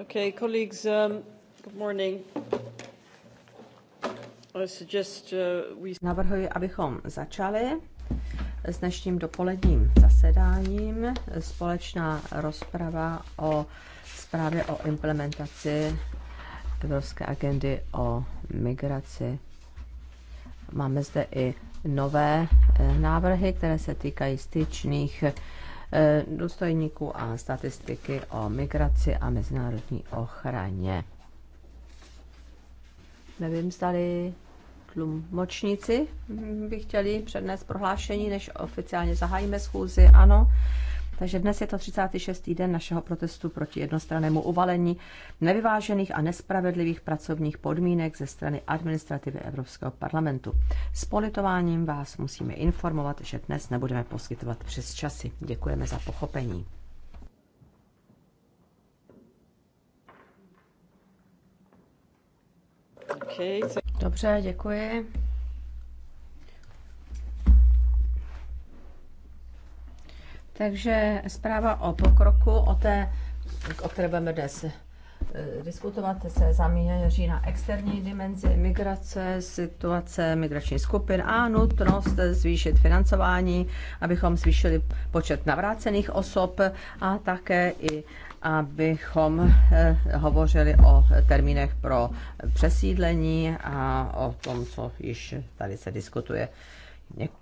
Okay, colleagues, um, good morning. I suggest, uh, we... Navrhuji, abychom začali s dnešním dopoledním zasedáním. Společná rozprava o zprávě o implementaci Evropské agendy o migraci. Máme zde i nové eh, návrhy, které se týkají styčných uh, Eh, důstojníků a statistiky o migraci a mezinárodní ochraně. Nevím, zdali tlumočníci by chtěli přednést prohlášení, než oficiálně zahájíme schůzi. Ano, takže dnes je to 36. den našeho protestu proti jednostrannému uvalení nevyvážených a nespravedlivých pracovních podmínek ze strany administrativy Evropského parlamentu. S politováním vás musíme informovat, že dnes nebudeme poskytovat přes časy. Děkujeme za pochopení. Dobře, děkuji. Takže zpráva o pokroku, o té, o které budeme dnes eh, diskutovat, se zaměří na externí dimenzi migrace, situace migračních skupin a nutnost zvýšit financování, abychom zvýšili počet navrácených osob a také i abychom eh, hovořili o termínech pro přesídlení a o tom, co již tady se diskutuje. Děkuji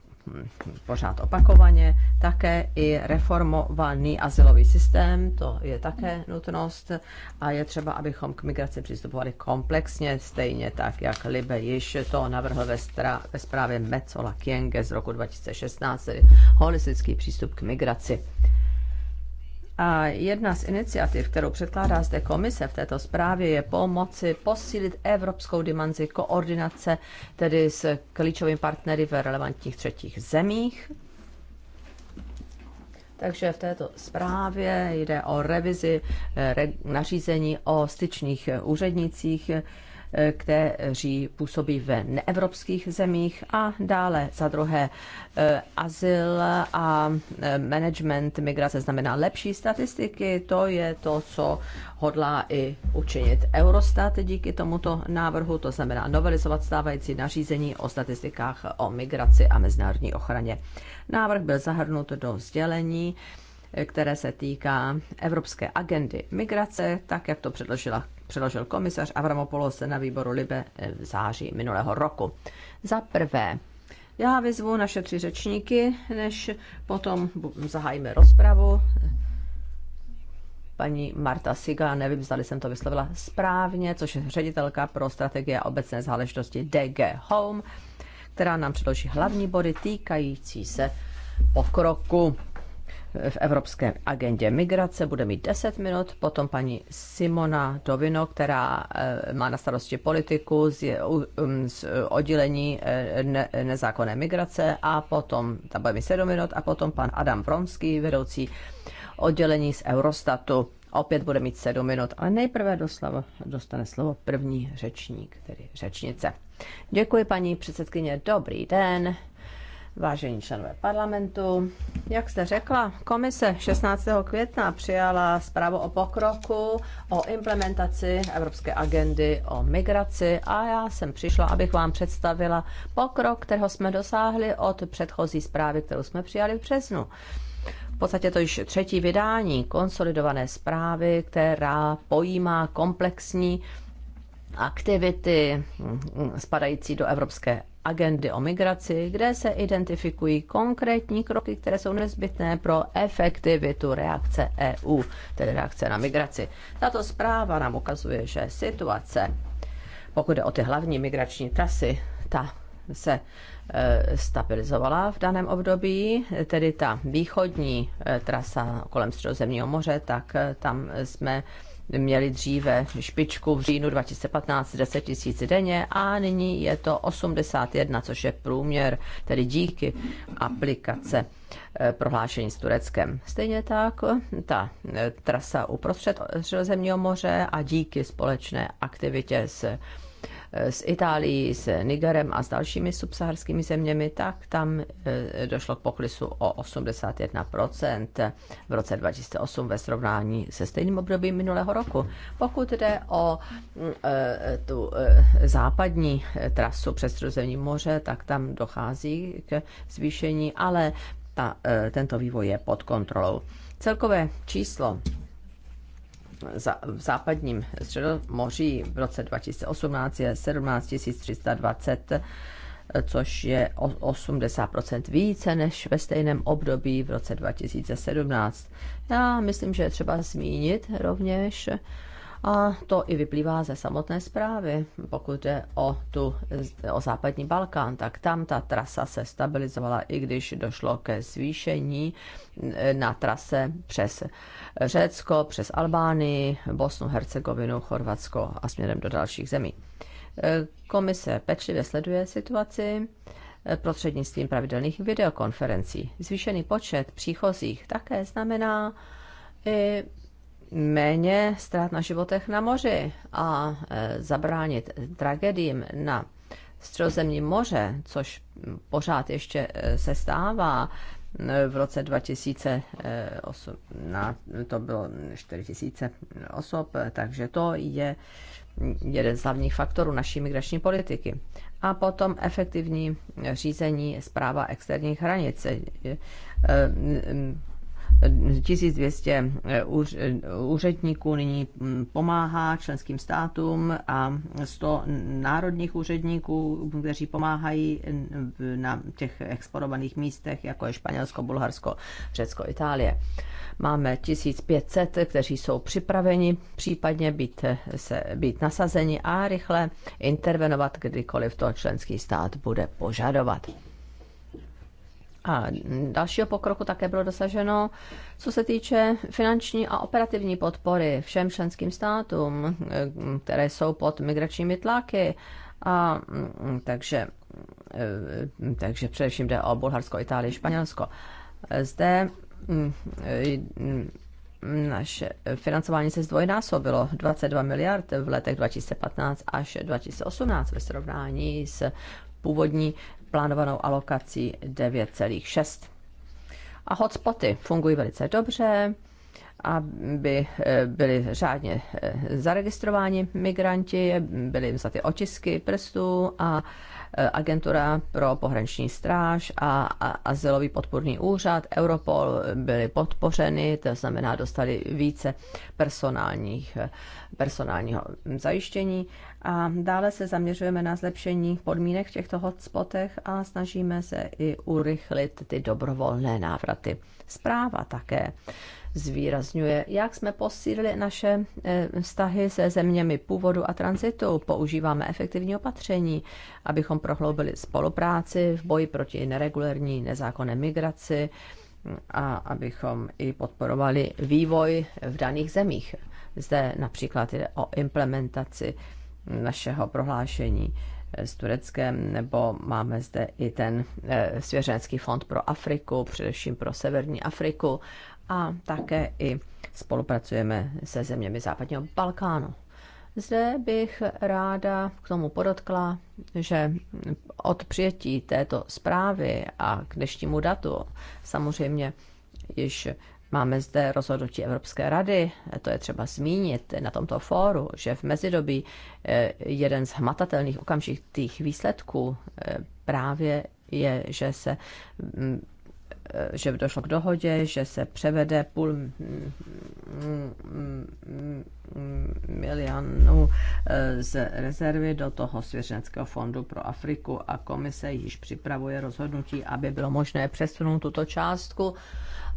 pořád opakovaně, také i reformovaný asilový systém, to je také nutnost a je třeba, abychom k migraci přistupovali komplexně, stejně tak, jak Libe již to navrhl ve, stra, ve zprávě Mecola Kienge z roku 2016, tedy holistický přístup k migraci. A jedna z iniciativ, kterou předkládá zde komise v této zprávě, je pomoci posílit evropskou dimenzi koordinace, tedy s klíčovými partnery ve relevantních třetích zemích. Takže v této zprávě jde o revizi eh, nařízení o styčných eh, úřednicích, kteří působí ve neevropských zemích a dále za druhé e, azyl a e, management migrace znamená lepší statistiky, to je to, co hodlá i učinit Eurostat díky tomuto návrhu, to znamená novelizovat stávající nařízení o statistikách o migraci a mezinárodní ochraně. Návrh byl zahrnut do sdělení, e, které se týká Evropské agendy migrace, tak jak to předložila předložil komisař Avramopoulos na výboru Libe eh, v září minulého roku. Za prvé, já vyzvu naše tři řečníky, než potom zahájíme rozpravu. Paní Marta Siga, nevím, zda jsem to vyslovila správně, což je ředitelka pro strategie a obecné záležitosti DG Home, která nám předloží hlavní body týkající se pokroku v evropské agendě migrace. Bude mít 10 minut, potom paní Simona Dovino, která eh, má na starosti politiku z, eh, um, z oddělení eh, ne, nezákonné migrace a potom, tam bude mít 7 minut, a potom pan Adam Vromský, vedoucí oddělení z Eurostatu. Opět bude mít 7 minut, ale nejprve doslova, dostane slovo první řečník, tedy řečnice. Děkuji paní předsedkyně, dobrý den. Vážení členové parlamentu, jak jste řekla, komise 16. května přijala zprávu o pokroku, o implementaci Evropské agendy o migraci a já jsem přišla, abych vám představila pokrok, kterého jsme dosáhli od předchozí zprávy, kterou jsme přijali v březnu. V podstatě to již třetí vydání konsolidované zprávy, která pojímá komplexní aktivity spadající do Evropské agendy o migraci, kde se identifikují konkrétní kroky, které jsou nezbytné pro efektivitu reakce EU, tedy reakce na migraci. Tato zpráva nám ukazuje, že situace, pokud jde o ty hlavní migrační trasy, ta se e, stabilizovala v daném období, tedy ta východní e, trasa kolem Středozemního moře, tak e, tam jsme měli dříve špičku v říjnu 2015 10 tisíc denně a nyní je to 81, což je průměr, tedy díky aplikace eh, prohlášení s Tureckem. Stejně tak eh, ta eh, trasa uprostřed Středozemního moře a díky společné aktivitě s Eh, s Itálií, s Nigerem a s dalšími subsaharskými zeměmi, tak tam eh, došlo k poklisu o 81% v roce 2008 ve srovnání se stejným obdobím minulého roku. Pokud jde o mm, eh, tu západní trasu přes Středozemní moře, tak tam dochází k zvýšení, ale ta, tento vývoj je pod kontrolou. Celkové číslo v západním středomoří v roce 2018 je 17 320 což je o 80% více než ve stejném období v roce 2017. Já myslím, že je třeba zmínit rovněž, a to i vyplývá ze samotné zprávy. Pokud jde o, tu, o západní Balkán, tak tam ta trasa se stabilizovala, i když došlo ke zvýšení e, na trase přes Řecko, přes Albánii, Bosnu, Hercegovinu, Chorvatsko a směrem do dalších zemí. E, komise pečlivě sleduje situaci e, prostřednictvím pravidelných videokonferencí. Zvýšený počet příchozích také znamená i méně ztrát na životech na moři a e, zabránit tragédiím na Středozemním moře, což pořád ještě e, se stává, e, v roce 2008 to bylo 4000 osob, takže to je jeden z hlavních faktorů naší migrační politiky. A potom efektivní řízení zpráva externích hranic. 1200 eh, eh, úředníků nyní mm, pomáhá členským státům a 100 národních úředníků, kteří pomáhají mm, na těch exporovaných místech, jako je Španělsko, Bulharsko, Řecko, Itálie. Máme 1500, kteří jsou připraveni případně být, eh, se, být nasazeni a rychle intervenovat, kdykoliv to členský stát bude požadovat. A dalšího pokroku také bylo dosaženo, co se týče finanční a operativní podpory všem členským státům, které jsou pod migračními tlaky. A, mm, takže, e, takže především jde o Bulharsko, Itálii, Španělsko. Zde mm, e, naše financování se zdvojnásobilo 22 miliard v letech 2015 až 2018 ve srovnání s původní plánovanou alokací 9,6. A hotspoty fungují velice dobře, aby eh, byli řádně eh, zaregistrováni migranti, byly jim za ty otisky prstů a Eh, agentura pro pohraniční stráž a azylový podporný úřad, Europol eh, byly podpořeny, to znamená dostali více personálních, eh, personálního zajištění. A dále se zaměřujeme na zlepšení podmínek v těchto hotspotech a snažíme se i urychlit ty dobrovolné návraty. Zpráva také zvýrazňuje, jak jsme posílili naše eh, vztahy se zeměmi původu a tranzitu. Používáme efektivní opatření, abychom prohloubili spolupráci v boji proti neregulární nezákonné migraci a abychom i podporovali vývoj v daných zemích. Zde například jde o implementaci našeho prohlášení eh, s Tureckem, nebo máme zde i ten eh, svěřenský fond pro Afriku, především pro severní Afriku a také i spolupracujeme se zeměmi západního Balkánu. Zde bych ráda k tomu podotkla, že od přijetí této zprávy a k dnešnímu datu samozřejmě již Máme zde rozhodnutí Evropské rady, to je třeba zmínit na tomto fóru, že v mezidobí eh, jeden z hmatatelných okamžitých výsledků eh, právě je, že se mm, Eh, že došlo k dohodě, že se převede půl mm, mm, mm, milionů eh, z rezervy do toho svěřeneckého fondu pro Afriku a komise již připravuje rozhodnutí, aby bylo možné přesunout tuto částku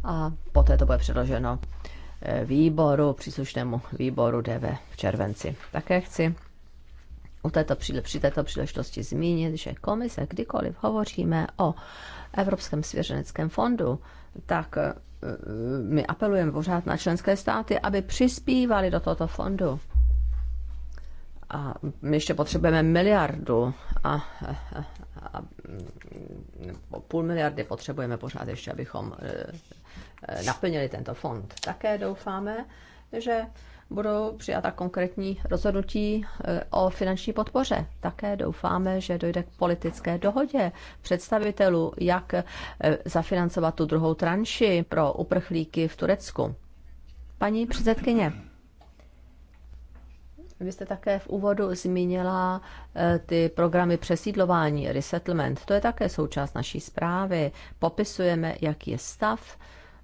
a poté to bude předloženo eh, výboru, příslušnému výboru DV v červenci. Také chci u této, při této příležitosti zmínit, že komise, kdykoliv hovoříme o Evropském svěřeneckém fondu, tak eh, my apelujeme pořád na členské státy, aby přispívali do tohoto fondu. A my ještě potřebujeme miliardu a, a, a, a půl miliardy potřebujeme pořád ještě, abychom eh, eh, naplnili tento fond. Také doufáme, že budou přijata konkrétní rozhodnutí eh, o finanční podpoře. Také doufáme, že dojde k politické dohodě představitelů, jak eh, zafinancovat tu druhou tranši pro uprchlíky v Turecku. Paní předsedkyně, vy jste také v úvodu zmínila eh, ty programy přesídlování, resettlement. To je také součást naší zprávy. Popisujeme, jaký je stav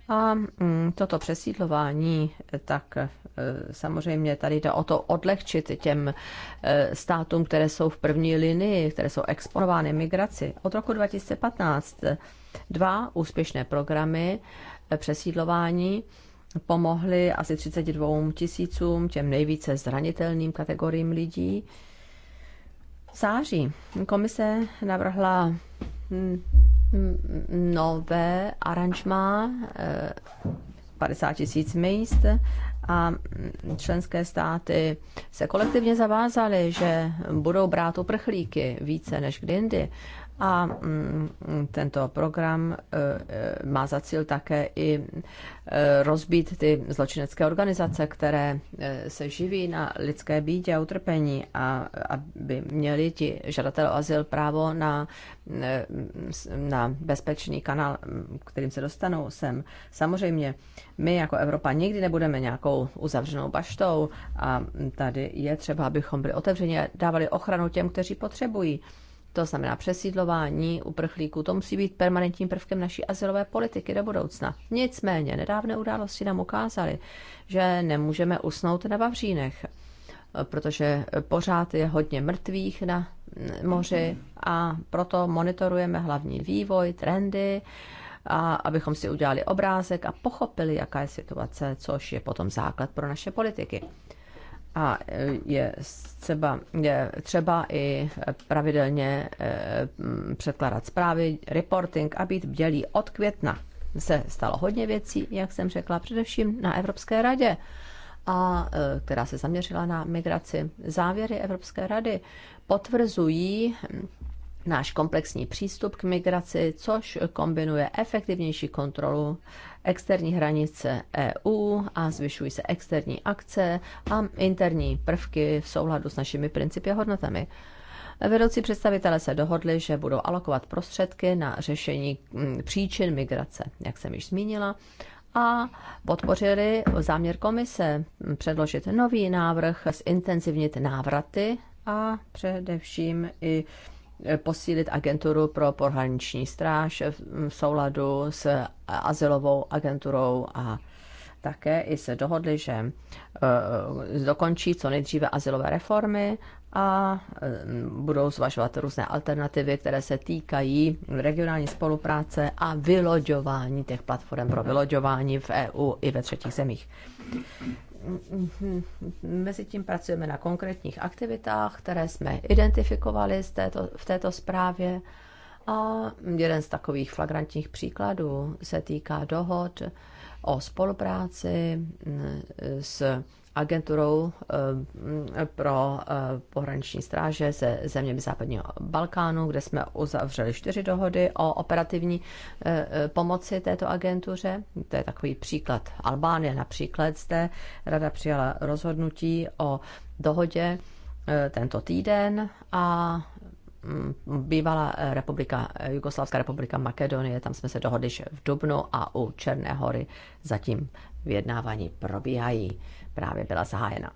a mm, toto přesídlování, tak Eh, samozřejmě tady jde o to odlehčit těm eh, státům, které jsou v první linii, které jsou exponovány migraci. Od roku 2015 eh, dva úspěšné programy přesídlování pomohly asi 32 tisícům, těm nejvíce zranitelným kategoriím lidí. V září komise navrhla hm, hm, nové aranžma 50 tisíc míst a členské státy se kolektivně zavázaly, že budou brát uprchlíky více než kdy jindy a mm, tento program e, e, má za cíl také i e, rozbít ty zločinecké organizace, které se živí na lidské bídě a utrpení a aby měli ti žadatelé o azyl právo na, na bezpečný kanál, kterým se dostanou sem. Samozřejmě my jako Evropa nikdy nebudeme nějakou uzavřenou baštou a tady je třeba, abychom byli Otevřeně dávali ochranu těm, kteří potřebují to znamená přesídlování uprchlíků, to musí být permanentním prvkem naší asilové politiky do budoucna. Nicméně, nedávné události nám ukázaly, že nemůžeme usnout na Vavřínech, protože pořád je hodně mrtvých na moři a proto monitorujeme hlavní vývoj, trendy, a abychom si udělali obrázek a pochopili, jaká je situace, což je potom základ pro naše politiky a e, je třeba, je třeba i pravidelně e, překládat zprávy, reporting a být bdělý. Od května se stalo hodně věcí, jak jsem řekla, především na Evropské radě, a, e, která se zaměřila na migraci. Závěry Evropské rady potvrzují náš komplexní přístup k migraci, což kombinuje efektivnější kontrolu externí hranice EU a zvyšují se externí akce a interní prvky v souladu s našimi principy a hodnotami. Vedoucí představitelé se dohodli, že budou alokovat prostředky na řešení mm, příčin migrace, jak jsem již zmínila, a podpořili záměr komise předložit nový návrh, zintenzivnit návraty a především i Eh, posílit agenturu pro pohraniční stráž eh, v souladu s azylovou agenturou a také i se dohodli, že eh, dokončí co nejdříve asilové reformy a budou zvažovat různé alternativy, které se týkají regionální spolupráce a vyloďování těch platform pro vyloďování v EU i ve třetích zemích mezi tím pracujeme na konkrétních aktivitách, které jsme identifikovali z této, v této zprávě. A jeden z takových flagrantních příkladů se týká dohod o spolupráci mm, s agenturou eh, pro eh, pohraniční stráže ze zeměmi západního Balkánu, kde jsme uzavřeli čtyři dohody o operativní eh, pomoci této agentuře. To je takový příklad Albánie. Například zde rada přijala rozhodnutí o dohodě tento týden a mm, bývalá republika, Jugoslavská republika Makedonie, tam jsme se dohodli, že v Dubnu a u Černé hory zatím vyjednávání probíhají právě byla zahájena.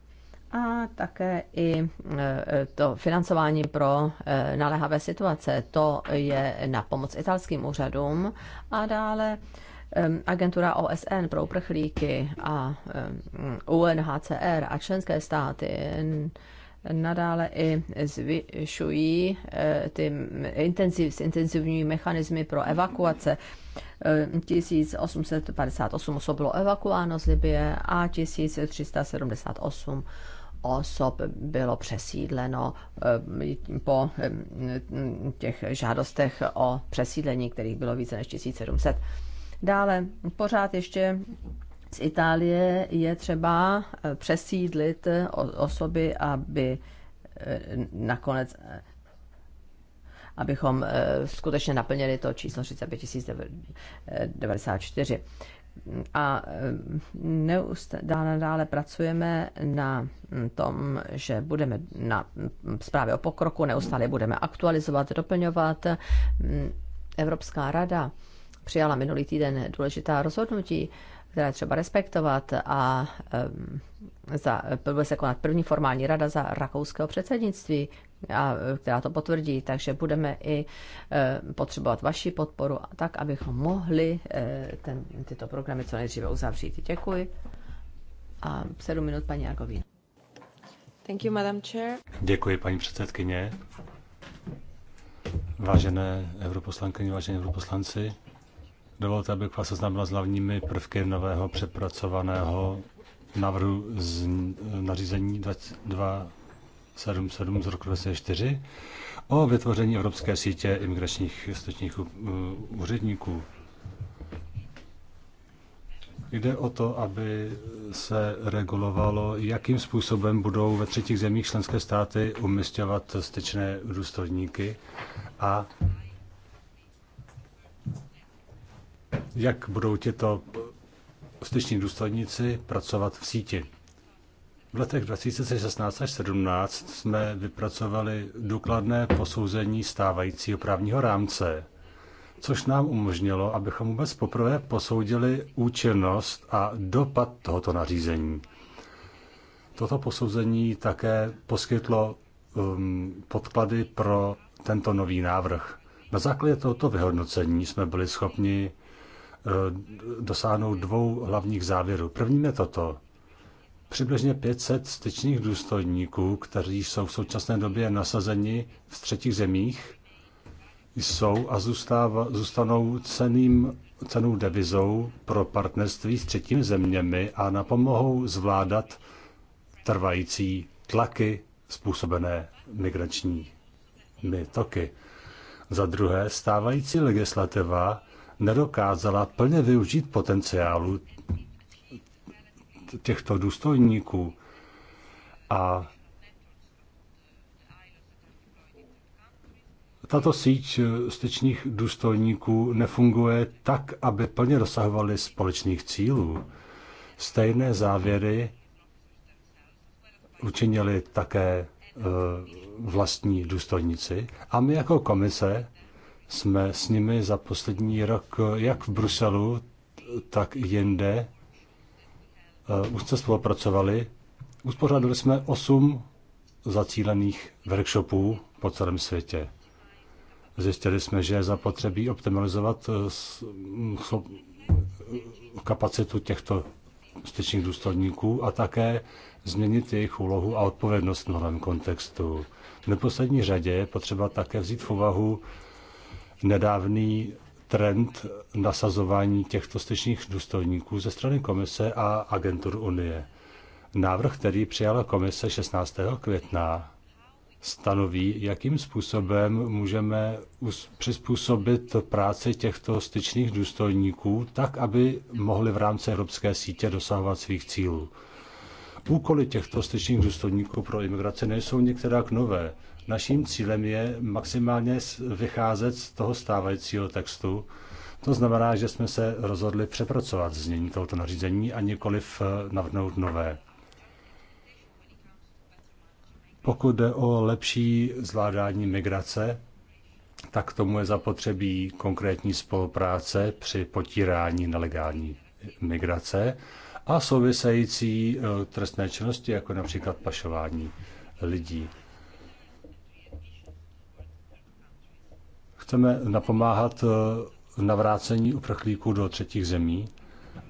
A také i e, to financování pro e, naléhavé situace, to je na pomoc italským úřadům a dále e, agentura OSN pro uprchlíky a UNHCR a členské státy nadále i zvyšují eh, ty intenziv, intenzivní mechanismy pro evakuace. 1858 eh, osob bylo evakuováno z Libie a 1378 osob bylo přesídleno eh, po těch žádostech o přesídlení, kterých bylo více než 1700. Dále pořád ještě z Itálie je třeba eh, přesídlit eh, osoby, aby eh, nakonec abychom skutečně naplnili to číslo 35094. A neustále dále pracujeme na hm, tom, že budeme na hm, zprávě o pokroku, neustále budeme aktualizovat, doplňovat. Hm, Evropská rada přijala minulý týden důležitá rozhodnutí, které třeba respektovat a za, bude se konat první formální rada za rakouského předsednictví, a, která to potvrdí, takže budeme i e, potřebovat vaši podporu, tak abychom mohli e, ten, tyto programy co nejdříve uzavřít. Děkuji. A sedm minut paní Argovina. Thank you, Madam Chair. Děkuji, paní předsedkyně. Vážené europoslankyně, vážení europoslanci, Dovolte, abych vás seznámil s hlavními prvky nového přepracovaného návrhu z nařízení 277 z roku 2004 o vytvoření Evropské sítě imigračních styčních úředníků. Jde o to, aby se regulovalo, jakým způsobem budou ve třetích zemích členské státy umistovat styčné důstojníky a jak budou těto styční důstojníci pracovat v síti. V letech 2016 až 2017 jsme vypracovali důkladné posouzení stávajícího právního rámce, což nám umožnilo, abychom vůbec poprvé posoudili účinnost a dopad tohoto nařízení. Toto posouzení také poskytlo um, podklady pro tento nový návrh. Na základě tohoto vyhodnocení jsme byli schopni Eh, dosáhnout dvou hlavních závěrů. První je toto. Přibližně 500 styčných důstojníků, kteří jsou v současné době nasazeni v třetích zemích, jsou a zůstáv, zůstanou ceným, cenou devizou pro partnerství s třetími zeměmi a napomohou zvládat trvající tlaky způsobené migračními toky. Za druhé, stávající legislativa nedokázala plně využít potenciálu těchto důstojníků. A tato síť styčních důstojníků nefunguje tak, aby plně dosahovali společných cílů. Stejné závěry učinili také eh, vlastní důstojníci. A my jako komise jsme s nimi za poslední rok jak v Bruselu, tak i jinde eh, úzce spolupracovali. Uspořádali jsme osm zacílených workshopů po celém světě. Zjistili jsme, že je zapotřebí optimalizovat eh, mm, kapacitu těchto styčných důstojníků a také změnit jejich úlohu a odpovědnost v novém kontextu. V neposlední řadě je potřeba také vzít v úvahu nedávný trend nasazování těchto styčných důstojníků ze strany komise a agentur Unie. Návrh, který přijala komise 16. května, stanoví, jakým způsobem můžeme přizpůsobit práci těchto styčných důstojníků tak, aby mohli v rámci evropské sítě dosahovat svých cílů. Úkoly těchto styčných důstojníků pro imigraci nejsou některá nové. Naším cílem je maximálně vycházet z toho stávajícího textu. To znamená, že jsme se rozhodli přepracovat znění tohoto nařízení a nikoliv eh, navrhnout nové. Pokud jde o lepší zvládání migrace, tak tomu je zapotřebí konkrétní spolupráce při potírání nelegální migrace a související eh, trestné činnosti, jako například pašování lidí. chceme napomáhat eh, navrácení uprchlíků do třetích zemí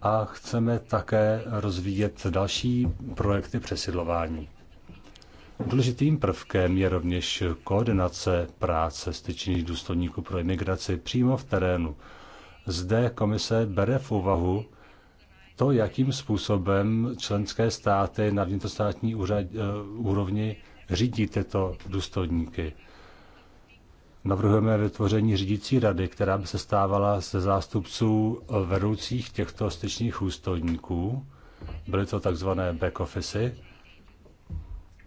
a chceme také rozvíjet další projekty přesidlování. Důležitým prvkem je rovněž koordinace práce styčných důstojníků pro imigraci přímo v terénu. Zde komise bere v úvahu to, jakým způsobem členské státy na vnitrostátní eh, úrovni řídí tyto důstojníky. Navrhujeme vytvoření řídící rady, která by se stávala ze zástupců vedoucích těchto styčných ústojníků, byly to takzvané back office,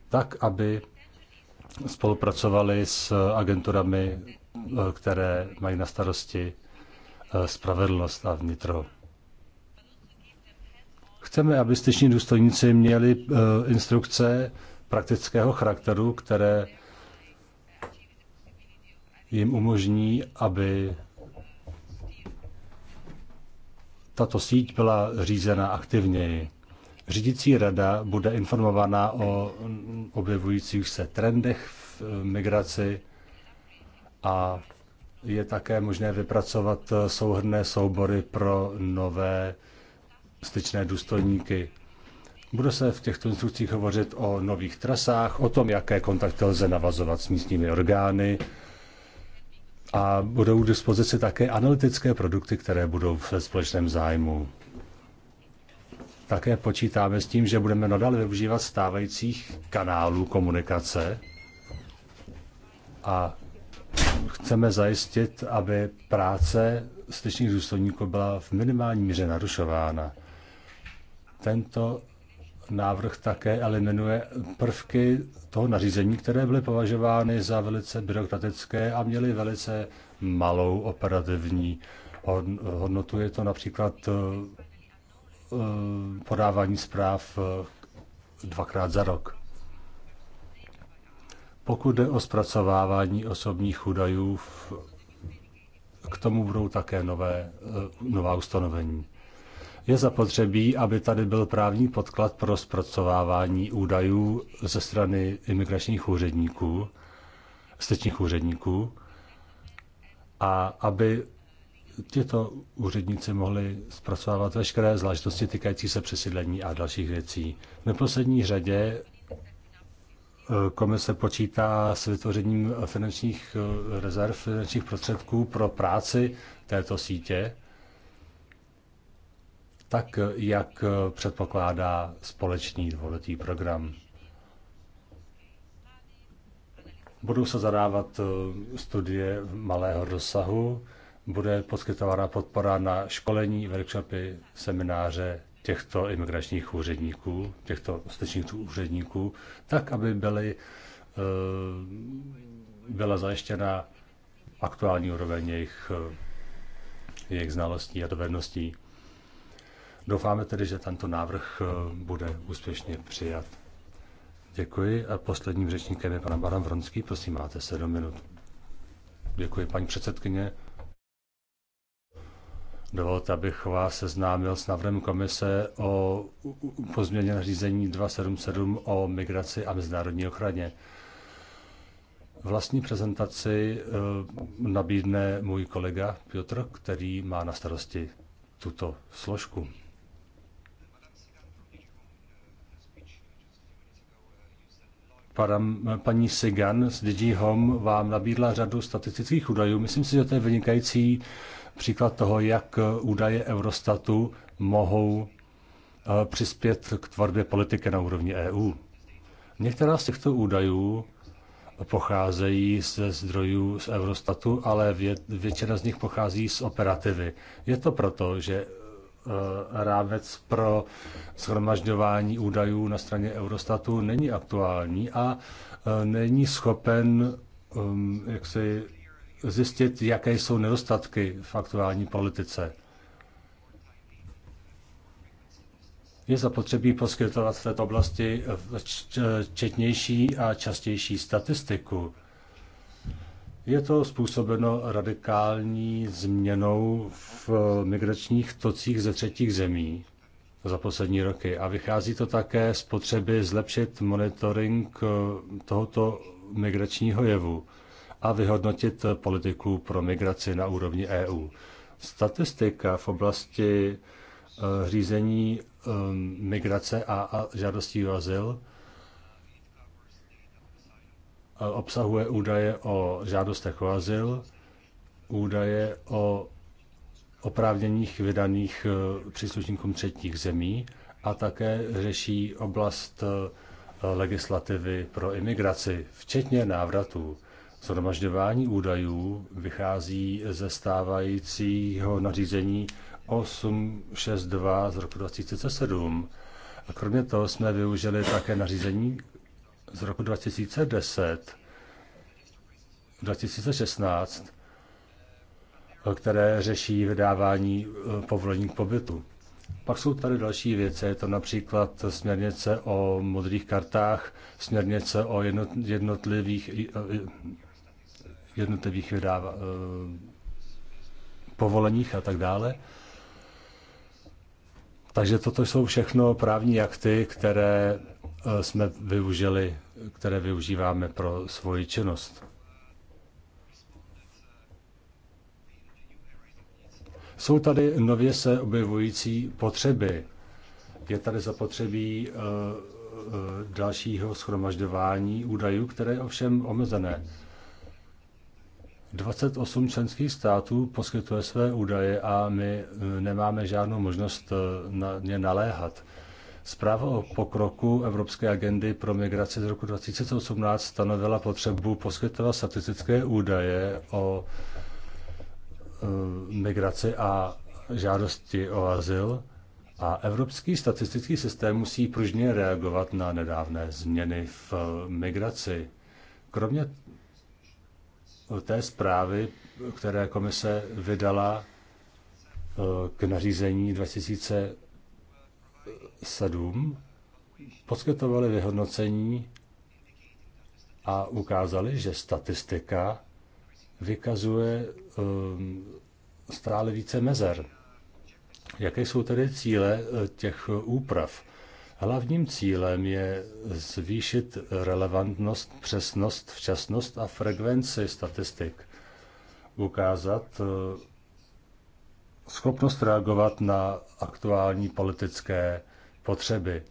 tak, aby spolupracovali s agenturami, eh, které mají na starosti eh, spravedlnost a vnitro. Chceme, aby styční důstojníci měli eh, instrukce praktického charakteru, které jim umožní, aby tato síť byla řízena aktivněji. Řídící rada bude informovaná o objevujících se trendech v eh, migraci a je také možné vypracovat eh, souhrné soubory pro nové styčné důstojníky. Bude se v těchto instrukcích hovořit o nových trasách, o tom, jaké kontakty lze navazovat s místními orgány, a budou k dispozici také analytické produkty, které budou ve společném zájmu. Také počítáme s tím, že budeme nadále využívat stávajících kanálů komunikace a chceme zajistit, aby práce styčných důstojníků byla v minimální míře narušována. Tento návrh také eliminuje prvky toho nařízení, které byly považovány za velice byrokratické a měly velice malou operativní hodnotu. Je to například eh, eh, podávání zpráv eh, dvakrát za rok. Pokud jde o zpracovávání osobních údajů, k tomu budou také nové, nová ustanovení je zapotřebí, aby tady byl právní podklad pro zpracovávání údajů ze strany imigračních úředníků, styčních úředníků, a aby tyto úředníci mohli zpracovávat veškeré zvláštnosti týkající se přesídlení a dalších věcí. V neposlední řadě eh, komise počítá s vytvořením finančních eh, rezerv, finančních prostředků pro práci této sítě tak jak předpokládá společný dvouletý program. Budou se zadávat eh, studie malého rozsahu, bude poskytována podpora na školení, workshopy, semináře těchto imigračních úředníků, těchto stečních úředníků, tak, aby byly, eh, byla zajištěna aktuální úroveň jejich, eh, jejich znalostí a dovedností. Doufáme tedy, že tento návrh eh, bude úspěšně přijat. Děkuji a posledním řečníkem je pan Baran Vronský. Prosím, máte sedm minut. Děkuji, paní předsedkyně. Dovolte, abych vás seznámil s návrhem komise o pozměně nařízení 277 o migraci a mezinárodní ochraně. Vlastní prezentaci eh, nabídne můj kolega Piotr, který má na starosti tuto složku. paní Sigan z DigiHome vám nabídla řadu statistických údajů. Myslím si, že to je vynikající příklad toho, jak údaje Eurostatu mohou eh, přispět k tvorbě politiky na úrovni EU. Některá z těchto údajů pocházejí ze zdrojů z Eurostatu, ale vě, většina z nich pochází z operativy. Je to proto, že Eh, rámec pro shromažďování údajů na straně Eurostatu není aktuální a eh, není schopen ehm, jak si zjistit, jaké jsou nedostatky v aktuální politice. Je zapotřebí poskytovat v této oblasti četnější a častější statistiku. Je to způsobeno radikální změnou v migračních tocích ze třetích zemí za poslední roky a vychází to také z potřeby zlepšit monitoring eh, tohoto migračního jevu a vyhodnotit politiku pro migraci na úrovni EU. Statistika v oblasti eh, řízení eh, migrace a žádostí o azyl obsahuje údaje o žádostech o azyl, údaje o oprávněních vydaných eh, příslušníkům třetích zemí a také řeší oblast eh, legislativy pro imigraci, včetně návratů. Zhromažďování údajů vychází ze stávajícího nařízení 862 z roku 2007. A kromě toho jsme využili také nařízení z roku 2010, 2016, které řeší vydávání eh, povolení k pobytu. Pak jsou tady další věci, je to například směrnice o modrých kartách, směrnice o jednotlivých, eh, jednotlivých vydává, eh, povoleních a tak dále. Takže toto jsou všechno právní akty, které eh, jsme využili, které využíváme pro svoji činnost. Jsou tady nově se objevující potřeby. Je tady zapotřebí eh, eh, dalšího schromažďování údajů, které je ovšem omezené. 28 členských států poskytuje své údaje a my e, nemáme žádnou možnost e, na ně naléhat. Zpráva o pokroku Evropské agendy pro migraci z roku 2018 stanovila potřebu poskytovat statistické údaje o e, migraci a žádosti o azyl a Evropský statistický systém musí pružně reagovat na nedávné změny v migraci. Kromě té zprávy, které komise vydala eh, k nařízení 2007, poskytovali vyhodnocení a ukázali, že statistika vykazuje eh, stále více mezer. Jaké jsou tedy cíle eh, těch úprav? Hlavním cílem je zvýšit relevantnost, přesnost, včasnost a frekvenci statistik. Ukázat eh, schopnost reagovat na aktuální politické potřeby.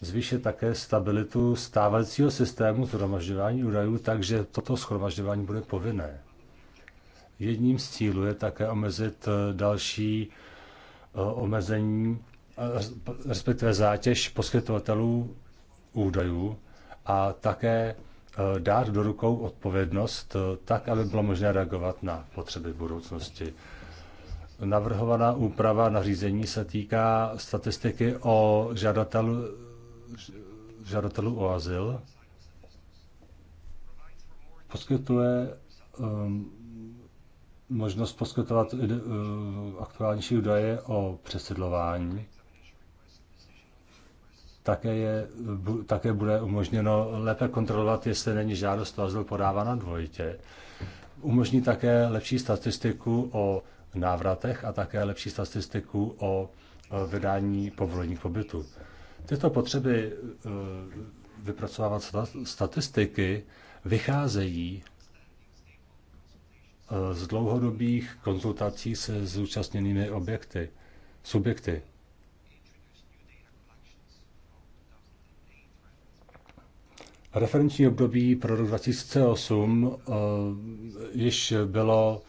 Zvýšit také stabilitu stávajícího systému zhromažďování údajů, takže toto schromažďování bude povinné. Jedním z cílů je také omezit eh, další eh, omezení respektive zátěž poskytovatelů údajů a také e, dát do rukou odpovědnost e, tak, aby bylo možné reagovat na potřeby v budoucnosti. Navrhovaná úprava nařízení se týká statistiky o žadatelů žadatelů o azyl. Poskytuje um, možnost poskytovat uh, aktuálnější údaje o přesedlování také, je, také bude umožněno lépe kontrolovat, jestli není žádost o azyl podávána dvojitě. Umožní také lepší statistiku o návratech a také lepší statistiku o vydání povolení k pobytu. Tyto potřeby e, vypracovávat statistiky vycházejí e, z dlouhodobých konzultací se zúčastněnými objekty, subjekty. Referenční období pro rok 2008 eh, již bylo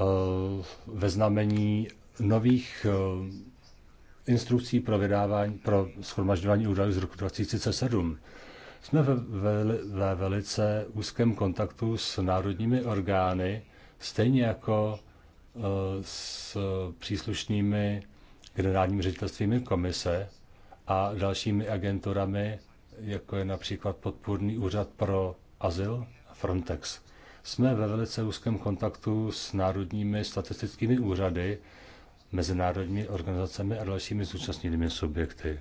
eh, ve znamení nových eh, instrukcí pro vydávání, pro schromažďování údajů z roku 2007. Jsme ve, ve, ve velice úzkém kontaktu s národními orgány, stejně jako s příslušnými generálními ředitelstvími komise a dalšími agenturami jako je například podpůrný úřad pro azyl Frontex. Jsme ve velice úzkém kontaktu s národními statistickými úřady, mezinárodními organizacemi a dalšími zúčastněnými subjekty.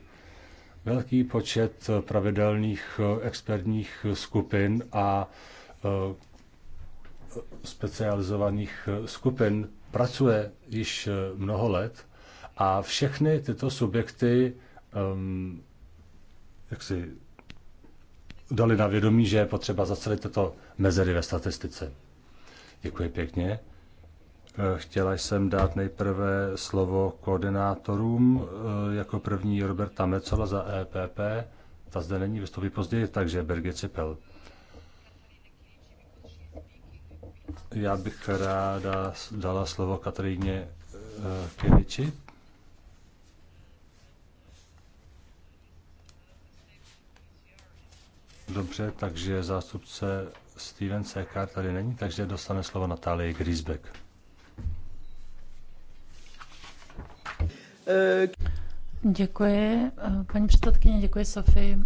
Velký počet pravidelných eh, expertních skupin a eh, specializovaných eh, skupin pracuje již mnoho let a všechny tyto subjekty um, ehm, jak si dali na vědomí, že je potřeba zacelit tyto mezery ve statistice. Děkuji pěkně. E, chtěla jsem dát nejprve slovo koordinátorům, e, jako první Roberta Mecola za EPP, ta zde není, vystoupí později, takže Berge Cipel. Já bych ráda dala slovo Kataríně e, Kiriči. Dobře, takže zástupce Steven Sekar tady není, takže dostane slovo Natálie Grisbeck. Děkuji, paní předsedkyně, děkuji Sofii.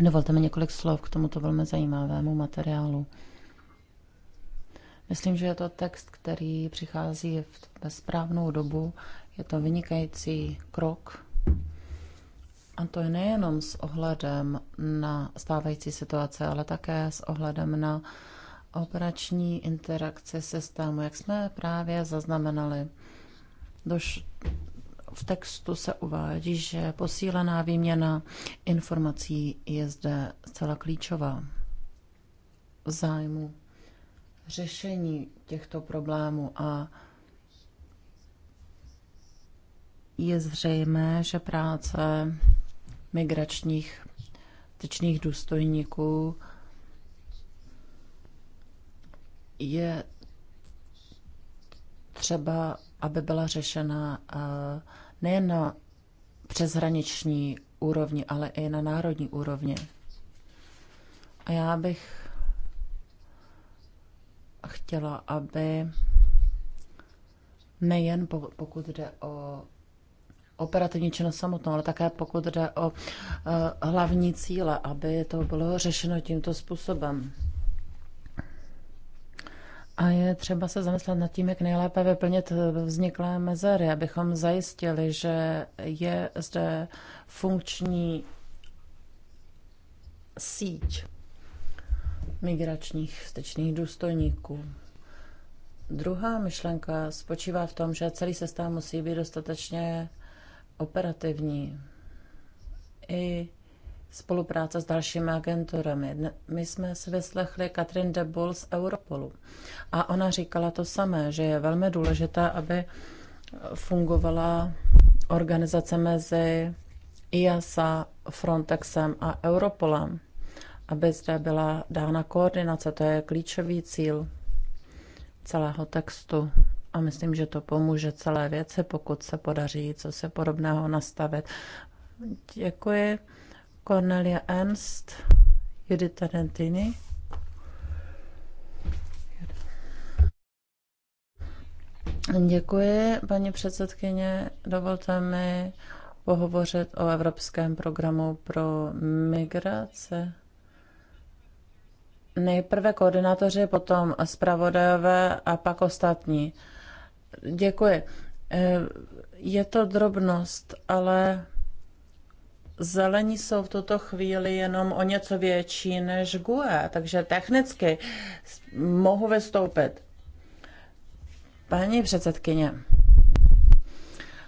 Dovolte mi několik slov k tomuto velmi zajímavému materiálu. Myslím, že je to text, který přichází ve správnou dobu. Je to vynikající krok a to je nejenom s ohledem na stávající situace, ale také s ohledem na operační interakce systému. Jak jsme právě zaznamenali, doš- v textu se uvádí, že posílená výměna informací je zde zcela klíčová v zájmu řešení těchto problémů a je zřejmé, že práce migračních tečných důstojníků je třeba, aby byla řešena eh, nejen na přeshraniční úrovni, ale i na národní úrovni. A já bych chtěla, aby nejen pokud jde o operativní činnost samotnou, ale také pokud jde o eh, hlavní cíle, aby to bylo řešeno tímto způsobem. A je třeba se zamyslet nad tím, jak nejlépe vyplnit eh, vzniklé mezery, abychom zajistili, že je zde funkční síť migračních styčných důstojníků. Druhá myšlenka spočívá v tom, že celý systém musí být dostatečně operativní i spolupráce s dalšími agenturami. My jsme si vyslechli Katrin de Bull z Europolu a ona říkala to samé, že je velmi důležité, aby fungovala organizace mezi IASA, Frontexem a Europolem, aby zde byla dána koordinace. To je klíčový cíl celého textu a myslím, že to pomůže celé věci, pokud se podaří co se podobného nastavit. Děkuji. Cornelia Ernst, Judita Tarantini. Děkuji, paní předsedkyně. Dovolte mi pohovořit o Evropském programu pro migrace. Nejprve koordinátoři, potom zpravodajové a pak ostatní. Děkuji. Eh, je to drobnost, ale zelení jsou v tuto chvíli jenom o něco větší než GUE, takže technicky mohu vystoupit. Paní předsedkyně,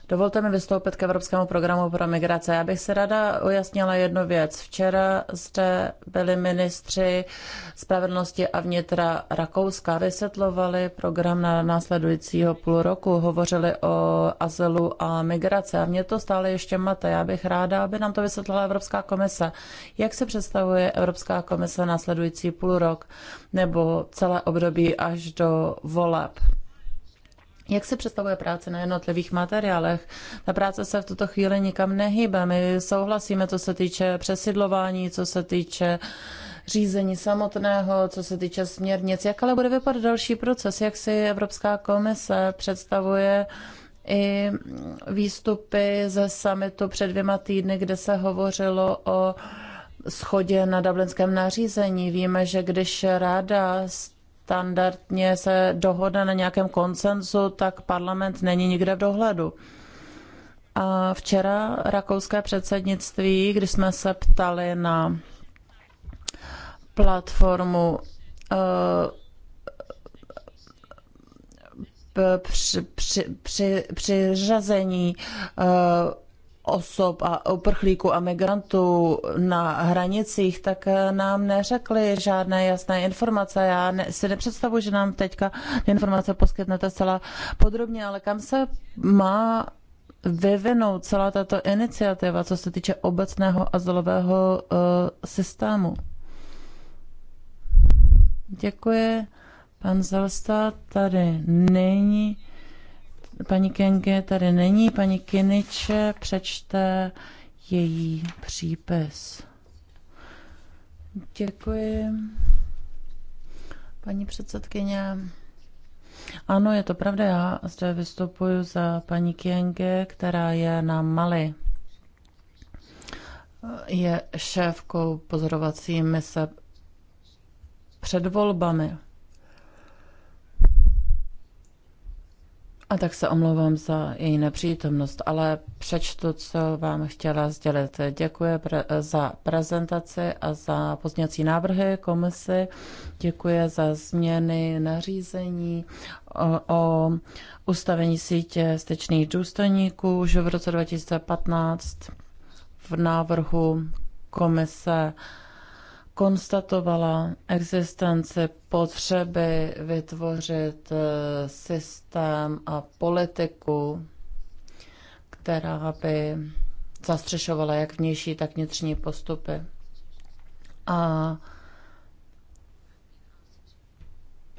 Dovolte mi vystoupit k Evropskému programu pro migrace. Já bych se rada ujasnila jednu věc. Včera zde byli ministři spravedlnosti a vnitra Rakouska, vysvětlovali program na následujícího půl roku, hovořili o azylu a migrace a mě to stále ještě mate. Já bych ráda, aby nám to vysvětlila Evropská komise. Jak se představuje Evropská komise následující půl rok nebo celé období až do voleb? Jak se představuje práce na jednotlivých materiálech? Ta práce se v tuto chvíli nikam nehýbe. My souhlasíme, co se týče přesidlování, co se týče řízení samotného, co se týče směrnic. Jak ale bude vypadat další proces? Jak si Evropská komise představuje i výstupy ze summitu před dvěma týdny, kde se hovořilo o schodě na dublinském nařízení. Víme, že když ráda standardně se dohodne na nějakém konsenzu, tak parlament není nikde v dohledu. A včera rakouské předsednictví, když jsme se ptali na platformu uh, při, při, při, přiřazení uh, osob a uprchlíků a migrantů na hranicích, tak nám neřekli žádné jasné informace. Já ne, si nepředstavuji, že nám teďka informace poskytnete celá podrobně, ale kam se má vyvinout celá tato iniciativa, co se týče obecného azylového uh, systému? Děkuji. Pan Zelsta tady není. Paní Kenge tady není, paní Kiniče přečte její přípis. Děkuji. Paní předsedkyně, ano, je to pravda, já zde vystupuji za paní Kienge, která je na Mali. Je šéfkou pozorovací mise před volbami. A tak se omlouvám za její nepřítomnost, ale přečtu, co vám chtěla sdělit. Děkuji pre- za prezentaci a za pozněcí návrhy komisy. Děkuji za změny nařízení o, o ustavení sítě styčných důstojníků už v roce 2015 v návrhu komise konstatovala existenci potřeby vytvořit eh, systém a politiku, která by zastřešovala jak vnější, tak vnitřní postupy. A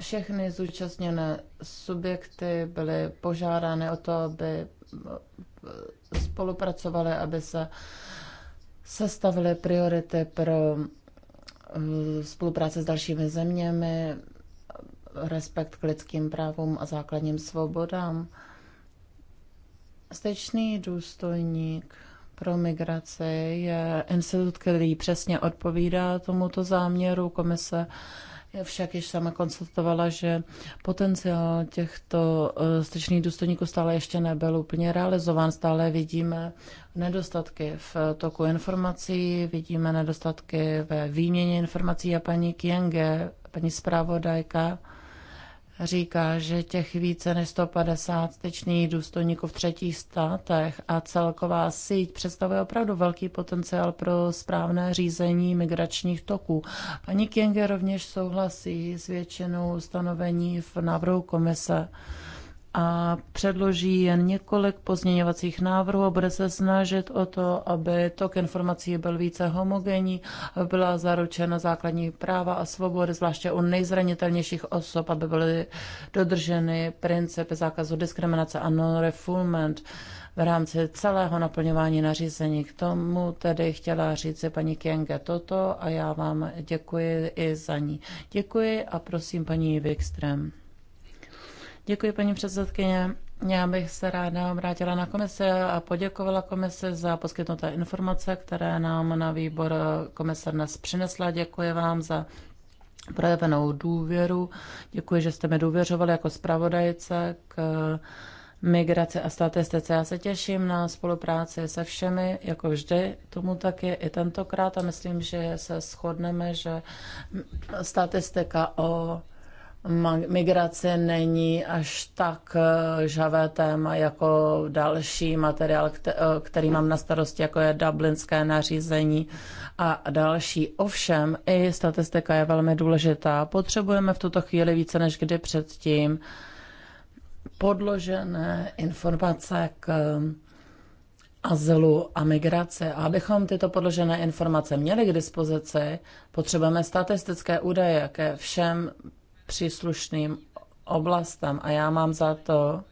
všechny zúčastněné subjekty byly požádány o to, aby eh, spolupracovali, aby se sestavily priority pro Eh, spolupráce s dalšími zeměmi, respekt k lidským právům a základním svobodám. Stečný důstojník pro migraci je institut, který přesně odpovídá tomuto záměru. Komise však již sama konstatovala, že potenciál těchto eh, styčných důstojníků stále ještě nebyl úplně realizován. Stále vidíme nedostatky v eh, toku informací, vidíme nedostatky ve výměně informací a paní Kienge, paní zpravodajka, říká, že těch více než 150 styčných důstojníků v třetích státech a celková síť představuje opravdu velký potenciál pro správné řízení migračních toků. Paní Kienge rovněž souhlasí s většinou stanovení v návrhu komise a předloží jen několik pozměňovacích návrhů a bude se snažit o to, aby tok informací byl více homogenní, byla zaručena základní práva a svobody, zvláště u nejzranitelnějších osob, aby byly dodrženy principy zákazu diskriminace a non-refoulement v rámci celého naplňování nařízení. K tomu tedy chtěla říct paní Kienge toto a já vám děkuji i za ní. Děkuji a prosím paní Wikström. Děkuji, paní předsedkyně. Já bych se ráda obrátila na komisi a poděkovala komisi za poskytnuté informace, které nám na výbor komise dnes přinesla. Děkuji vám za projevenou důvěru. Děkuji, že jste mi důvěřovali jako zpravodajce k migraci a statistice. Já se těším na spolupráci se všemi, jako vždy, tomu tak je i tentokrát a myslím, že se shodneme, že statistika o migrace není až tak eh, žavé téma jako další materiál, eh, který mám na starosti, jako je dublinské nařízení a další. Ovšem, i statistika je velmi důležitá. Potřebujeme v tuto chvíli více než kdy předtím podložené informace k eh, azylu a migrace. A abychom tyto podložené informace měli k dispozici, potřebujeme statistické údaje ke všem příslušným oblastem. A já mám za to,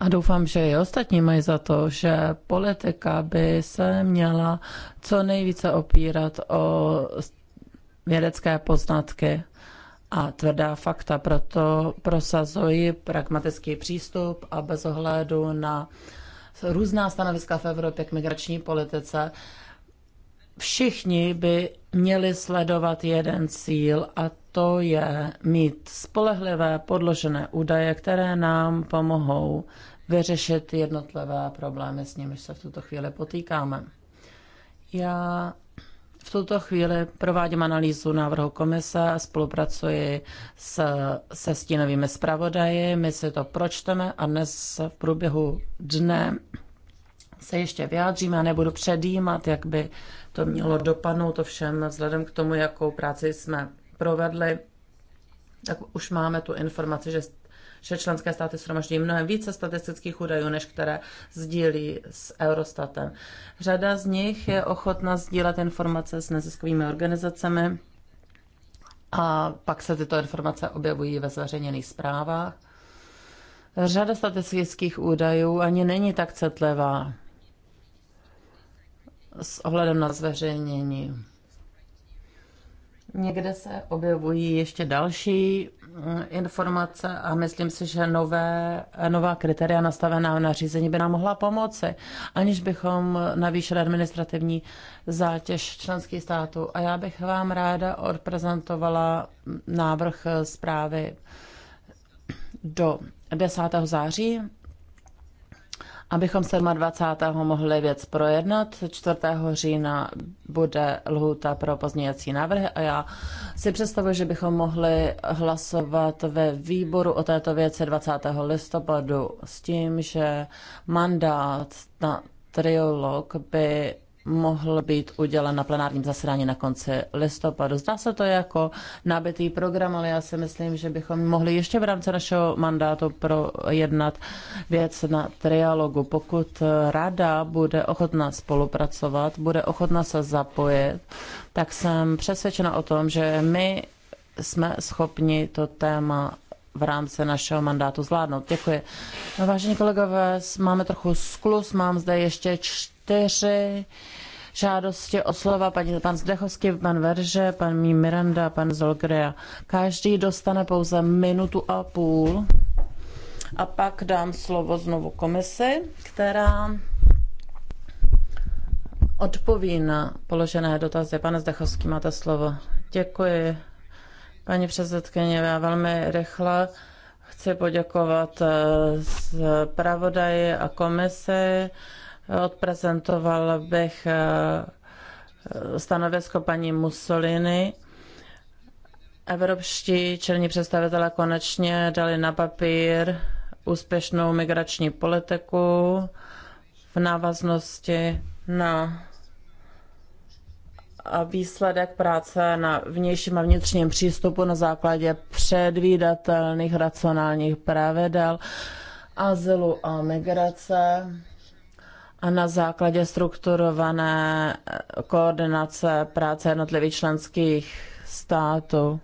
a doufám, že i ostatní mají za to, že politika by se měla co nejvíce opírat o vědecké poznatky a tvrdá fakta. Proto prosazuji pragmatický přístup a bez ohledu na různá stanoviska v Evropě k migrační politice, všichni by měli sledovat jeden cíl a to je mít spolehlivé podložené údaje, které nám pomohou vyřešit jednotlivé problémy, s nimiž se v tuto chvíli potýkáme. Já v tuto chvíli provádím analýzu návrhu komise, spolupracuji s, se stínovými zpravodaji, my si to pročteme a dnes v průběhu dne se ještě vyjádříme a nebudu předjímat, jak by to mělo dopadnout všem vzhledem k tomu, jakou práci jsme provedli, tak už máme tu informaci, že že členské státy shromaždí mnohem více statistických údajů, než které sdílí s Eurostatem. Řada z nich je ochotna sdílet informace s neziskovými organizacemi a pak se tyto informace objevují ve zveřejněných zprávách. Řada statistických údajů ani není tak citlivá s ohledem na zveřejnění. Někde se objevují ještě další mm, informace a myslím si, že nové, nová kritéria nastavená na řízení by nám mohla pomoci, aniž bychom navýšili administrativní zátěž členských států. A já bych vám ráda odprezentovala návrh zprávy do 10. září abychom 27. mohli věc projednat. 4. října bude lhůta pro pozměňovací návrhy a já si představuji, že bychom mohli hlasovat ve výboru o této věci 20. listopadu s tím, že mandát na triolog by mohl být udělen na plenárním zasedání na konci listopadu. Zdá se to jako nabitý program, ale já si myslím, že bychom mohli ještě v rámci našeho mandátu projednat věc na trialogu. Pokud rada bude ochotná spolupracovat, bude ochotná se zapojit, tak jsem přesvědčena o tom, že my jsme schopni to téma v rámci našeho mandátu zvládnout. Děkuji. No, vážení kolegové, máme trochu sklus, mám zde ještě čtyři čtyři žádosti od slova paní, pan Zdechovský, pan Verže, pan Mí Miranda, pan Zolgrea. Každý dostane pouze minutu a půl a pak dám slovo znovu komisi, která odpoví na položené dotazy. Pane Zdechovský, máte slovo. Děkuji, paní předsedkyně. Já velmi rychle chci poděkovat eh, zpravodaji a komisi Odprezentoval bych eh, stanovisko paní Mussolini. Evropští čelní představitelé konečně dali na papír úspěšnou migrační politiku v návaznosti na a výsledek práce na vnějším a vnitřním přístupu na základě předvídatelných racionálních pravidel azylu a migrace a na základě strukturované eh, koordinace práce jednotlivých členských států.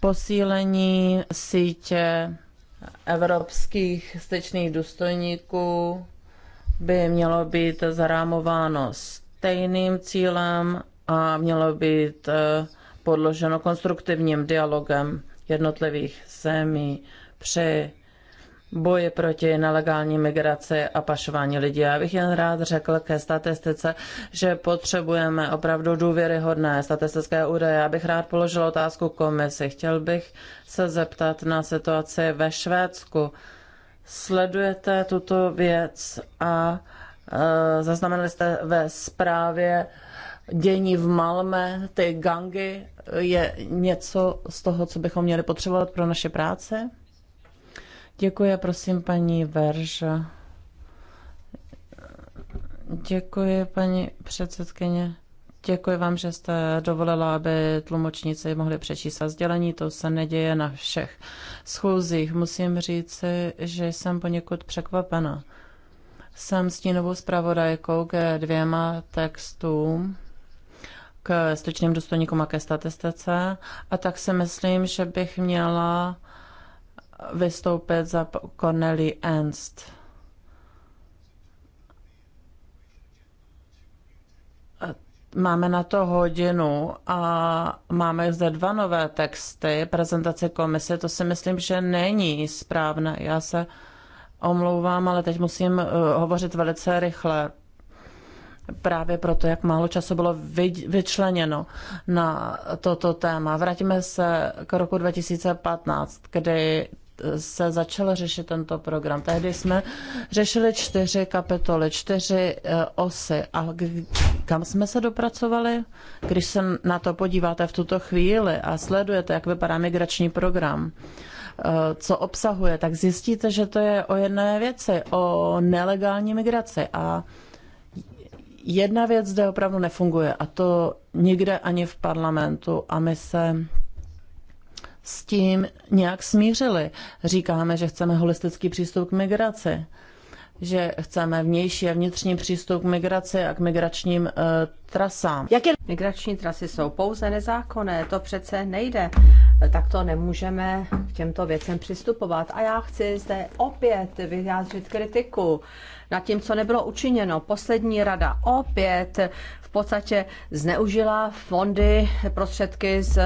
Posílení sítě evropských styčných důstojníků by mělo být zarámováno stejným cílem a mělo být eh, podloženo konstruktivním dialogem jednotlivých zemí při Boje proti nelegální migraci a pašování lidí. Já bych jen rád řekl ke statistice, že potřebujeme opravdu důvěryhodné statistické údaje. Já bych rád položil otázku komisi. Chtěl bych se zeptat na situaci ve Švédsku. Sledujete tuto věc a e, zaznamenali jste ve zprávě dění v Malme, ty gangy. Je něco z toho, co bychom měli potřebovat pro naše práce? Děkuji, prosím, paní Verž. Děkuji, paní předsedkyně. Děkuji vám, že jste dovolila, aby tlumočníci mohli přečíst sdělení. To se neděje na všech schůzích. Musím říci, že jsem poněkud překvapena. Jsem stínovou zpravodajkou ke dvěma textům k stočným důstojníkům a ke statistice a tak si myslím, že bych měla vystoupit za Corneli Ernst. Máme na to hodinu a máme zde dva nové texty, prezentace komise, to si myslím, že není správné. Já se omlouvám, ale teď musím eh, hovořit velice rychle. Právě proto, jak málo času bylo vyčleněno na toto téma. Vrátíme se k roku 2015, kdy se začal řešit tento program. Tehdy jsme řešili čtyři kapitoly, čtyři eh, osy. A kam jsme se dopracovali? Když se na to podíváte v tuto chvíli a sledujete, jak vypadá migrační program, eh, co obsahuje, tak zjistíte, že to je o jedné věci, o nelegální migraci. A jedna věc zde opravdu nefunguje a to nikde ani v parlamentu a my se s tím nějak smířili. Říkáme, že chceme holistický přístup k migraci, že chceme vnější a vnitřní přístup k migraci a k migračním e, trasám. Jaké migrační trasy jsou pouze nezákonné, to přece nejde. Tak to nemůžeme k těmto věcem přistupovat. A já chci zde opět vyjádřit kritiku nad tím, co nebylo učiněno. Poslední rada opět podstatě zneužila fondy, prostředky z,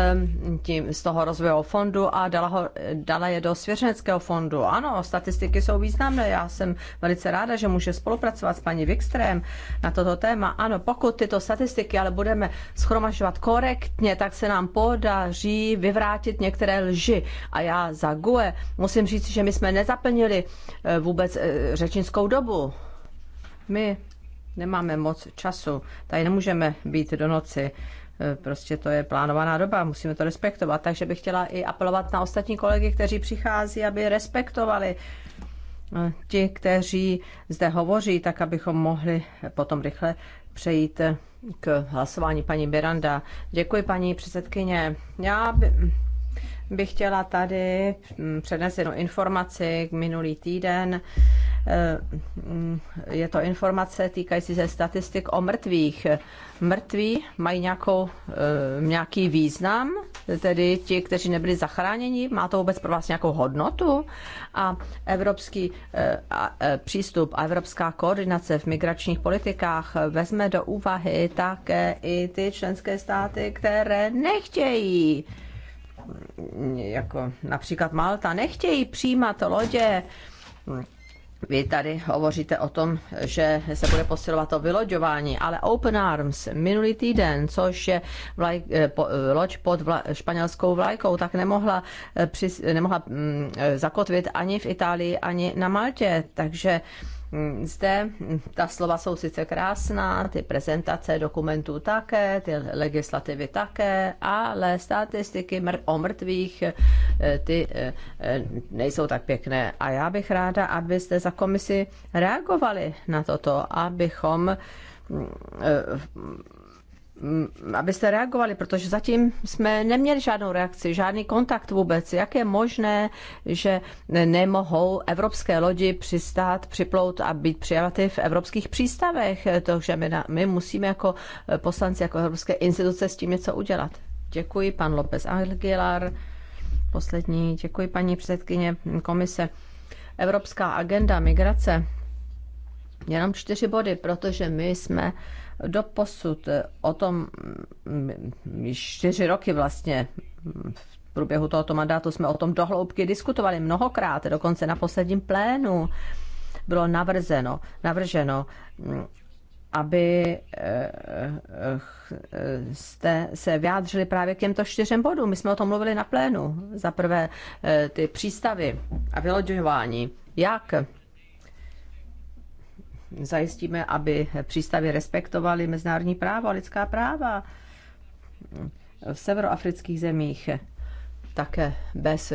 tím, z toho rozvojového fondu a dala, ho, dala je do svěřeneckého fondu. Ano, statistiky jsou významné. Já jsem velice ráda, že může spolupracovat s paní Wikström na toto téma. Ano, pokud tyto statistiky ale budeme schromažovat korektně, tak se nám podaří vyvrátit některé lži. A já za GUE musím říct, že my jsme nezaplnili eh, vůbec eh, řečnickou dobu. My nemáme moc času. Tady nemůžeme být do noci. E, prostě to je plánovaná doba, musíme to respektovat. Takže bych chtěla i apelovat na ostatní kolegy, kteří přichází, aby respektovali e, ti, kteří zde hovoří, tak abychom mohli potom rychle přejít k hlasování paní Miranda. Děkuji, paní předsedkyně. Já bych chtěla tady přednést jednu informaci k minulý týden. Eh, mm, je to informace týkající se statistik o mrtvých. Mrtví mají nějakou, eh, nějaký význam, tedy ti, kteří nebyli zachráněni, má to vůbec pro vás nějakou hodnotu? A evropský eh, přístup a evropská koordinace v migračních politikách vezme do úvahy také i ty členské státy, které nechtějí jako například Malta, nechtějí přijímat lodě vy tady hovoříte o tom, že se bude posilovat to vyloďování, ale Open Arms minulý týden, což je vlaj, eh, po, eh, loď pod vla, španělskou vlajkou, tak nemohla, eh, při, nemohla mm, zakotvit ani v Itálii, ani na Maltě. Takže zde ta slova jsou sice krásná, ty prezentace dokumentů také, ty legislativy také, ale statistiky mr- o mrtvých eh, ty eh, nejsou tak pěkné. A já bych ráda, abyste za komisi reagovali na toto, abychom mm, eh, Mm, abyste reagovali, protože zatím jsme neměli žádnou reakci, žádný kontakt vůbec. Jak je možné, že nemohou evropské lodi přistát, připlout a být přijaty v evropských přístavech? že my, my musíme jako eh, poslanci, jako evropské instituce s tím něco udělat. Děkuji, pan López Aguilar. Poslední, děkuji, paní předsedkyně komise. Evropská agenda migrace. Jenom čtyři body, protože my jsme do posud eh, o tom mm, mm, čtyři roky vlastně mm, v průběhu tohoto mandátu jsme o tom dohloubky diskutovali mnohokrát, dokonce na posledním plénu bylo navrzeno, navrženo, aby eh, eh, jste se vyjádřili právě k těmto čtyřem bodům. My jsme o tom mluvili na plénu. Za prvé ty přístavy a vyloďování. Jak zajistíme, aby přístavy respektovaly mezinárodní právo a lidská práva v severoafrických zemích, také bez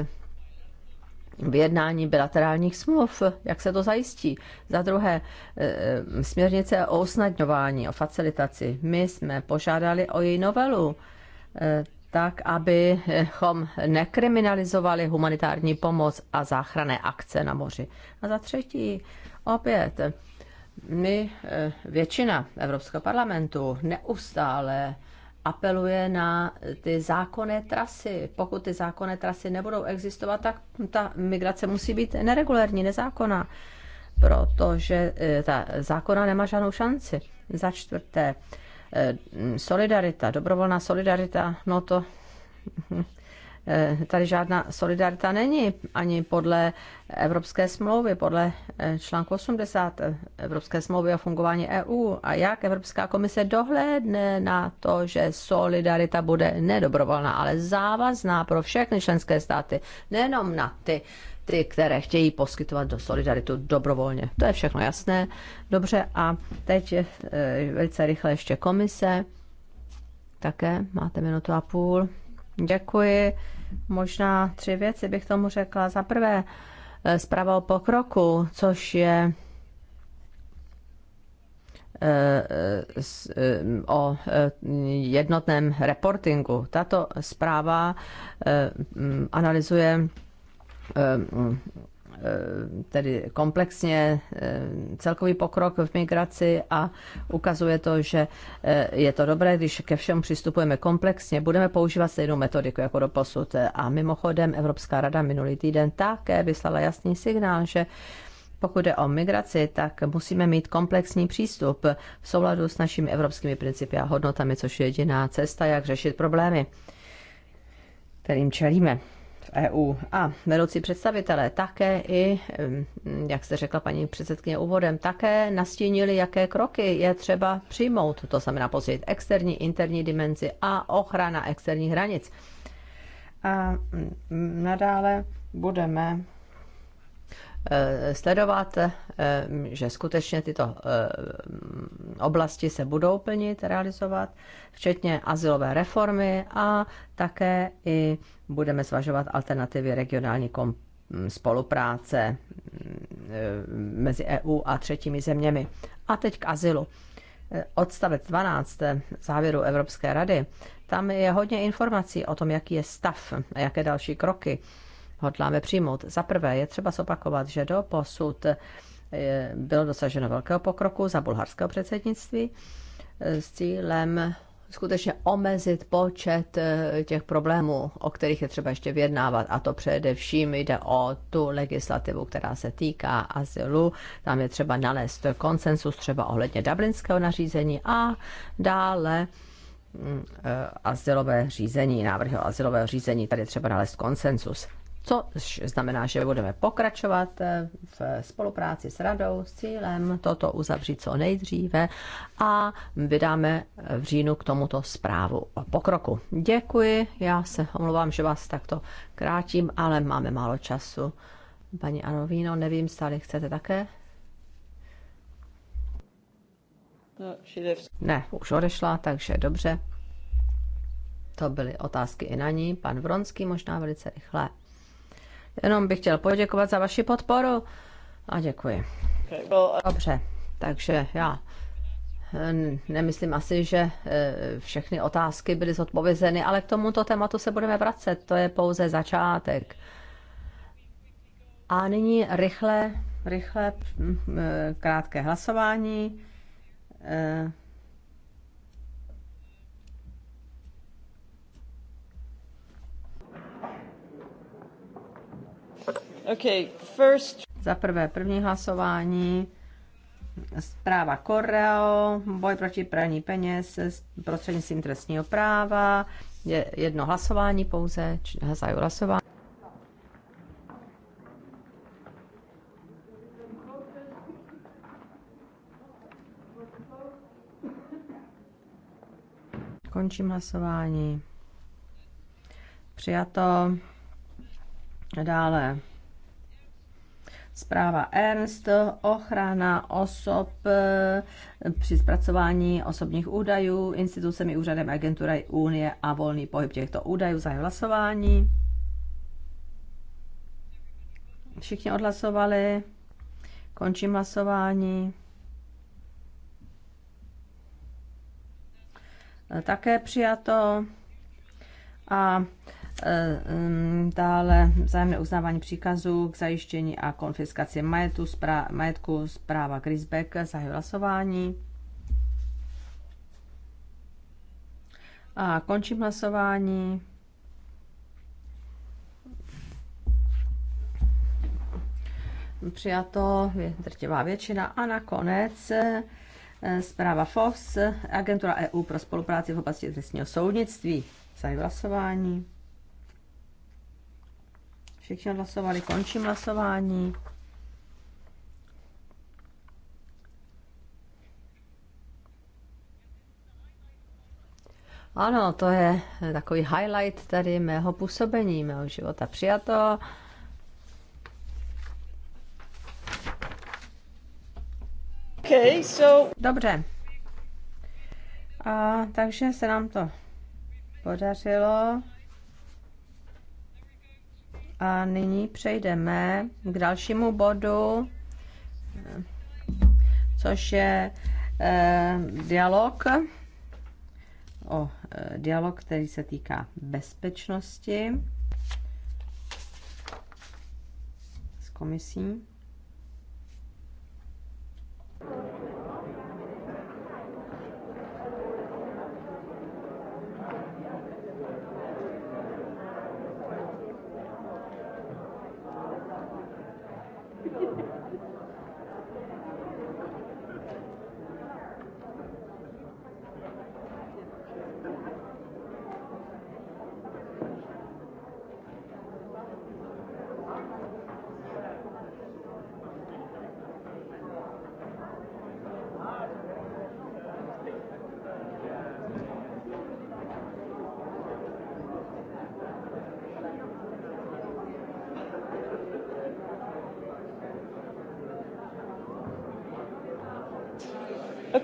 vyjednání bilaterálních smluv, jak se to zajistí. Za druhé, e, e, směrnice o usnadňování, o facilitaci. My jsme požádali o její novelu, e, tak abychom nekriminalizovali humanitární pomoc a záchranné akce na moři. A za třetí, opět, my, e, většina Evropského parlamentu, neustále apeluje na ty zákonné trasy. Pokud ty zákonné trasy nebudou existovat, tak ta migrace musí být neregulární, nezákonná, protože e, ta zákona nemá žádnou šanci. Za čtvrté, e, solidarita, dobrovolná solidarita, no to hm, Eh, tady žádná solidarita není, ani podle Evropské smlouvy, podle eh, článku 80 eh, Evropské smlouvy o fungování EU. A jak Evropská komise dohlédne na to, že solidarita bude nedobrovolná, ale závazná pro všechny členské státy, nejenom na ty, ty, které chtějí poskytovat do solidaritu dobrovolně. To je všechno jasné. Dobře, a teď je velice rychle ještě komise. Také máte minutu a půl. Děkuji. Možná tři věci bych tomu řekla. Za prvé, eh, zpráva o pokroku, což je eh, eh, o jednotném reportingu. Tato zpráva analyzuje Eh, tedy komplexně eh, celkový pokrok v migraci a ukazuje to, že eh, je to dobré, když ke všem přistupujeme komplexně, budeme používat stejnou metodiku jako do posud. A mimochodem Evropská rada minulý týden také vyslala jasný signál, že pokud jde o migraci, tak musíme mít komplexní přístup v souladu s našimi evropskými principy a hodnotami, což je jediná cesta, jak řešit problémy, kterým čelíme v e EU. A vedoucí představitelé také i, jak jste řekla paní předsedkyně úvodem, také nastínili, jaké kroky je třeba přijmout. To znamená posílit externí, interní dimenzi a ochrana externích hranic. A mm, nadále budeme Eh, sledovat, eh, že skutečně tyto eh, oblasti se budou plnit, realizovat, včetně asilové reformy a také i budeme zvažovat alternativy regionální spolupráce mezi EU a třetími zeměmi. A teď k asilu. Odstavec 12 závěru Evropské rady. Tam je hodně informací o tom, jaký je stav a jaké další kroky hodláme přijmout. Za prvé je třeba zopakovat, že do posud eh, bylo dosaženo velkého pokroku za bulharského předsednictví eh, s cílem skutečně omezit počet eh, těch problémů, o kterých je třeba ještě vyjednávat. A to především jde o tu legislativu, která se týká azylu. Tam je třeba nalézt konsensus třeba ohledně dublinského nařízení a dále mm, azylové řízení, návrhy o azylového řízení. Tady třeba nalézt konsensus. Co znamená, že budeme pokračovat eh, v spolupráci s radou s cílem toto uzavřít co nejdříve a vydáme v říjnu k tomuto zprávu o pokroku. Děkuji, já se omlouvám, že vás takto krátím, ale máme málo času. Paní Arovíno, nevím, stále chcete také? No, ne, už odešla, takže dobře. To byly otázky i na ní. Pan Vronský možná velice rychle. Jenom bych chtěl poděkovat za vaši podporu a děkuji. Dobře, takže já eh, nemyslím asi, že eh, všechny otázky byly zodpovězeny, ale k tomuto tématu se budeme vracet. To je pouze začátek. A nyní rychle, rychle hm, eh, krátké hlasování. Okay, first... Za prvé, první hlasování, zpráva Koreo, boj proti praní peněz prostřednictvím trestního práva, je jedno hlasování pouze, zahaju hlasování. Končím hlasování. Přijato. Dále Zpráva Ernst, ochrana osob eh, při zpracování osobních údajů, institucemi, úřadem, agentury Unie a volný pohyb těchto údajů za hlasování. Všichni odhlasovali. Končím hlasování. Eh, také přijato. A Eh, dále vzájemné uznávání příkazů k zajištění a konfiskaci majetku, zpráv, majetku zpráva Grisbeck, za hlasování. A končím hlasování. Přijato drtivá většina a nakonec eh, zpráva FOS, agentura EU pro spolupráci v oblasti trestního soudnictví. Zahy hlasování. Všichni hlasovali, končím hlasování. Ano, to je takový highlight tady mého působení, mého života. Přijato. Okay, so... Dobře. A, takže se nám to podařilo. A nyní přejdeme k dalšímu bodu, což je eh, dialog, o eh, dialog, který se týká bezpečnosti s komisí.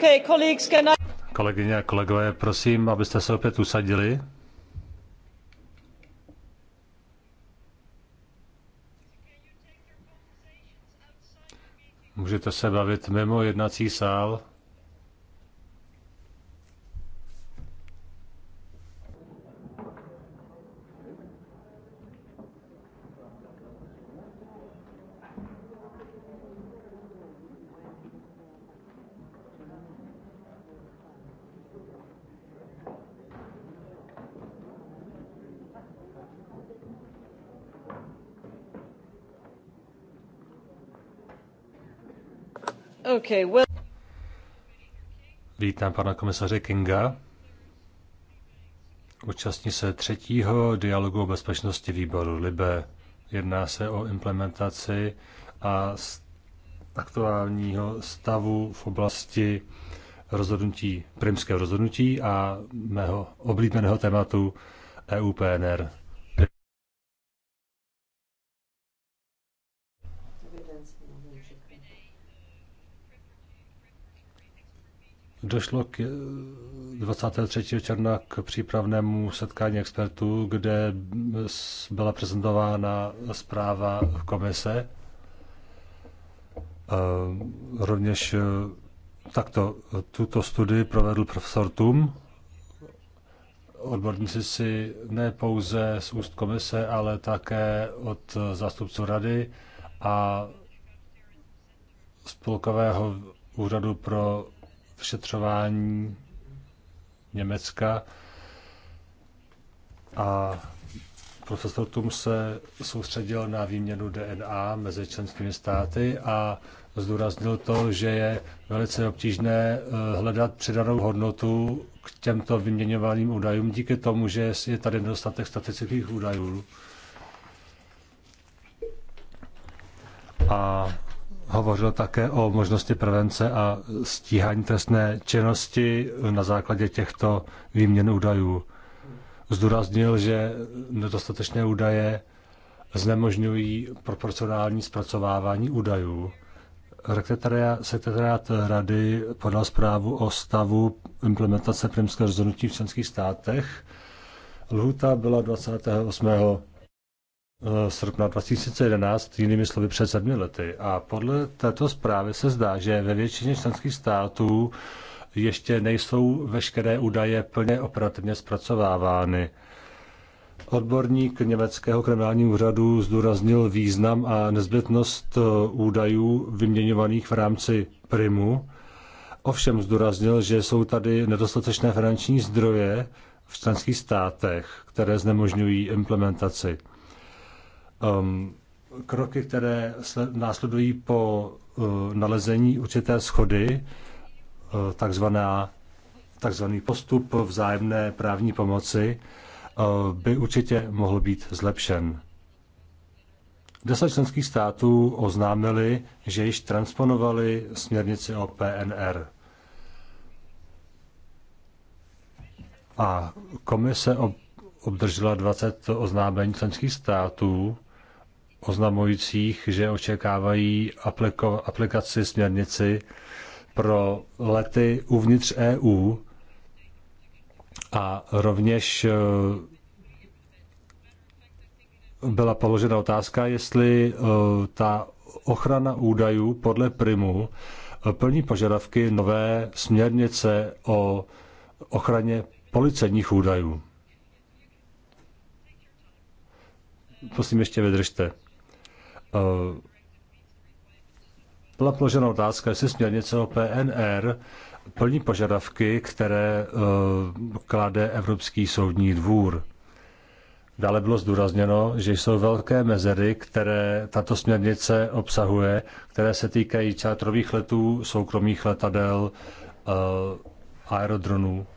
Okay, colleagues, can I... Kolegyně a kolegové, prosím, abyste se opět usadili. Můžete se bavit mimo jednací sál. Vítám pana komisaře Kinga. Účastní se třetího dialogu o bezpečnosti výboru LIBE. Jedná se o implementaci a aktuálního stavu v oblasti rozhodnutí, primského rozhodnutí a mého oblíbeného tématu EU-PNR. Došlo k 23. Eh, června k přípravnému setkání expertů, kde eh, byla prezentována zpráva komise. Eh, rovněž takto tuto studii provedl profesor Tum. Odborníci si ne pouze z úst komise, ale také od zástupců rady a spolkového úřadu pro vyšetřování Německa a profesor Tum se soustředil na výměnu DNA mezi členskými státy a zdůraznil to, že je velice obtížné eh, hledat přidanou hodnotu k těmto vyměňovaným údajům díky tomu, že je tady nedostatek statistických údajů. A hovořil také o možnosti prevence a stíhání trestné činnosti na základě těchto výměn údajů. Zdůraznil, že nedostatečné údaje znemožňují proporcionální zpracovávání údajů. Sekretariat rady podal zprávu o stavu implementace primského rozhodnutí v členských státech. Lhuta byla 28 srpna 2011, jinými slovy před sedmi lety. A podle této zprávy se zdá, že ve většině členských států ještě nejsou veškeré údaje plně operativně zpracovávány. Odborník německého kriminálního úřadu zdůraznil význam a nezbytnost eh, údajů vyměňovaných v rámci Primu. Ovšem zdůraznil, že jsou tady nedostatečné finanční zdroje v členských státech, které znemožňují implementaci um, kroky, které následují po uh, nalezení určité schody, uh, takzvaná, takzvaný postup vzájemné právní pomoci, uh, by určitě mohl být zlepšen. Deset členských států oznámili, že již transponovali směrnici o PNR. A komise obdržela 20 oznámení členských států, oznamujících, že očekávají apliko, aplikaci směrnici pro lety uvnitř EU a rovněž eh, byla položena otázka, jestli eh, ta ochrana údajů podle Primu eh, plní požadavky nové směrnice o ochraně policejních údajů. Prosím, ještě vydržte. Eh, byla položena otázka, jestli směrnice o PNR plní požadavky, které eh, klade Evropský soudní dvůr. Dále bylo zdůrazněno, že jsou velké mezery, které tato směrnice obsahuje, které se týkají čátrových letů, soukromých letadel, eh, aerodronů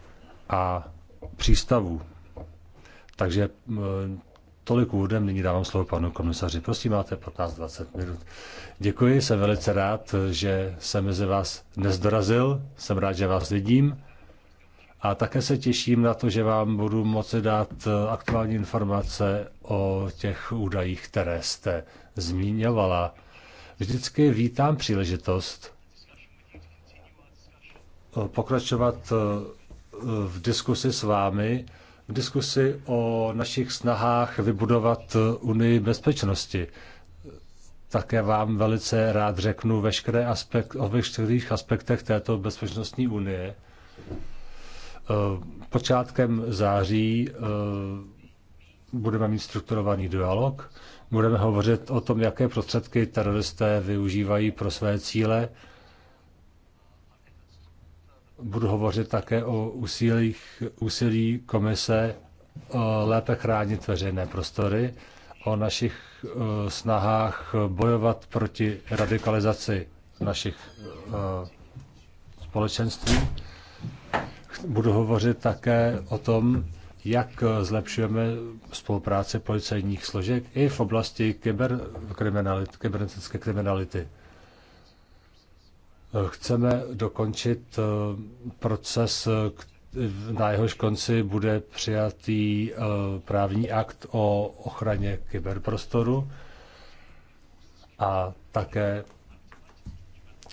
a přístavů. Takže Tolik úvodem, nyní dávám slovo panu komisaři. Prosím, máte 15-20 minut. Děkuji, jsem velice rád, že jsem mezi vás dnes dorazil, jsem rád, že vás vidím a také se těším na to, že vám budu moci dát eh, aktuální informace o těch údajích, které jste zmíněvala. Vždycky vítám příležitost eh, pokračovat eh, v diskusi s vámi, v diskusi o našich snahách vybudovat Unii bezpečnosti. Také vám velice rád řeknu veškeré aspekt, o veškerých aspektech této bezpečnostní unie. Eh, počátkem září eh, budeme mít strukturovaný dialog, budeme hovořit o tom, jaké prostředky teroristé využívají pro své cíle, budu hovořit také o úsilích, úsilí komise lépe chránit veřejné prostory, o našich eh, snahách bojovat proti radikalizaci našich eh, společenství. Budu hovořit také o tom, jak zlepšujeme spolupráci policejních složek i v oblasti kyberkriminality, kybernetické kriminality. Chceme dokončit eh, proces, na jehož konci bude přijatý eh, právní akt o ochraně kyberprostoru a také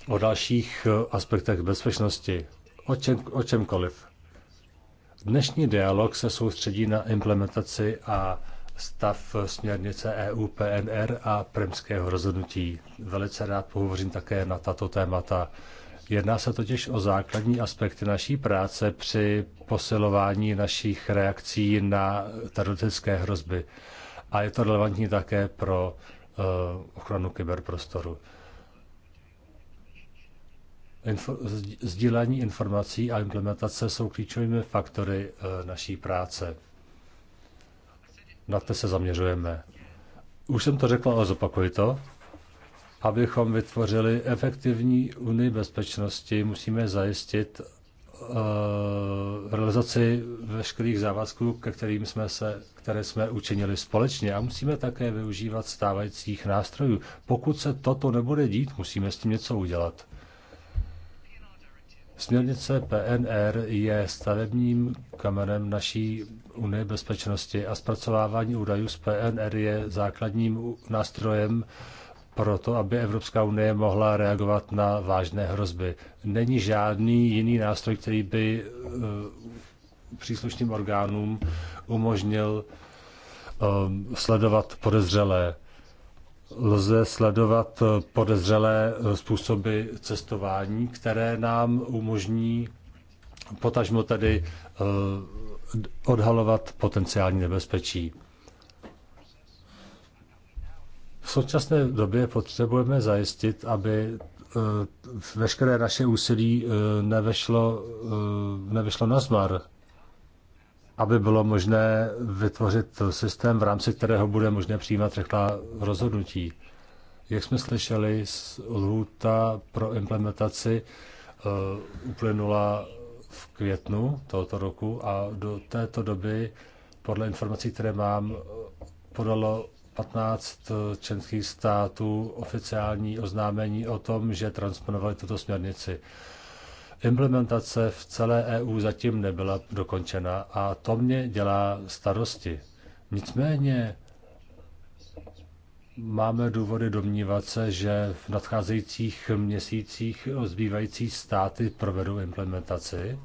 o dalších eh, aspektech bezpečnosti, o, čem, o čemkoliv. Dnešní dialog se soustředí na implementaci a stav směrnice EU PNR a premského rozhodnutí. Velice rád pohovořím také na tato témata. Jedná se totiž o základní aspekty naší práce při posilování našich reakcí na teroristické hrozby. A je to relevantní také pro eh, ochranu kyberprostoru. Info, sdílení informací a implementace jsou klíčovými faktory eh, naší práce na to se zaměřujeme. Už jsem to řekl ale zopakuji to. Abychom vytvořili efektivní unii bezpečnosti, musíme zajistit uh, realizaci veškerých závazků, ke kterým jsme se, které jsme učinili společně. A musíme také využívat stávajících nástrojů. Pokud se toto nebude dít, musíme s tím něco udělat. Směrnice PNR je stavebním kamenem naší Unie bezpečnosti a zpracovávání údajů z PNR je základním nástrojem pro to, aby Evropská unie mohla reagovat na vážné hrozby. Není žádný jiný nástroj, který by e, příslušným orgánům umožnil e, sledovat podezřelé lze sledovat podezřelé způsoby cestování, které nám umožní potažmo tedy eh, odhalovat potenciální nebezpečí. V současné době potřebujeme zajistit, aby eh, veškeré naše úsilí eh, nevešlo, nevešlo na zmar aby bylo možné vytvořit systém, v rámci kterého bude možné přijímat rychlá rozhodnutí. Jak jsme slyšeli, lhůta pro implementaci eh, uplynula v květnu tohoto roku a do této doby, podle informací, které mám, podalo 15 eh, členských států oficiální oznámení o tom, že transponovali tuto směrnici. Implementace v celé EU zatím nebyla dokončena a to mě dělá starosti. Nicméně máme důvody domnívat se, že v nadcházejících měsících zbývající státy provedou implementaci.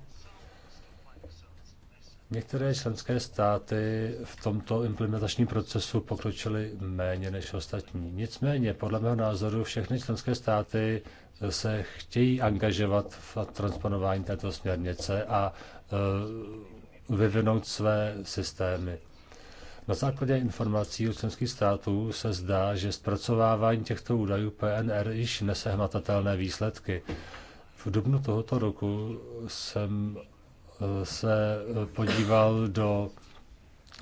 Některé členské státy v tomto implementačním procesu pokročily méně než ostatní. Nicméně, podle mého názoru, všechny členské státy se chtějí angažovat v transponování této směrnice a e, vyvinout své systémy. Na základě informací od členských států se zdá, že zpracovávání těchto údajů PNR již nese hmatatelné výsledky. V dubnu tohoto roku jsem e, se podíval do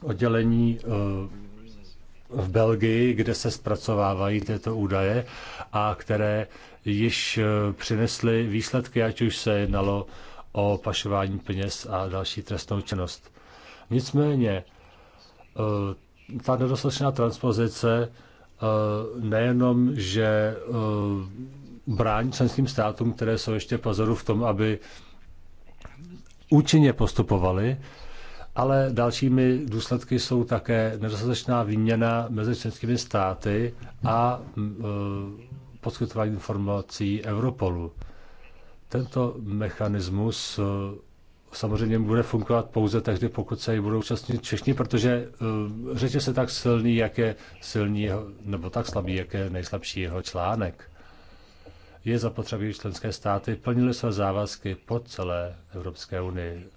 oddělení e, v Belgii, kde se zpracovávají tyto údaje a které již eh, přinesly výsledky, ať už se jednalo o pašování peněz a další trestnou činnost. Nicméně, eh, ta nedostatečná transpozice eh, nejenom, že brání členským státům, které jsou ještě pozoru v tom, aby účinně postupovali, ale dalšími důsledky jsou také nedostatečná výměna mezi členskými státy a poskytování informací Europolu. Tento mechanismus eh, samozřejmě bude fungovat pouze tehdy, pokud se ji budou účastnit všichni, protože eh, řeče se tak silný, jak je silný nebo tak slabý, jak je nejslabší jeho článek. Je zapotřebí, členské státy plnily své závazky po celé Evropské unii.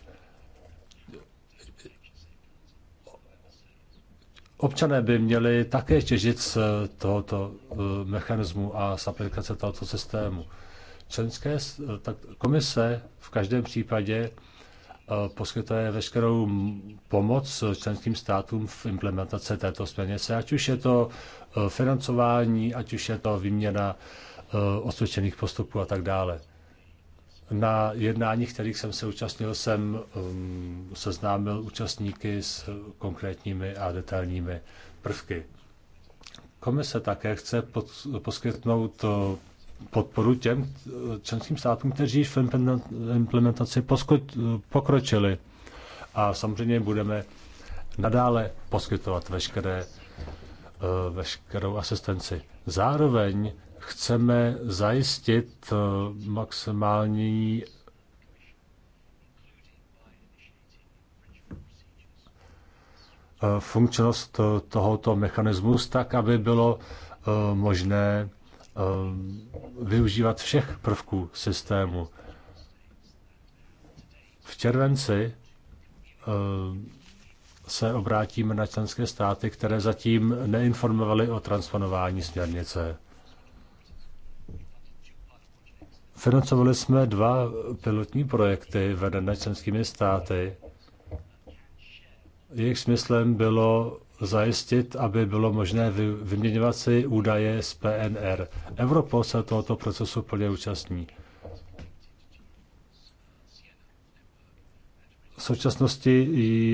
Občané by měli také těžit z eh, tohoto eh, mechanismu a z aplikace tohoto systému. Členské eh, tak komise v každém případě poskytuje veškerou pomoc členským státům v implementaci této směrnice, ať už je to financování, ať už je to výměna osvědčených postupů a tak dále. Na jednáních, kterých jsem se účastnil, jsem um, seznámil účastníky s konkrétními a detailními prvky. Komise také chce pod, poskytnout uh, podporu těm uh, členským státům, kteří v implementaci uh, pokročili. A samozřejmě budeme nadále poskytovat veškeré, veškerou asistenci. Zároveň chceme zajistit eh, maximální eh, funkčnost eh, tohoto mechanismu tak, aby bylo možné využívat všech prvků systému. V červenci se obrátíme na členské státy, které zatím neinformovaly o transponování směrnice. Financovali jsme dva pilotní projekty vedené členskými státy. Jejich smyslem bylo zajistit, aby bylo možné vyměňovat si údaje z PNR. Europol se tohoto procesu plně účastní. V současnosti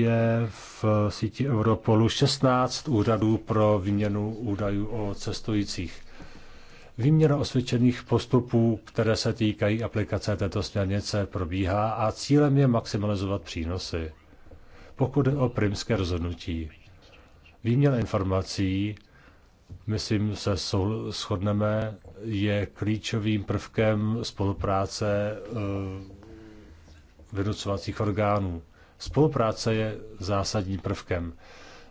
je v síti Europolu 16 úřadů pro výměnu údajů o cestujících. Výměna osvědčených postupů, které se týkají aplikace této směrnice, probíhá a cílem je maximalizovat přínosy. Pokud je o primské rozhodnutí, výměna informací, myslím, se shodneme, je klíčovým prvkem spolupráce eh, vynucovacích orgánů. Spolupráce je zásadním prvkem.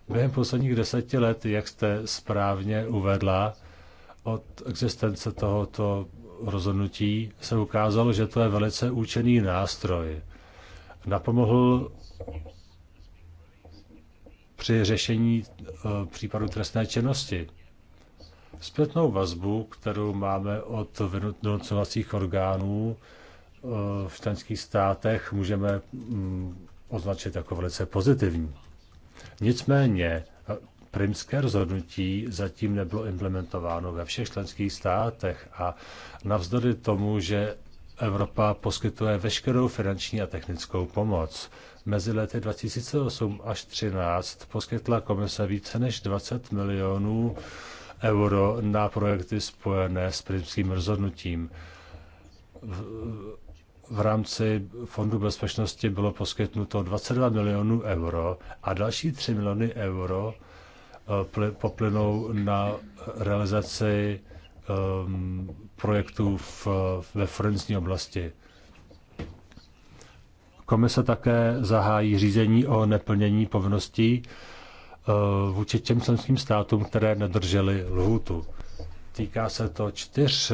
Během posledních deseti let, jak jste správně uvedla, od existence tohoto rozhodnutí se ukázalo, že to je velice účinný nástroj. Napomohl při řešení e, případu trestné činnosti. Zpětnou vazbu, kterou máme od vynucovacích orgánů e, v členských státech, můžeme mm, označit jako velice pozitivní. Nicméně Primské rozhodnutí zatím nebylo implementováno ve všech členských státech a navzdory tomu, že Evropa poskytuje veškerou finanční a technickou pomoc. Mezi lety 2008 až 2013 poskytla komise více než 20 milionů euro na projekty spojené s primským rozhodnutím. V, v rámci Fondu bezpečnosti bylo poskytnuto 22 milionů euro a další 3 miliony euro poplynou na realizaci ehm, projektů v, ve forenzní oblasti. Komise také zahájí řízení o neplnění povinností eh, vůči těm členským státům, které nedržely lhůtu. Týká se to čtyř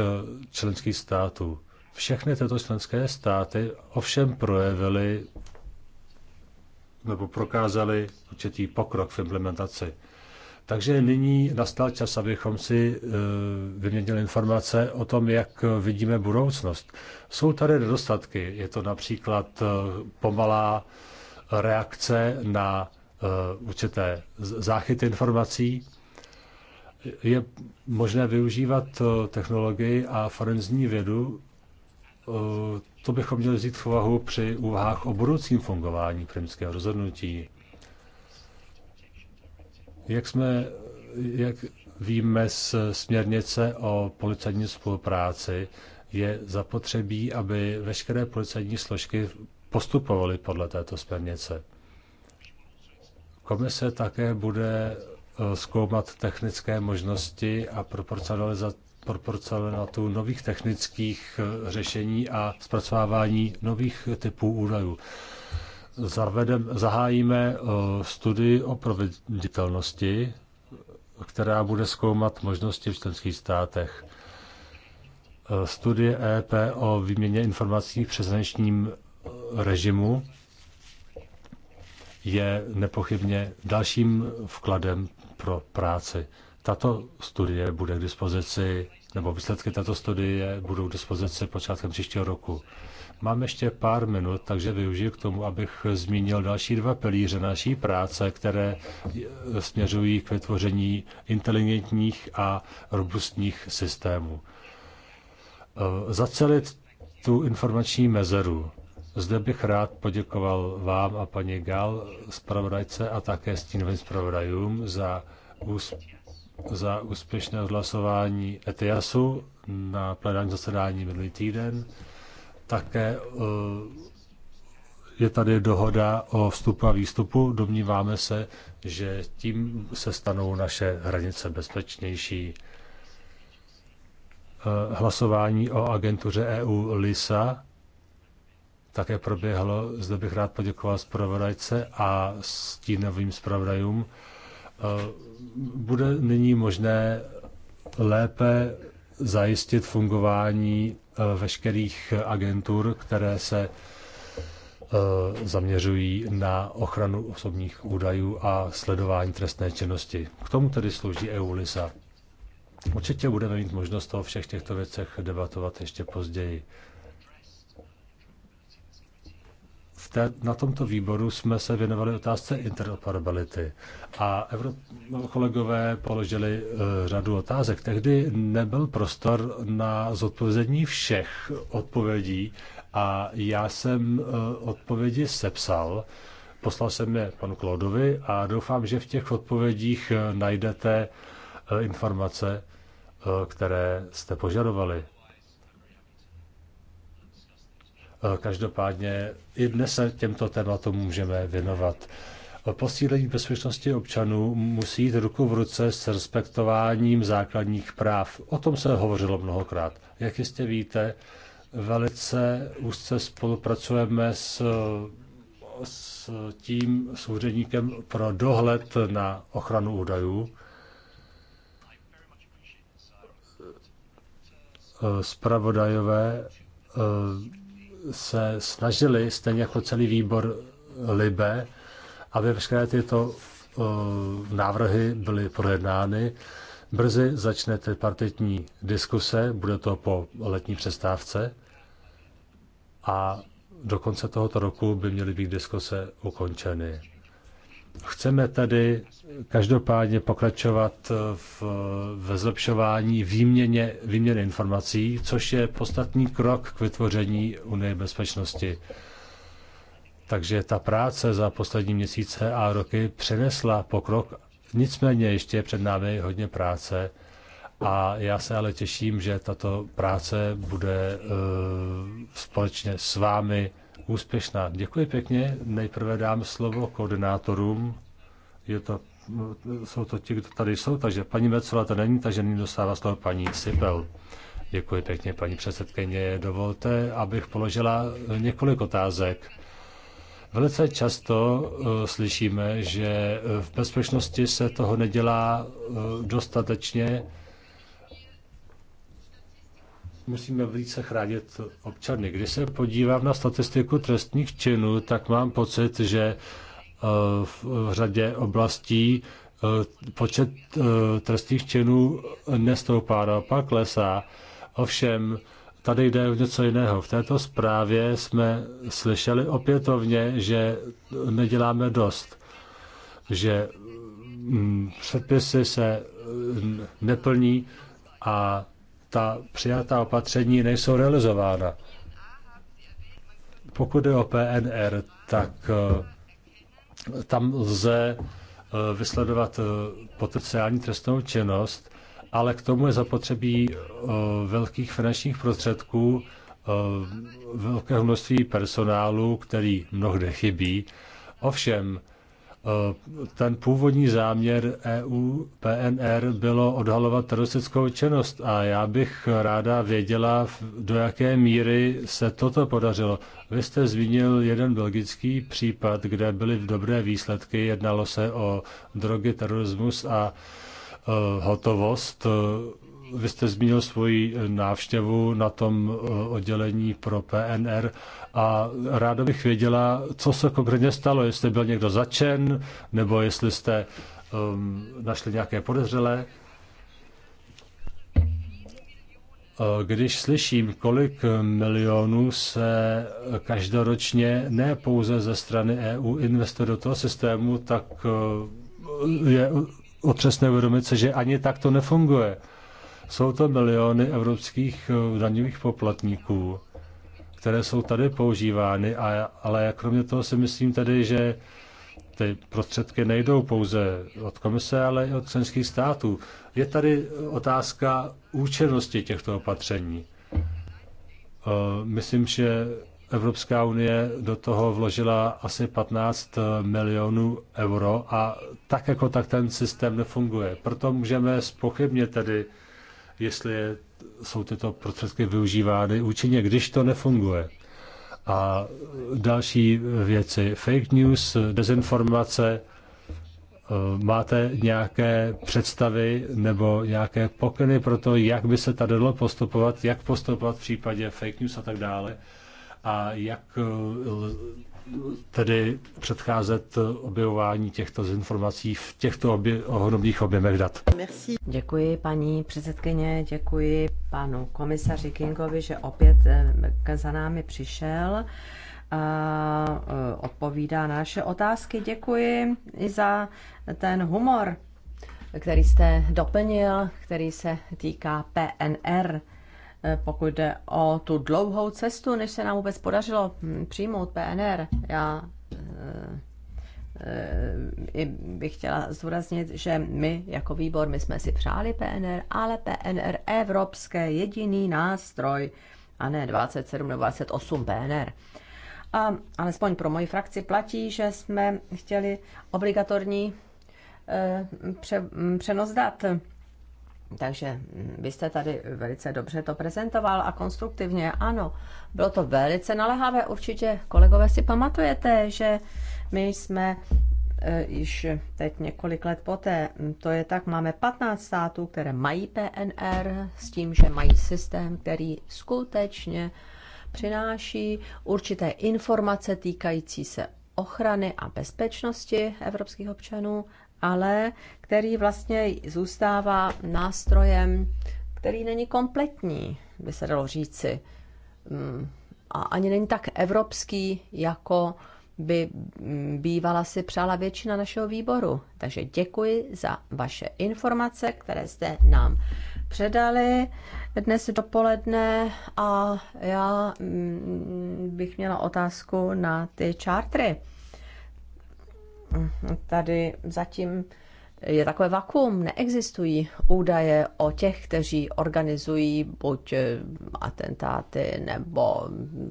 členských států. Všechny tyto členské státy ovšem projevily nebo prokázali určitý pokrok v implementaci. Takže nyní nastal čas, abychom si e, vyměnili informace o tom, jak vidíme budoucnost. Jsou tady nedostatky. Je to například e, pomalá reakce na e, určité záchyty informací. Je možné využívat technologii a forenzní vědu. To bychom měli vzít v úvahu při úvahách o budoucím fungování krymského rozhodnutí. Jak jsme, jak víme z směrnice o policajní spolupráci, je zapotřebí, aby veškeré policajní složky postupovaly podle této směrnice. Komise také bude eh, zkoumat technické možnosti a proporcionalitu nových technických eh, řešení a zpracovávání nových typů údajů zavedem, zahájíme eh, studii o proveditelnosti, která bude zkoumat možnosti v členských státech. Eh, studie EP o výměně informací v přeshraničním eh, režimu je nepochybně dalším vkladem pro práci. Tato studie bude k dispozici, nebo výsledky této studie budou k dispozici počátkem příštího roku. Mám ještě pár minut, takže využiju k tomu, abych zmínil další dva pilíře naší práce, které směřují k vytvoření inteligentních a robustních systémů. Eh, zacelit tu informační mezeru. Zde bych rád poděkoval vám a paní Gal, zpravodajce a také stínovým zpravodajům za, za úspěšné odhlasování ETIASu na plenárním zasedání minulý týden. Také eh, je tady dohoda o vstupu a výstupu. Domníváme se, že tím se stanou naše hranice bezpečnější. Eh, hlasování o agentuře EU LISA také proběhlo. Zde bych rád poděkoval zpravodajce a stínovým zpravodajům. Eh, bude nyní možné lépe zajistit fungování veškerých agentur, které se eh, zaměřují na ochranu osobních údajů a sledování trestné činnosti. K tomu tedy slouží EULISA. Určitě budeme mít možnost o všech těchto věcech debatovat ještě později. té, na tomto výboru jsme se věnovali otázce interoperability a Evro, kolegové položili uh, řadu otázek. Tehdy nebyl prostor na zodpovězení všech odpovědí a já jsem uh, odpovědi sepsal. Poslal jsem je panu Klodovi a doufám, že v těch odpovědích eh, najdete informace, které jste požadovali. Eh, každopádně i dnes se těmto tématům můžeme věnovat. Eh, posílení bezpečnosti občanů musí jít ruku v ruce s respektováním základních práv. O tom se hovořilo mnohokrát. Jak jistě víte, velice úzce spolupracujeme s, s tím souředníkem pro dohled na ochranu údajů. Spravodajové eh, se snažili, stejně jako celý výbor Libe, aby všechny tyto návrhy byly projednány. Brzy začne tripartitní diskuse, bude to po letní přestávce a do konce tohoto roku by měly být diskuse ukončeny. Chceme tedy každopádně pokračovat v, v zlepšování výměně, výměny informací, což je podstatný krok k vytvoření Unie bezpečnosti. Takže ta práce za poslední měsíce a roky přinesla pokrok, nicméně ještě je před námi hodně práce a já se ale těším, že tato práce bude eh, společně s vámi úspěšná. Děkuji pěkně. Nejprve dám slovo koordinátorům. Je to, jsou to ti, kdo tady jsou, takže paní Mecola to není, takže nyní dostává slovo paní Sipel. Děkuji pěkně, paní předsedkyně. Dovolte, abych položila několik otázek. Velice často uh, slyšíme, že v bezpečnosti se toho nedělá uh, dostatečně musíme více chránit občany. Když se podívám na statistiku trestních činů, tak mám pocit, že eh, v řadě oblastí eh, počet eh, trestných činů nestoupá, naopak klesá. Ovšem, tady jde o něco jiného. V této zprávě jsme slyšeli opětovně, že neděláme dost, že mm, předpisy se neplní a ta přijatá opatření nejsou realizována. Pokud je o PNR, tak eh, tam lze eh, vysledovat eh, potenciální trestnou činnost, ale k tomu je zapotřebí velkých finančních prostředků, velkého množství personálu, který mnohde chybí. Ovšem, Eh, ten původní záměr EU PNR bylo odhalovat teroristickou činnost a já bych ráda věděla, do jaké míry se toto podařilo. Vy jste zmínil jeden belgický případ, kde byly dobré výsledky. Jednalo se o drogy, terorismus a eh, hotovost. Eh, vy jste zmínil svoji eh, návštěvu na tom eh, oddělení pro PNR a ráda bych věděla, co se konkrétně stalo, jestli byl někdo začen, nebo jestli jste um, našli nějaké podezřelé. Eh, když slyším, kolik milionů se každoročně ne pouze ze strany EU investuje do toho systému, tak je otřesné uvědomit se, že ani tak to nefunguje. Jsou to miliony evropských eh, daňových poplatníků, které jsou tady používány, a, ale kromě toho si myslím tady, že ty prostředky nejdou pouze od komise, ale i od členských států. Je tady otázka účinnosti těchto opatření. Eh, myslím, že Evropská unie do toho vložila asi 15 eh, milionů euro a tak jako tak ten systém nefunguje. Proto můžeme spochybnit tedy jestli je, jsou tyto prostředky využívány účinně, když to nefunguje. A další věci, fake news, dezinformace, eh, máte nějaké představy nebo nějaké pokyny pro to, jak by se tady dalo postupovat, jak postupovat v případě fake news a tak dále a jak eh, tedy předcházet objevování těchto informací v těchto obje, ohromných objemech dat. Merci. Děkuji paní předsedkyně, děkuji panu komisaři Kingovi, že opět eh, za námi přišel a eh, odpovídá na naše otázky. Děkuji i za ten humor, který jste doplnil, který se týká PNR. Eh, pokud jde o tu dlouhou cestu, než se nám vůbec podařilo hm, přijmout PNR. Já eh, eh, bych chtěla zdůraznit, že my jako výbor, my jsme si přáli PNR, ale PNR evropské jediný nástroj, a ne 27 nebo 28 PNR. A alespoň pro moji frakci platí, že jsme chtěli obligatorní pře- hm, přenos dat takže mm, vy jste tady velice dobře to prezentoval a konstruktivně, ano. Bylo to velice naléhavé, určitě kolegové si pamatujete, že my jsme e, již teď několik let poté, mm, to je tak, máme 15 států, které mají PNR s tím, že mají systém, který skutečně přináší určité informace týkající se ochrany a bezpečnosti evropských občanů ale který vlastně zůstává nástrojem, který není kompletní, by se dalo říci. Mm, a ani není tak evropský, jako by mm, bývala si přála většina našeho výboru. Takže děkuji za vaše informace, které jste nám předali dnes dopoledne a já mm, bych měla otázku na ty čártry tady zatím je takové vakuum, neexistují údaje o těch, kteří organizují buď eh, atentáty nebo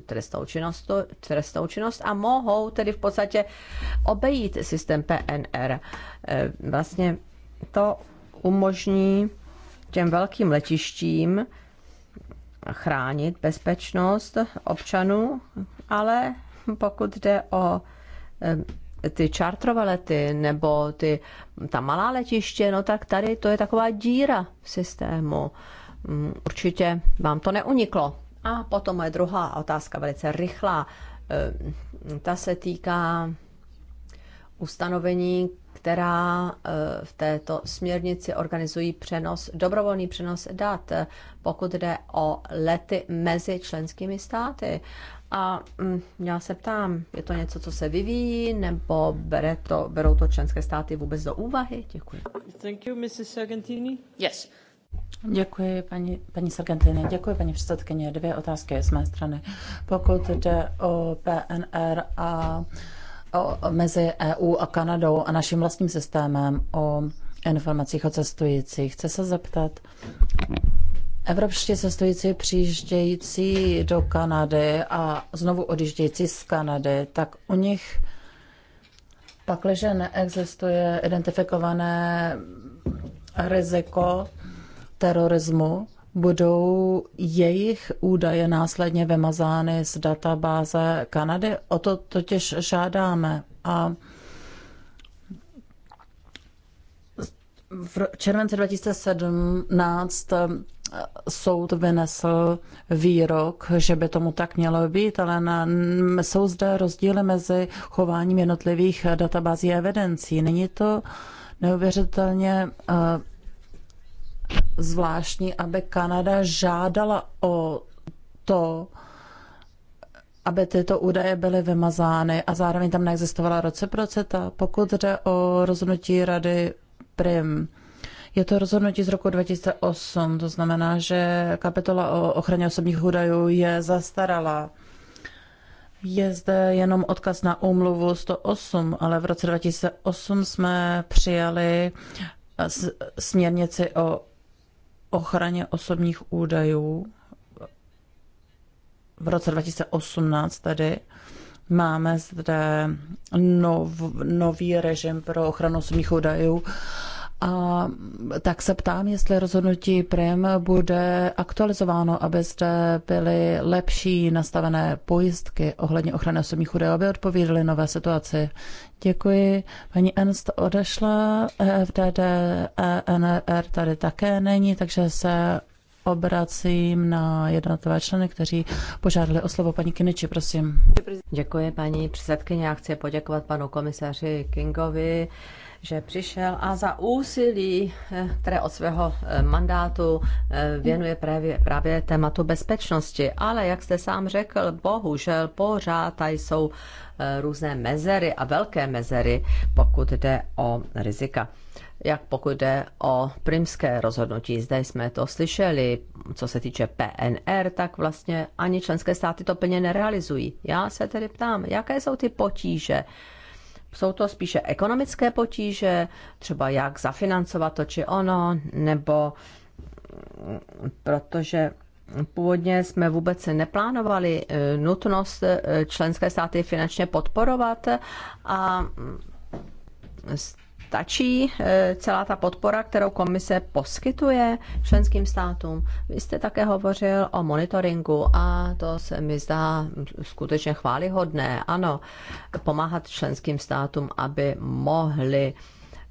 trestnou činnost, trestnou činnost a mohou tedy v podstatě obejít systém PNR. Eh, vlastně to umožní těm velkým letištím chránit bezpečnost občanů, ale pokud jde o eh, ty čartrové lety nebo ty, ta malá letiště, no tak tady to je taková díra v systému. Mm, určitě vám to neuniklo. A potom moje druhá otázka, velice rychlá. E, ta se týká ustanovení, která e, v této směrnici organizují přenos, dobrovolný přenos dat, pokud jde o lety mezi členskými státy. A mm, já se ptám, je to něco, co se vyvíjí, nebo bere to, berou to členské státy vůbec do úvahy? Děkuji. Thank you, Mrs. Sargentini. Yes. Děkuji, paní, paní Sargentini. Děkuji, paní předsedkyně. Dvě otázky z mé strany. Pokud jde o PNR a o, mezi EU a Kanadou a naším vlastním systémem o informacích o cestujících, chce se zeptat, Evropští cestující přijíždějící do Kanady a znovu odjíždějící z Kanady, tak u nich pakliže neexistuje identifikované riziko terorismu, budou jejich údaje následně vymazány z databáze Kanady? O to totiž žádáme. A v červenci 2017 soud vynesl výrok, že by tomu tak mělo být, ale na, jsou zde rozdíly mezi chováním jednotlivých databází a evidencí. Není to neuvěřitelně eh, zvláštní, aby Kanada žádala o to, aby tyto údaje byly vymazány a zároveň tam neexistovala reciprocita, pokud jde o rozhodnutí rady Prim je to rozhodnutí z roku 2008, to znamená, že kapitola o ochraně osobních údajů je zastarala. Je zde jenom odkaz na úmluvu 108, ale v roce 2008 jsme přijali eh, směrnici o ochraně osobních údajů. V roce 2018 tady máme zde nov, nový režim pro ochranu osobních údajů a tak se ptám, jestli rozhodnutí PRIM bude aktualizováno, aby zde byly lepší nastavené pojistky ohledně ochrany osobních údajů, aby odpovídaly nové situaci. Děkuji. Paní Ernst odešla, EFDD, ENR tady také není, takže se obracím na jednotlivé členy, kteří požádali o slovo. Paní Kiniči, prosím. Děkuji, paní předsedkyně. Já chci poděkovat panu komisaři Kingovi že přišel a za úsilí, eh, které od svého eh, mandátu eh, věnuje právě, právě tématu bezpečnosti. Ale jak jste sám řekl, bohužel pořád tady jsou různé mezery a velké mezery, pokud jde o rizika. Jak pokud jde o primské rozhodnutí, zde jsme to slyšeli, co se týče PNR, tak vlastně ani členské státy to plně nerealizují. Já se tedy ptám, jaké jsou ty potíže, jsou to spíše ekonomické potíže, třeba jak zafinancovat to či ono, nebo protože původně jsme vůbec neplánovali eh, nutnost eh, členské státy finančně podporovat a Stačí eh, celá ta podpora, kterou komise poskytuje členským státům? Vy jste také hovořil o monitoringu a to se mi zdá skutečně chválihodné. Ano, pomáhat členským státům, aby mohli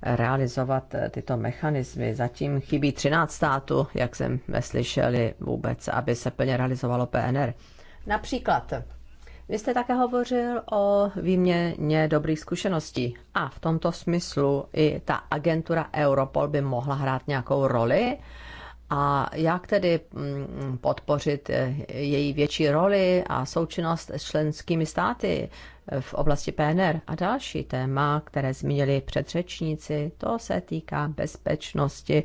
realizovat eh, tyto mechanismy. Zatím chybí 13 států, jak jsme slyšeli vůbec, aby se plně realizovalo PNR. Například vy jste také hovořil o výměně dobrých zkušeností a v tomto smyslu i ta agentura Europol by mohla hrát nějakou roli. A jak tedy mm, podpořit eh, její větší roli a součinnost s členskými státy v oblasti PNR? A další téma, které zmínili předřečníci, to se týká bezpečnosti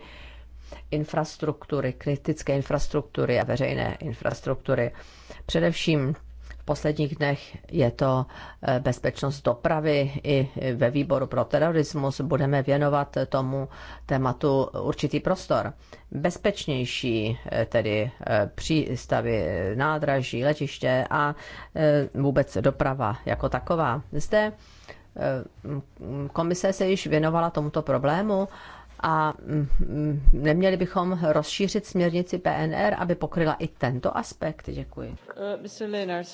infrastruktury, kritické infrastruktury a veřejné infrastruktury. Především v posledních dnech je to eh, bezpečnost dopravy i ve výboru pro terorismus. Budeme věnovat tomu tématu určitý prostor. Bezpečnější eh, tedy eh, přístavy, nádraží, letiště a vůbec doprava jako taková. Zde komise se již věnovala tomuto problému a mm, mm, neměli bychom rozšířit směrnici PNR, aby pokryla i tento aspekt. Děkuji. Uh,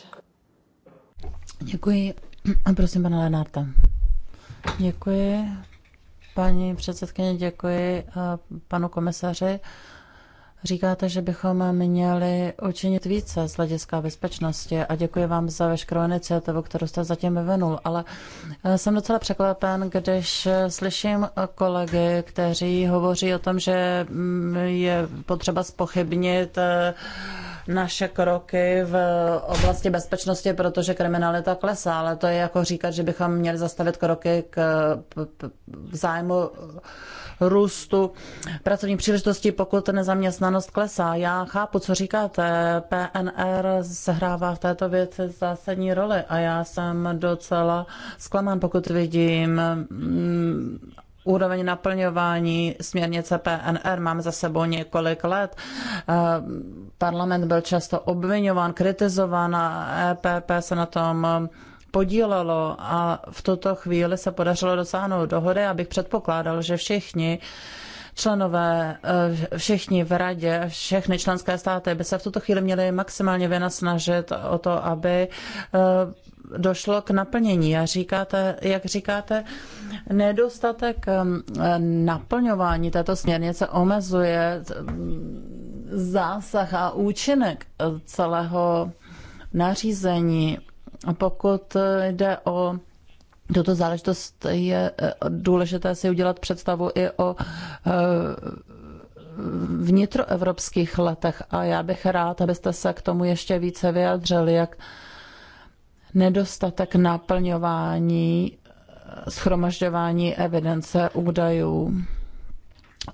děkuji. A prosím pana Lenarta. Děkuji. Paní předsedkyně, děkuji uh, panu komisaři. Říkáte, že bychom měli učinit více z hlediska bezpečnosti a děkuji vám za veškerou iniciativu, kterou jste zatím vyvinul, ale eh, jsem docela překvapen, když eh, slyším kolegy, kteří hovoří o tom, že mm, je potřeba spochybnit eh, naše kroky v oblasti bezpečnosti, protože kriminalita klesá, ale to je jako říkat, že bychom měli zastavit kroky k zájmu růstu pracovní příležitosti, pokud nezaměstnanost klesá. Já chápu, co říkáte. PNR sehrává v této věci zásadní roli a já jsem docela zklamán, pokud vidím úroveň naplňování směrnice PNR. Máme za sebou několik let. Eh, parlament byl často obvinován, kritizován a EPP se na tom podílelo a v tuto chvíli se podařilo dosáhnout dohody, abych předpokládal, že všichni členové, eh, všichni v radě, všechny členské státy by se v tuto chvíli měli maximálně vynasnažit o to, aby eh, došlo k naplnění. Jak říkáte, jak říkáte, nedostatek um, naplňování této směrnice omezuje um, zásah a účinek uh, celého nařízení. Pokud uh, jde o tuto záležitost, je uh, důležité si udělat představu i o vnitroevropských letech a já bych rád, abyste se k tomu ještě více vyjadřili, jak nedostatek naplňování, eh, schromažďování evidence údajů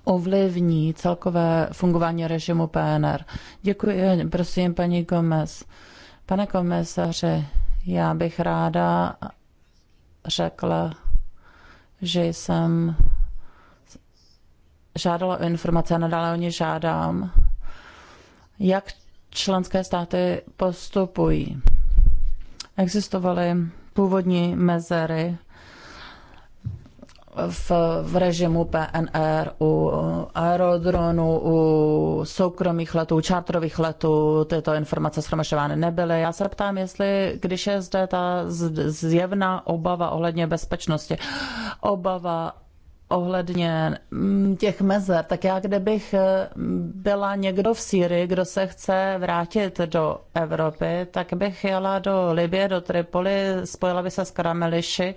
ovlivní celkové fungování režimu PNR. Děkuji, prosím, paní Gomez. Pane komisaři, já bych ráda řekla, že jsem žádala o informace a nadále o ně žádám. Jak členské státy postupují? existovaly původní mezery v, v režimu PNR u aerodronu, u soukromých letů, čátrových letů tyto informace shromažďovány nebyly. Já se ptám, jestli, když je zde ta zjevná obava ohledně bezpečnosti, obava ohledně mm, těch mezer, tak já kdybych eh, byla někdo v Sýrii, kdo se chce vrátit do Evropy, tak bych jela do Libie, do Tripoli, spojila by se s Karameliši,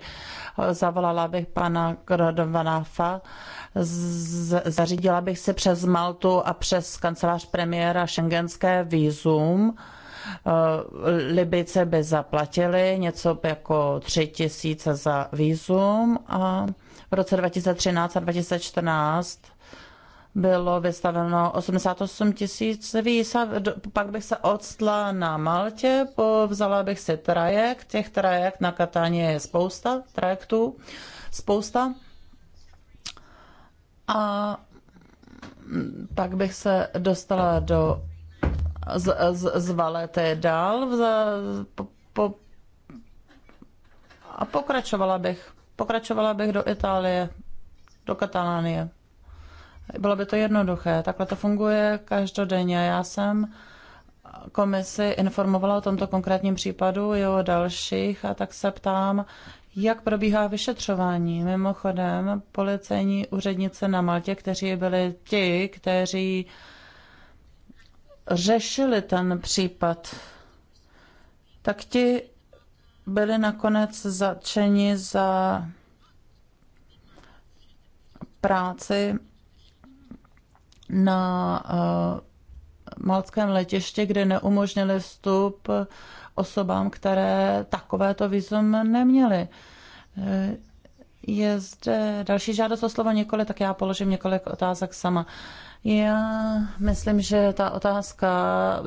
zavolala bych pana Grodovanafa, zařídila bych si přes Maltu a přes kancelář premiéra šengenské výzum, eh, Libice by zaplatili něco jako tři tisíce za výzum a v roce 2013 a 2014 bylo vystaveno 88 tisíc pak bych se odstla na Maltě, vzala bych si trajekt, těch trajekt na Katáně je spousta, trajektů spousta. A pak bych se dostala do z, z, z Valety dál v, po, po, a pokračovala bych Pokračovala bych do Itálie, do Katalánie. Bylo by to jednoduché. Takhle to funguje každodenně. Já jsem komisi informovala o tomto konkrétním případu i o dalších a tak se ptám, jak probíhá vyšetřování. Mimochodem, policejní úřednice na Maltě, kteří byli ti, kteří řešili ten případ, tak ti byli nakonec zatčeni za práci na uh, malckém letišti, kde neumožnili vstup osobám, které takovéto vizum neměly. Eh, je zde další žádost o slovo několik, tak já položím několik otázek sama. Já myslím, že ta otázka,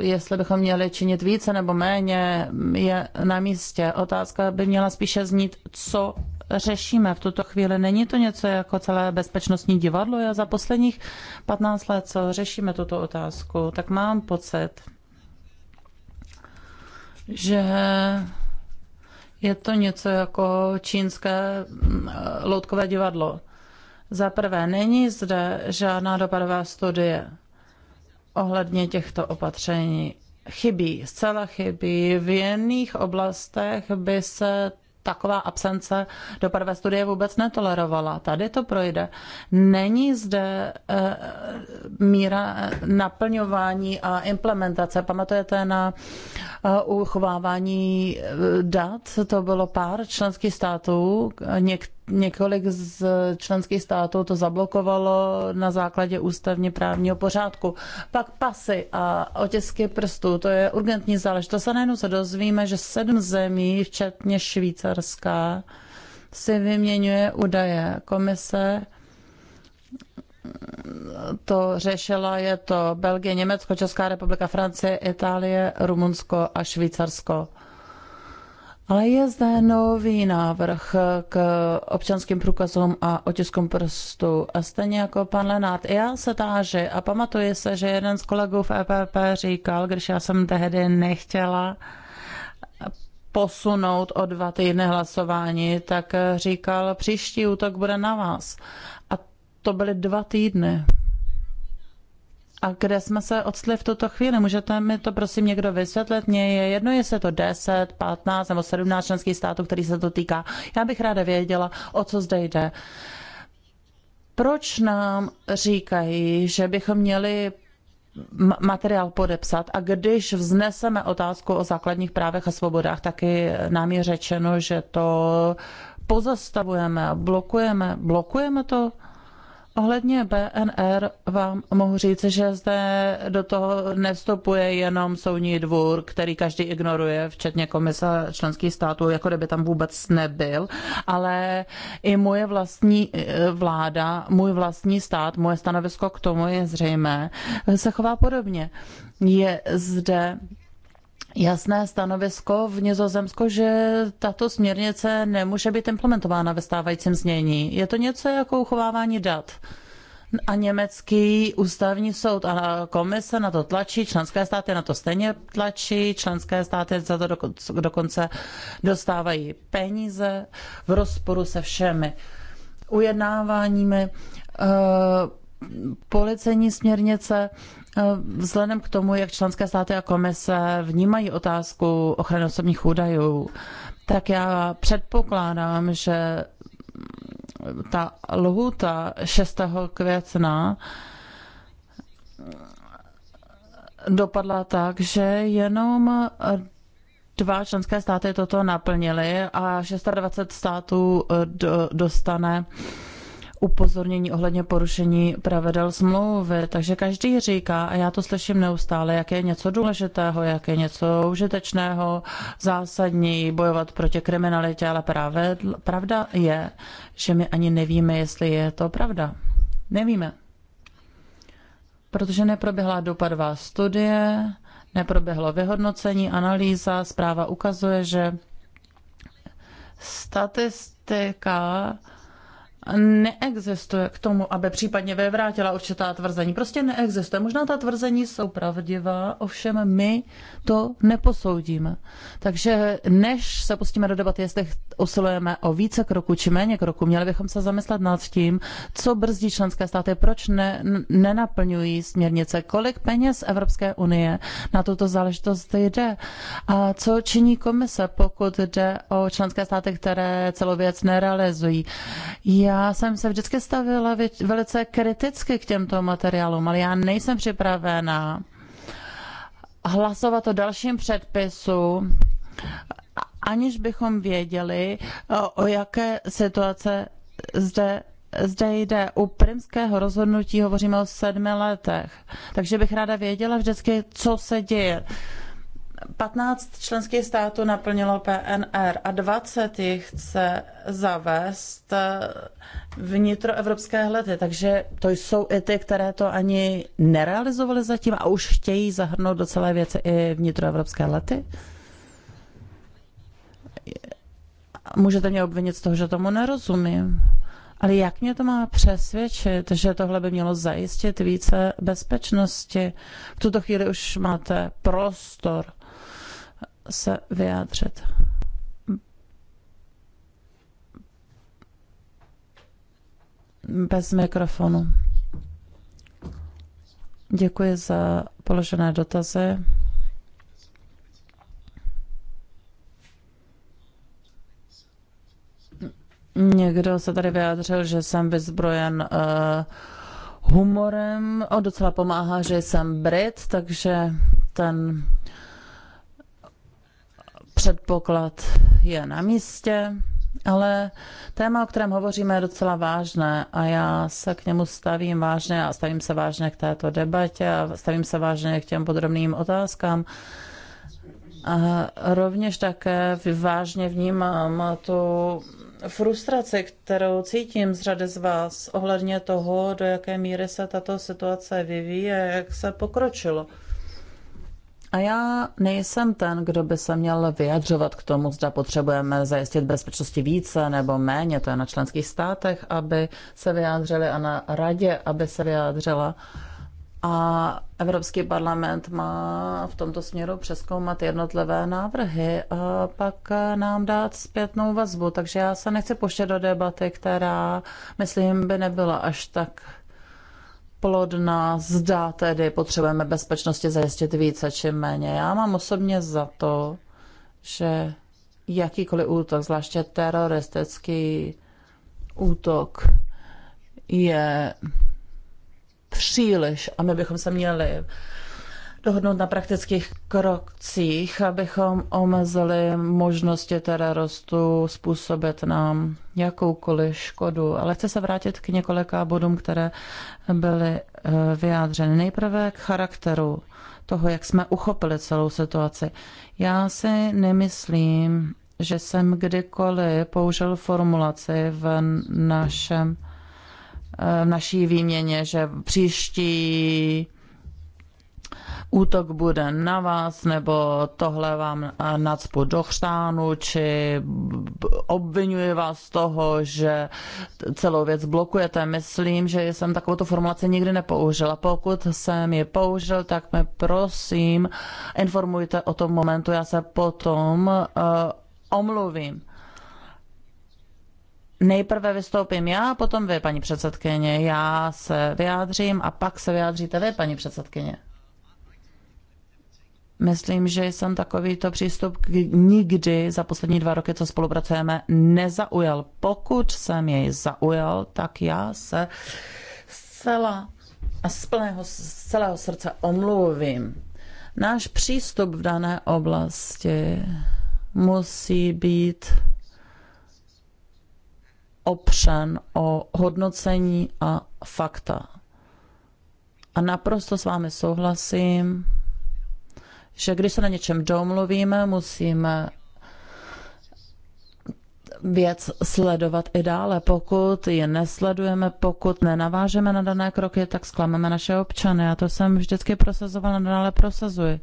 jestli bychom měli činit více nebo méně, je na místě. Otázka by měla spíše znít, co řešíme v tuto chvíli. Není to něco jako celé bezpečnostní divadlo? Já za posledních 15 let, co řešíme tuto otázku, tak mám pocit, že je to něco jako čínské mm, eh, loutkové divadlo. Za prvé, není zde žádná dopadová studie ohledně těchto opatření. Chybí, zcela chybí. V jiných oblastech by se taková absence dopadové studie vůbec netolerovala. Tady to projde. Není zde e, míra naplňování a implementace. Pamatujete na uchovávání eh, dat. To bylo pár členských států. Něk, několik z členských států to zablokovalo na základě ústavně právního pořádku. Pak pasy a otisky prstů, to je urgentní záležitost. A najednou se dozvíme, že sedm zemí, včetně Švýcarska, si vyměňuje údaje. Komise to řešila, je to Belgie, Německo, Česká republika, Francie, Itálie, Rumunsko a Švýcarsko. Ale je zde nový návrh k občanským průkazům a otiskům prstu. A stejně jako pan Lenát, já se táži a pamatuji se, že jeden z kolegů v EPP říkal, když já jsem tehdy nechtěla posunout o dva týdny hlasování, tak říkal, příští útok bude na vás to byly dva týdny. A kde jsme se odstli v tuto chvíli? Můžete mi to prosím někdo vysvětlit? Mně je jedno, jestli je to 10, 15 nebo 17 členských států, který se to týká. Já bych ráda věděla, o co zde jde. Proč nám říkají, že bychom měli materiál podepsat a když vzneseme otázku o základních právech a svobodách, taky nám je řečeno, že to pozastavujeme, blokujeme. Blokujeme to? Ohledně BNR vám mohu říct, že zde do toho nevstupuje jenom soudní dvůr, který každý ignoruje, včetně komise členských států, jako kdyby tam vůbec nebyl, ale i moje vlastní eh, vláda, můj vlastní stát, moje stanovisko k tomu je zřejmé, se chová podobně. Je zde jasné stanovisko v Nizozemsku, že tato směrnice nemůže být implementována ve stávajícím znění. Je to něco jako uchovávání dat. A německý ústavní soud a komise na to tlačí, členské státy na to stejně tlačí, členské státy za to dokonce dostávají peníze v rozporu se všemi ujednáváními. Uh, policejní směrnice eh, vzhledem k tomu, jak členské státy a komise vnímají otázku ochrany osobních údajů, tak já předpokládám, že ta lhůta 6. května dopadla tak, že jenom dva členské státy toto naplnily a 26 států eh, dostane upozornění ohledně porušení pravidel smlouvy. Takže každý říká, a já to slyším neustále, jak je něco důležitého, jak je něco užitečného, zásadní, bojovat proti kriminalitě, ale právě pravda je, že my ani nevíme, jestli je to pravda. Nevíme. Protože neproběhla dopadová studie, neproběhlo vyhodnocení, analýza, zpráva ukazuje, že statistika neexistuje k tomu, aby případně vyvrátila určitá tvrzení. Prostě neexistuje. Možná ta tvrzení jsou pravdivá, ovšem my to neposoudíme. Takže než se pustíme do debaty, jestli usilujeme o více kroku či méně kroku, měli bychom se zamyslet nad tím, co brzdí členské státy, proč ne, nenaplňují směrnice, kolik peněz Evropské unie na tuto záležitost jde a co činí komise, pokud jde o členské státy, které celou věc nerealizují. Já já jsem se vždycky stavila velice kriticky k těmto materiálům, ale já nejsem připravená hlasovat o dalším předpisu, aniž bychom věděli, o jaké situace zde zde jde u primského rozhodnutí, hovoříme o sedmi letech. Takže bych ráda věděla vždycky, co se děje. 15 členských států naplnilo PNR a 20 jich chce zavést eh, vnitroevropské lety, takže to jsou i ty, které to ani nerealizovaly zatím a už chtějí zahrnout do celé věci i vnitroevropské lety? Můžete mě obvinit z toho, že tomu nerozumím. Ale jak mě to má přesvědčit, že tohle by mělo zajistit více bezpečnosti? V tuto chvíli už máte prostor se vyjádřit. Bez mikrofonu. Děkuji za položené dotazy. Někdo se tady vyjádřil, že jsem vyzbrojen uh, humorem. O, docela pomáhá, že jsem Brit, takže ten předpoklad je na místě, ale téma, o kterém hovoříme, je docela vážné a já se k němu stavím vážně a stavím se vážně k této debatě a stavím se vážně k těm podrobným otázkám. A rovněž také vážně vnímám tu frustraci, kterou cítím z řady z vás ohledně toho, do jaké míry se tato situace vyvíjí a jak se pokročilo. A já nejsem ten, kdo by se měl vyjadřovat k tomu, zda potřebujeme zajistit bezpečnosti více nebo méně. To je na členských státech, aby se vyjádřili a na radě, aby se vyjádřila. A Evropský parlament má v tomto směru přeskoumat jednotlivé návrhy a pak nám dát zpětnou vazbu. Takže já se nechci poštět do debaty, která, myslím, by nebyla až tak plodná, zda tedy potřebujeme bezpečnosti zajistit více či méně. Já mám osobně za to, že jakýkoliv útok, zvláště teroristický útok, je příliš a my bychom se měli dohodnout na praktických krocích, abychom omezili možnosti terorostu způsobit nám jakoukoliv škodu. Ale chci se vrátit k několika bodům, které byly eh, vyjádřeny. Nejprve k charakteru toho, jak jsme uchopili celou situaci. Já si nemyslím, že jsem kdykoliv použil formulaci v našem eh, v naší výměně, že příští útok bude na vás, nebo tohle vám eh, nacpu do chřtánu, či obvinuje vás z toho, že celou věc blokujete. Myslím, že jsem takovou formulaci nikdy nepoužila. Pokud jsem ji použil, tak mě prosím informujte o tom momentu, já se potom uh, omluvím. Nejprve vystoupím já, potom vy, paní předsedkyně. Já se vyjádřím a pak se vyjádříte vy, paní předsedkyně. Myslím, že jsem takovýto přístup nikdy za poslední dva roky, co spolupracujeme, nezaujal. Pokud jsem jej zaujal, tak já se zcela a z, plného, z celého srdce omluvím. Náš přístup v dané oblasti musí být opřen o hodnocení a fakta. A naprosto s vámi souhlasím že když se na něčem domluvíme, musíme věc sledovat i dále. Pokud je nesledujeme, pokud nenavážeme na dané kroky, tak zklameme naše občany. A to jsem vždycky prosazovala, nadále prosazuji.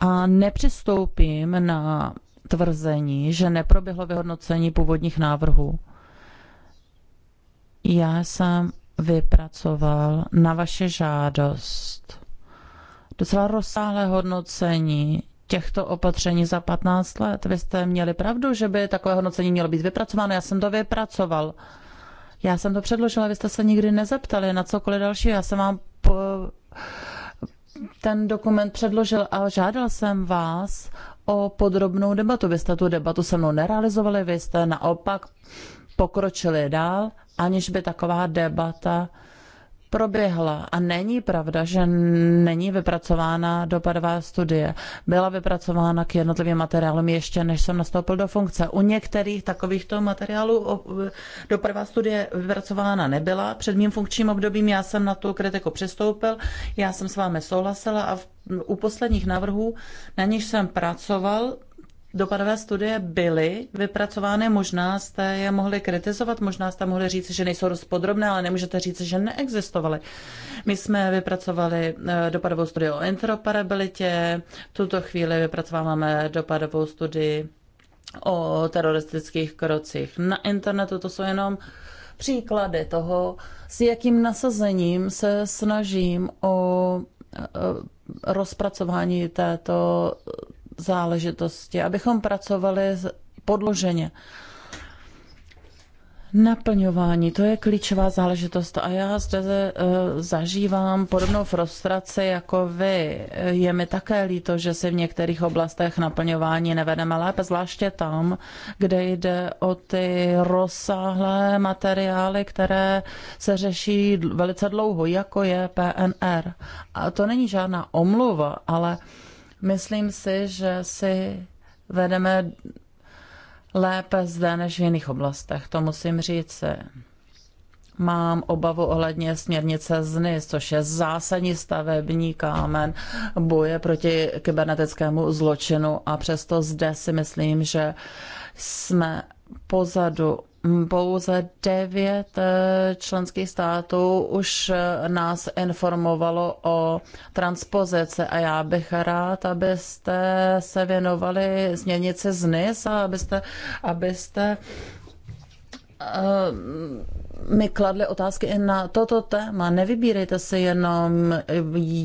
A nepřistoupím na tvrzení, že neproběhlo vyhodnocení původních návrhů. Já jsem vypracoval na vaše žádost docela rozsáhlé hodnocení těchto opatření za 15 let. Vy jste měli pravdu, že by takové hodnocení mělo být vypracováno. Já jsem to vypracoval. Já jsem to předložila, vy jste se nikdy nezeptali na cokoliv další. Já jsem vám po... ten dokument předložil a žádal jsem vás o podrobnou debatu. Vy jste tu debatu se mnou nerealizovali, vy jste naopak pokročili dál, aniž by taková debata proběhla a není pravda, že není vypracována dopadová studie. Byla vypracována k jednotlivým materiálům ještě než jsem nastoupil do funkce. U některých takovýchto materiálů dopadová studie vypracována nebyla. Před mým funkčním obdobím já jsem na tu kritiku přistoupil, já jsem s vámi souhlasila a v, u posledních návrhů, na níž jsem pracoval, dopadové studie byly vypracovány, možná jste je mohli kritizovat, možná jste mohli říct, že nejsou dost podrobné, ale nemůžete říct, že neexistovaly. My jsme vypracovali eh, dopadovou studii o interoperabilitě, v tuto chvíli vypracováváme dopadovou studii o teroristických krocích na internetu. To jsou jenom příklady toho, s jakým nasazením se snažím o eh, rozpracování této záležitosti, abychom pracovali podloženě. Naplňování, to je klíčová záležitost a já zde uh, zažívám podobnou frustraci jako vy. Je mi také líto, že si v některých oblastech naplňování nevedeme lépe, zvláště tam, kde jde o ty rozsáhlé materiály, které se řeší velice dlouho, jako je PNR. A to není žádná omluva, ale uh, Myslím si, že si vedeme lépe zde než v jiných oblastech, to musím říct. Mám obavu ohledně směrnice ZNIS, což je zásadní stavební kámen boje proti kybernetickému zločinu a přesto zde si myslím, že jsme pozadu pouze devět e, členských států už e, nás informovalo o transpozici a já bych rád, abyste se věnovali změnici z NIS a abyste, abyste e, mi kladli otázky i na toto téma. Nevybírejte si jenom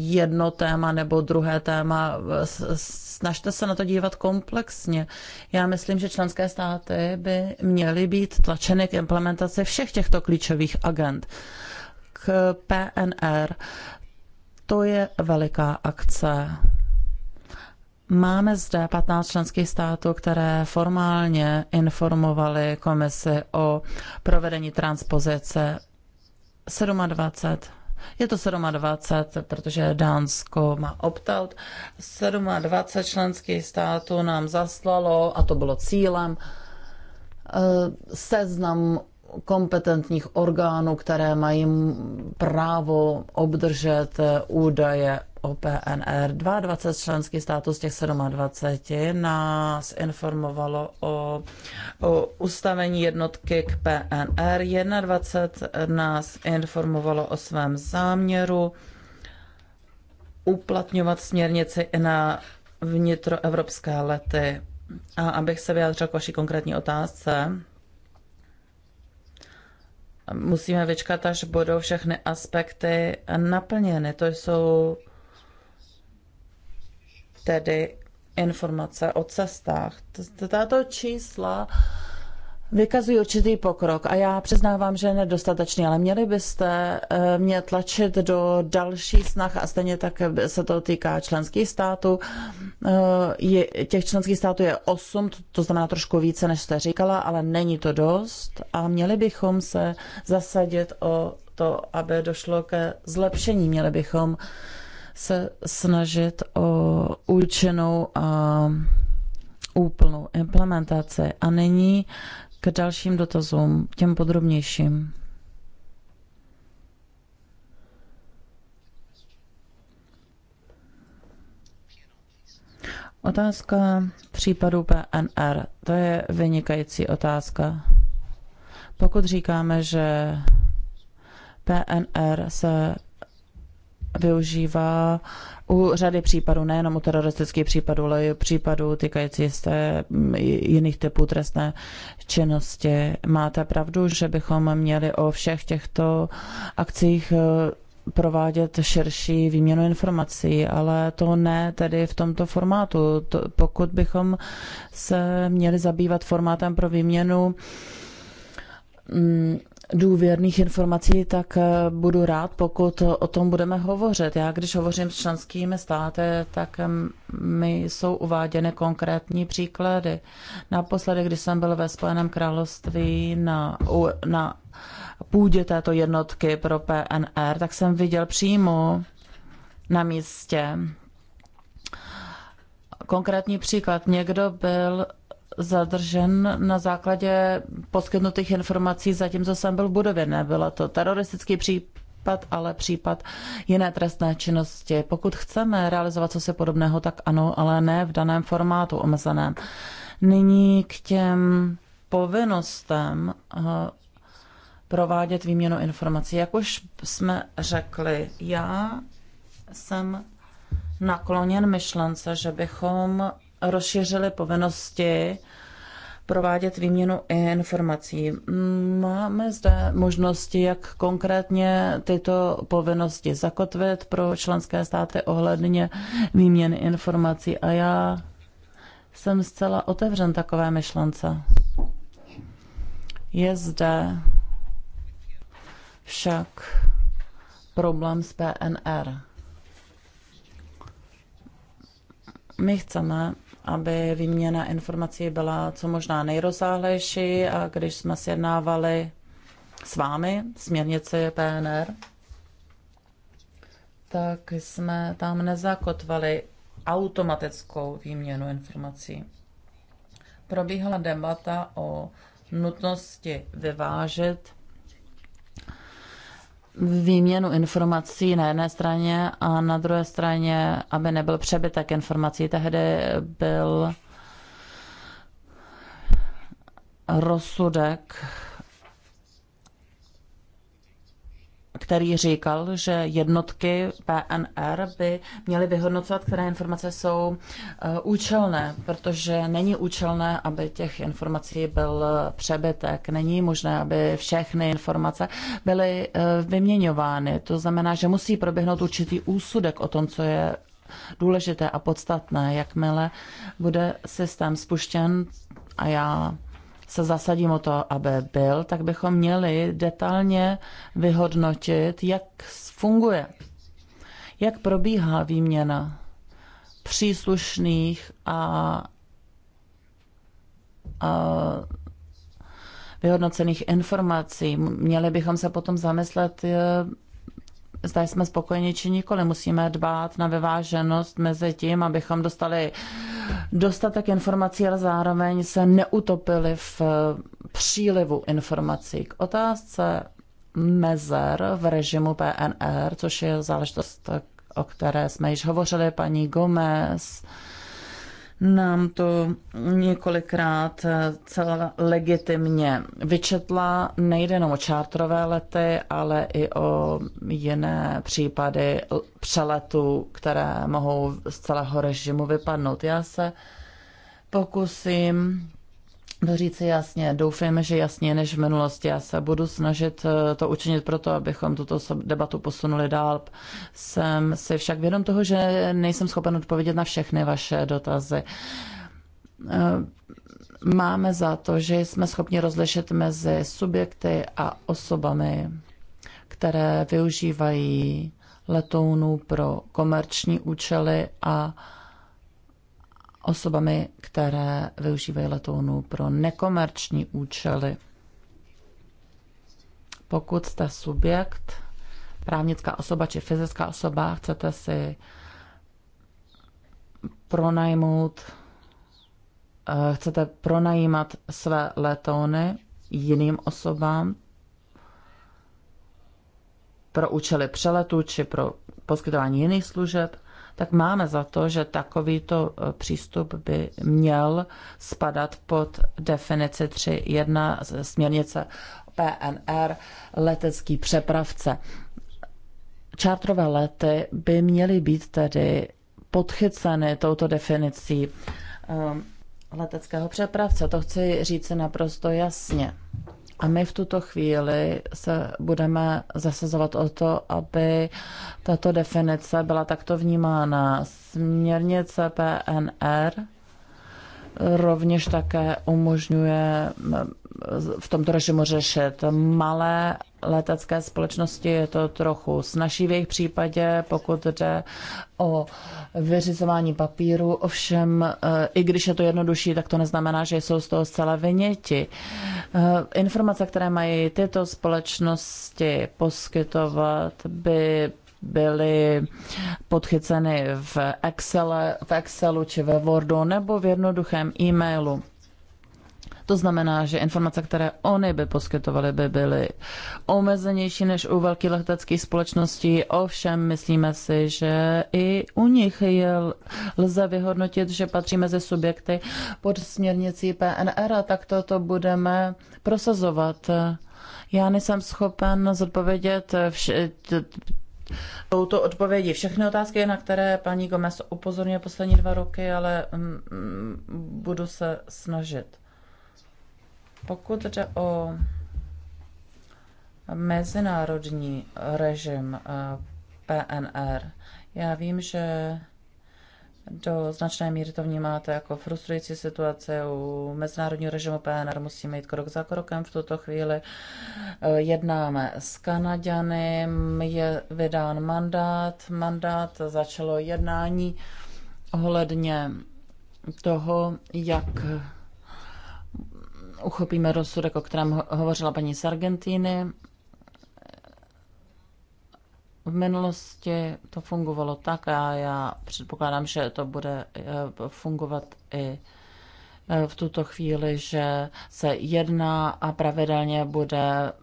jedno téma nebo druhé téma. S, snažte se na to dívat komplexně. Já myslím, že členské státy by měly být tlačeny k implementaci všech těchto klíčových agent. K PNR to je veliká akce. Máme zde 15 členských států, které formálně informovaly komisi o provedení transpozice 27 je to 27, protože Dánsko má opt-out. 27 členských států nám zaslalo, a to bylo cílem, eh, seznam kompetentních orgánů, které mají právo obdržet eh, údaje o PNR. 22 členských států z těch 27 nás informovalo o, o ustavení jednotky k PNR, 21 nás informovalo o svém záměru uplatňovat směrnici i na vnitroevropské lety. A abych se vyjádřil k vaší konkrétní otázce, musíme vyčkat, až budou všechny aspekty naplněny. To jsou tedy informace o cestách. Tato čísla vykazují určitý pokrok a já přiznávám, že je nedostatečný, ale měli byste eh, mě tlačit do dalších snah a stejně tak se to týká členských států. Eh, je, těch členských států je 8, to, to znamená trošku více, než jste říkala, ale není to dost a měli bychom se zasadit o to, aby došlo ke zlepšení. Měli bychom se snažit o účinnou a úplnou implementaci. A nyní k dalším dotazům, těm podrobnějším. Otázka případu PNR. To je vynikající otázka. Pokud říkáme, že PNR se využívá u řady případů, nejenom u teroristických případů, ale i u případů týkající se mm, jiných typů trestné činnosti. Máte pravdu, že bychom měli o všech těchto akcích eh, provádět širší výměnu informací, ale to ne tedy v tomto formátu. To, pokud bychom se měli zabývat formátem pro výměnu mm, důvěrných informací, tak eh, budu rád, pokud o tom budeme hovořit. Já, když hovořím s členskými státy, tak eh, mi jsou uváděny konkrétní příklady. Naposledy, když jsem byl ve Spojeném království na, na půdě této jednotky pro PNR, tak jsem viděl přímo na místě konkrétní příklad. Někdo byl zadržen na základě poskytnutých informací, zatímco jsem byl v budově. Nebyla to teroristický případ, ale případ jiné trestné činnosti. Pokud chceme realizovat co se podobného, tak ano, ale ne v daném formátu omezeném. Nyní k těm povinnostem eh, provádět výměnu informací. Jak už jsme řekli, já jsem nakloněn myšlence, že bychom rozšířili povinnosti provádět výměnu i informací. Máme zde možnosti, jak konkrétně tyto povinnosti zakotvit pro členské státy ohledně výměny informací a já jsem zcela otevřen takové myšlence. Je zde však problém s PNR. My chceme, aby výměna informací byla co možná nejrozáhlejší, a když jsme sjednávali s vámi směrnici PNR, tak jsme tam nezakotvali automatickou výměnu informací. Probíhala debata o nutnosti vyvážet výměnu informací na jedné straně a na druhé straně, aby nebyl přebytek informací. Tehdy byl rozsudek který říkal, že jednotky PNR by měly vyhodnocovat, které informace jsou eh, účelné, protože není účelné, aby těch informací byl eh, přebytek. Není možné, aby všechny informace byly eh, vyměňovány. To znamená, že musí proběhnout určitý úsudek o tom, co je důležité a podstatné, jakmile bude systém spuštěn a já se zasadím o to, aby byl, tak bychom měli detailně vyhodnotit, jak funguje, jak probíhá výměna příslušných a, a vyhodnocených informací. Měli bychom se potom zamyslet, eh, zda jsme spokojeni či nikoli. Musíme dbát na vyváženost mezi tím, abychom dostali dostatek informací, ale zároveň se neutopili v eh, přílivu informací. K otázce mezer v režimu PNR, což je záležitost, o které jsme již hovořili, paní Gomez, nám to několikrát eh, celá legitimně vyčetla. Nejde jenom o čártrové lety, ale i o jiné případy přeletů, které mohou z celého režimu vypadnout. Já se pokusím to říci jasně. Doufejme, že jasně než v minulosti. Já se budu snažit eh, to učinit proto, abychom tuto debatu posunuli dál. Jsem si však vědom toho, že nejsem schopen odpovědět na všechny vaše dotazy. Eh, máme za to, že jsme schopni rozlišit mezi subjekty a osobami, které využívají letounů pro komerční účely a osobami, které využívají letounů pro nekomerční účely. Pokud jste subjekt, právnická osoba či fyzická osoba, chcete si pronajmout, eh, chcete pronajímat své letouny jiným osobám pro účely přeletu či pro poskytování jiných služeb, tak máme za to, že takovýto e, přístup by měl spadat pod definici 3.1 směrnice PNR letecký přepravce. Čártrové lety by měly být tedy podchyceny touto definicí e, leteckého přepravce. To chci říct naprosto jasně. A my v tuto chvíli se budeme zasazovat o to, aby tato definice byla takto vnímána. Směrnice PNR rovněž také umožňuje v tomto režimu řešit malé letecké společnosti je to trochu snažší v jejich případě, pokud jde o vyřizování papíru. Ovšem, eh, i když je to jednodušší, tak to neznamená, že jsou z toho zcela vyněti. Eh, informace, které mají tyto společnosti poskytovat, by byly podchyceny v, Excel, v Excelu či ve Wordu nebo v jednoduchém e-mailu. To znamená, že informace, které oni by poskytovali, by byly omezenější než u velkých leteckých společností. Ovšem, myslíme si, že i u nich je lze vyhodnotit, že patří mezi subjekty pod směrnicí PNR a tak toto budeme prosazovat. Já nejsem schopen zodpovědět vše, touto odpovědi všechny otázky, na které paní Gomez upozorňuje poslední dva roky, ale mm, budu se snažit. Pokud jde o mezinárodní režim eh, PNR, já vím, že do značné míry to vnímáte jako frustrující situace u mezinárodního režimu PNR. Musíme jít krok za krokem. V tuto chvíli eh, jednáme s Kanaďany, je vydán mandát. Mandát začalo jednání ohledně toho, jak uchopíme rozsudek, o kterém hovořila paní z Argentíny. V minulosti to fungovalo tak a já předpokládám, že to bude eh, fungovat i Eh, v tuto chvíli, že se jedná a pravidelně bude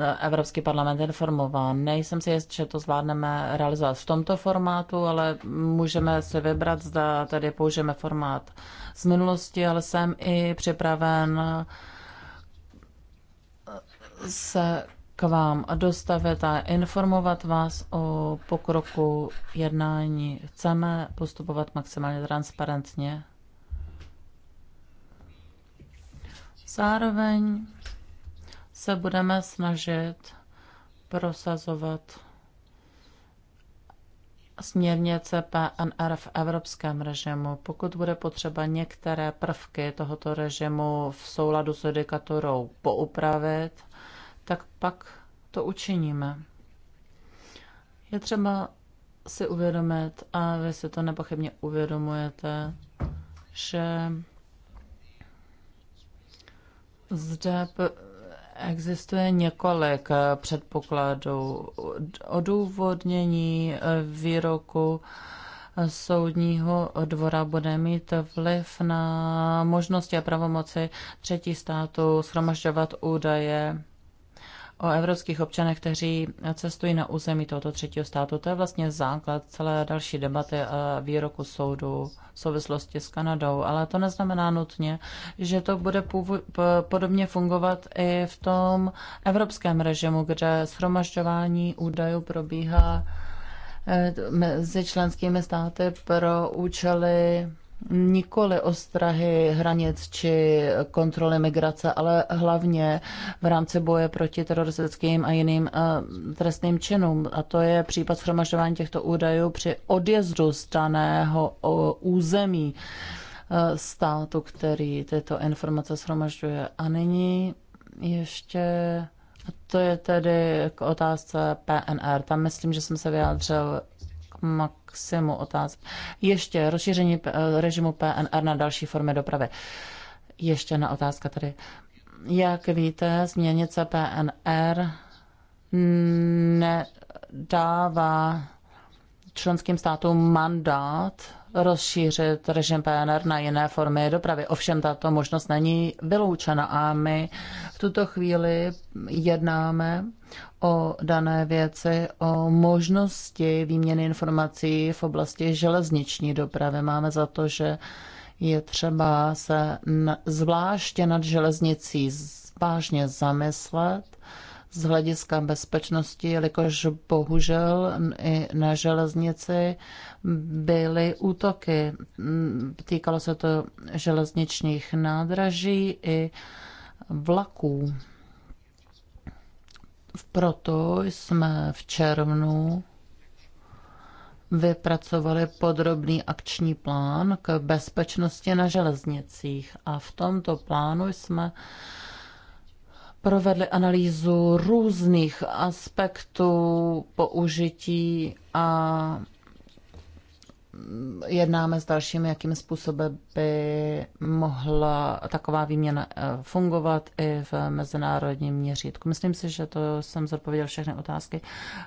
eh, Evropský parlament informován. Nejsem si jist, že to zvládneme realizovat v tomto formátu, ale můžeme si vybrat, zda tady použijeme formát z minulosti, ale jsem i připraven eh, se k vám dostavit a informovat vás o pokroku jednání. Chceme postupovat maximálně transparentně Zároveň se budeme snažit prosazovat směrnice PNR v evropském režimu. Pokud bude potřeba některé prvky tohoto režimu v souladu s judikaturou poupravit, tak pak to učiníme. Je třeba si uvědomit, a vy si to nepochybně uvědomujete, že zde existuje několik eh, předpokladů. Odůvodnění eh, výroku eh, soudního dvora bude mít vliv na možnosti a pravomoci třetí státu schromažďovat údaje o evropských občanech, kteří cestují na území tohoto třetího státu. To je vlastně základ celé další debaty a výroku soudu v souvislosti s Kanadou, ale to neznamená nutně, že to bude podobně fungovat i v tom evropském režimu, kde shromažďování údajů probíhá eh, mezi členskými státy pro účely nikoli ostrahy hranic či kontroly migrace, ale hlavně v rámci boje proti teroristickým a jiným eh, trestným činům. A to je případ shromažďování těchto údajů při odjezdu z daného území eh, státu, který tyto informace shromažďuje. A nyní ještě a to je tedy k otázce PNR. Tam myslím, že jsem se vyjádřil maximu otázek. Ještě rozšíření režimu PNR na další formy dopravy. Ještě na otázka tady. Jak víte, změnice PNR nedává členským státům mandát rozšířit režim PNR na jiné formy dopravy. Ovšem tato možnost není vyloučena a my v tuto chvíli jednáme o dané věci, o možnosti výměny informací v oblasti železniční dopravy. Máme za to, že je třeba se zvláště nad železnicí vážně zamyslet z hlediska bezpečnosti, jelikož bohužel i na železnici byly útoky. Týkalo se to železničních nádraží i vlaků. Proto jsme v červnu vypracovali podrobný akční plán k bezpečnosti na železnicích a v tomto plánu jsme provedli analýzu různých aspektů použití a jednáme s dalšími, jakým způsobem by mohla taková výměna eh, fungovat i v mezinárodním měřítku. Myslím si, že to jsem zodpověděl všechny otázky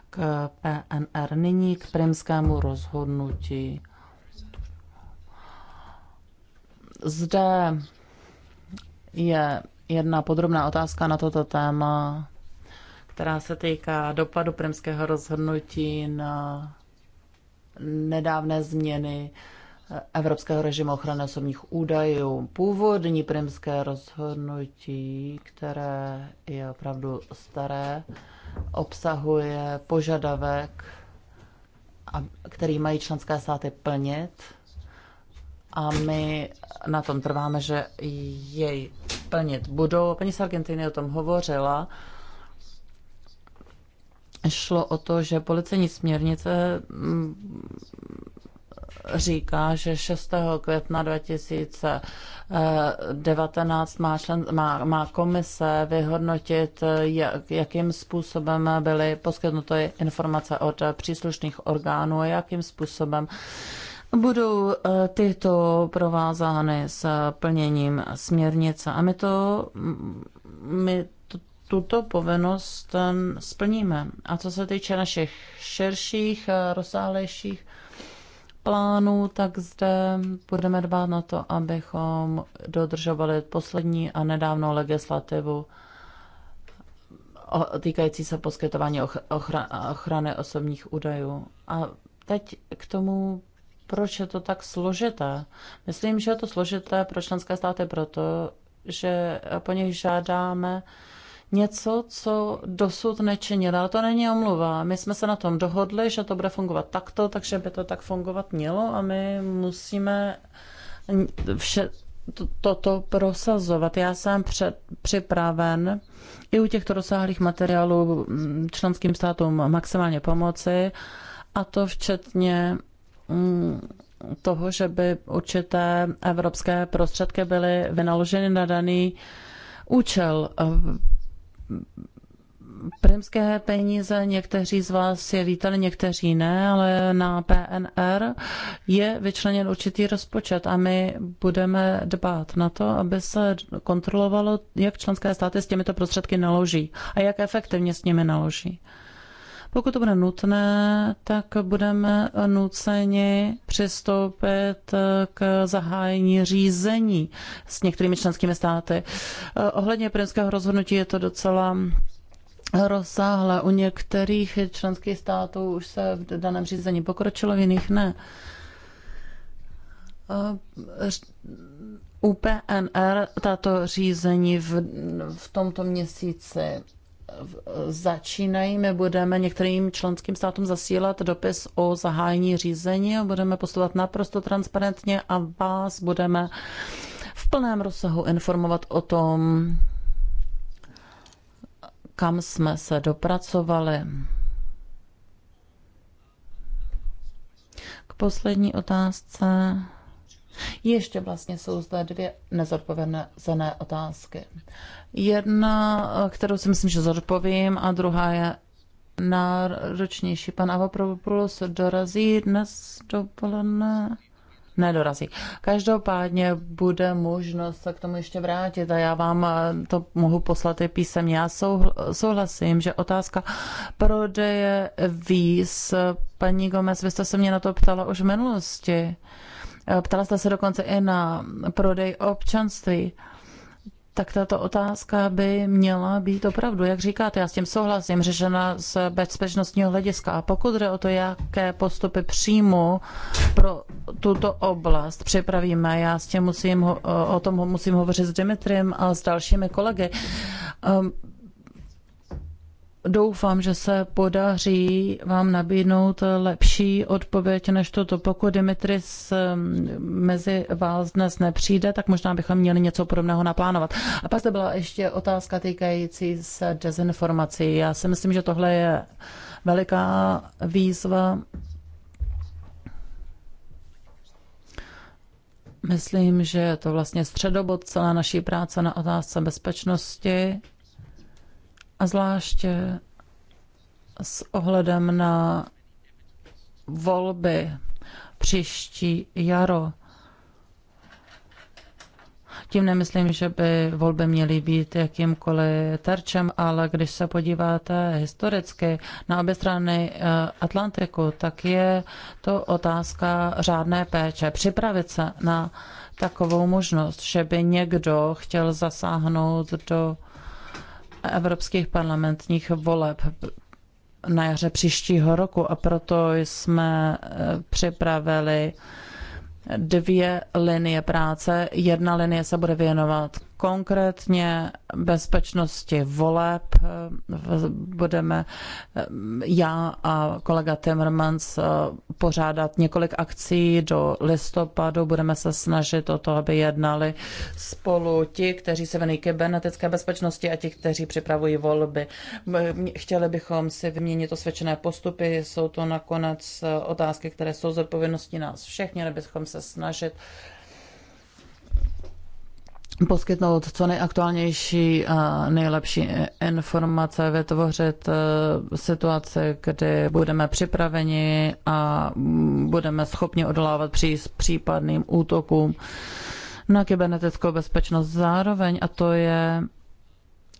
k PNR. Nyní k primskému rozhodnutí. Zde je jedna podrobná otázka na toto téma, která se týká dopadu primského rozhodnutí na nedávné změny Evropského režimu ochrany osobních údajů. Původní primské rozhodnutí, které je opravdu staré, obsahuje požadavek, který mají členské státy plnit – a my na tom trváme, že jej plnit budou. Paní z Argentiny o tom hovořila. Šlo o to, že policejní směrnice mm, říká, že 6. května 2019 má, člen, má, má komise vyhodnotit, jak, jakým způsobem byly poskytnuty informace od příslušných orgánů a jakým způsobem budou eh, tyto provázány s plněním směrnice. A my to, mm, my tuto povinnost eh, splníme. A co se týče našich širších, eh, rozsáhlejších plánů, tak zde budeme dbát na to, abychom dodržovali poslední a nedávnou legislativu týkající se poskytování ochrany osobních údajů. A teď k tomu proč je to tak složité. Myslím, že je to složité pro členské státy proto, že po nich žádáme něco, co dosud nečinila. Ale to není omluva. My jsme se na tom dohodli, že to bude fungovat takto, takže by to tak fungovat mělo a my musíme vše, toto to prosazovat. Já jsem před, připraven i u těchto rozsáhlých materiálů členským státům maximálně pomoci, a to včetně Mm, toho, že by určité evropské prostředky byly vynaloženy na daný účel. Primské peníze někteří z vás je vítali, někteří ne, ale na PNR je vyčleněn určitý rozpočet a my budeme dbát na to, aby se kontrolovalo, jak členské státy s těmito prostředky naloží a jak efektivně s nimi naloží. Pokud to bude nutné, tak budeme nuceni přistoupit k zahájení řízení s některými členskými státy. Ohledně primského rozhodnutí je to docela rozsáhlé. U některých členských států už se v daném řízení pokročilo, v jiných ne. U PNR tato řízení v, v tomto měsíci začínají. My budeme některým členským státům zasílat dopis o zahájení řízení a budeme postupovat naprosto transparentně a vás budeme v plném rozsahu informovat o tom, kam jsme se dopracovali. K poslední otázce. Ještě vlastně jsou zde dvě nezodpovězené otázky. Jedna, kterou si myslím, že zodpovím, a druhá je náročnější. Pan Avapropoulos dorazí dnes dopoledne? Nedorazí. Každopádně bude možnost se k tomu ještě vrátit a já vám to mohu poslat i písemně. Já souhlasím, že otázka prodeje víz, paní Gomez, vy jste se mě na to ptala už v minulosti. Ptala jste se dokonce i na prodej občanství tak tato otázka by měla být opravdu, jak říkáte, já s tím souhlasím, řešena z bezpečnostního hlediska. A pokud jde o to, jaké postupy přímo pro tuto oblast připravíme, já s tím musím, o tom musím hovořit s Dimitrem a s dalšími kolegy. Um, doufám, že se podaří vám nabídnout lepší odpověď než toto. Pokud Dimitris mezi vás dnes nepřijde, tak možná bychom měli něco podobného naplánovat. A pak zde byla ještě otázka týkající se dezinformací. Já si myslím, že tohle je veliká výzva. Myslím, že je to vlastně středobod celé naší práce na otázce bezpečnosti a zvláště s ohledem na volby příští jaro. Tím nemyslím, že by volby měly být jakýmkoliv terčem, ale když se podíváte historicky na obě strany eh, Atlantiku, tak je to otázka řádné péče. Připravit se na takovou možnost, že by někdo chtěl zasáhnout do evropských parlamentních voleb na jaře příštího roku a proto jsme eh, připravili dvě linie práce. Jedna linie se bude věnovat konkrétně bezpečnosti voleb. Budeme já a kolega Timmermans eh, pořádat několik akcí do listopadu. Budeme se snažit o to, aby jednali spolu ti, kteří se venují kybernetické bezpečnosti a ti, kteří připravují volby. Chtěli bychom si vyměnit osvědčené postupy. Jsou to nakonec eh, otázky, které jsou odpovědnosti nás všech. Měli bychom se snažit poskytnout co nejaktuálnější a nejlepší informace, vytvořit e, situaci, kdy budeme připraveni a budeme schopni odolávat při případným útokům na kybernetickou bezpečnost. Zároveň, a to je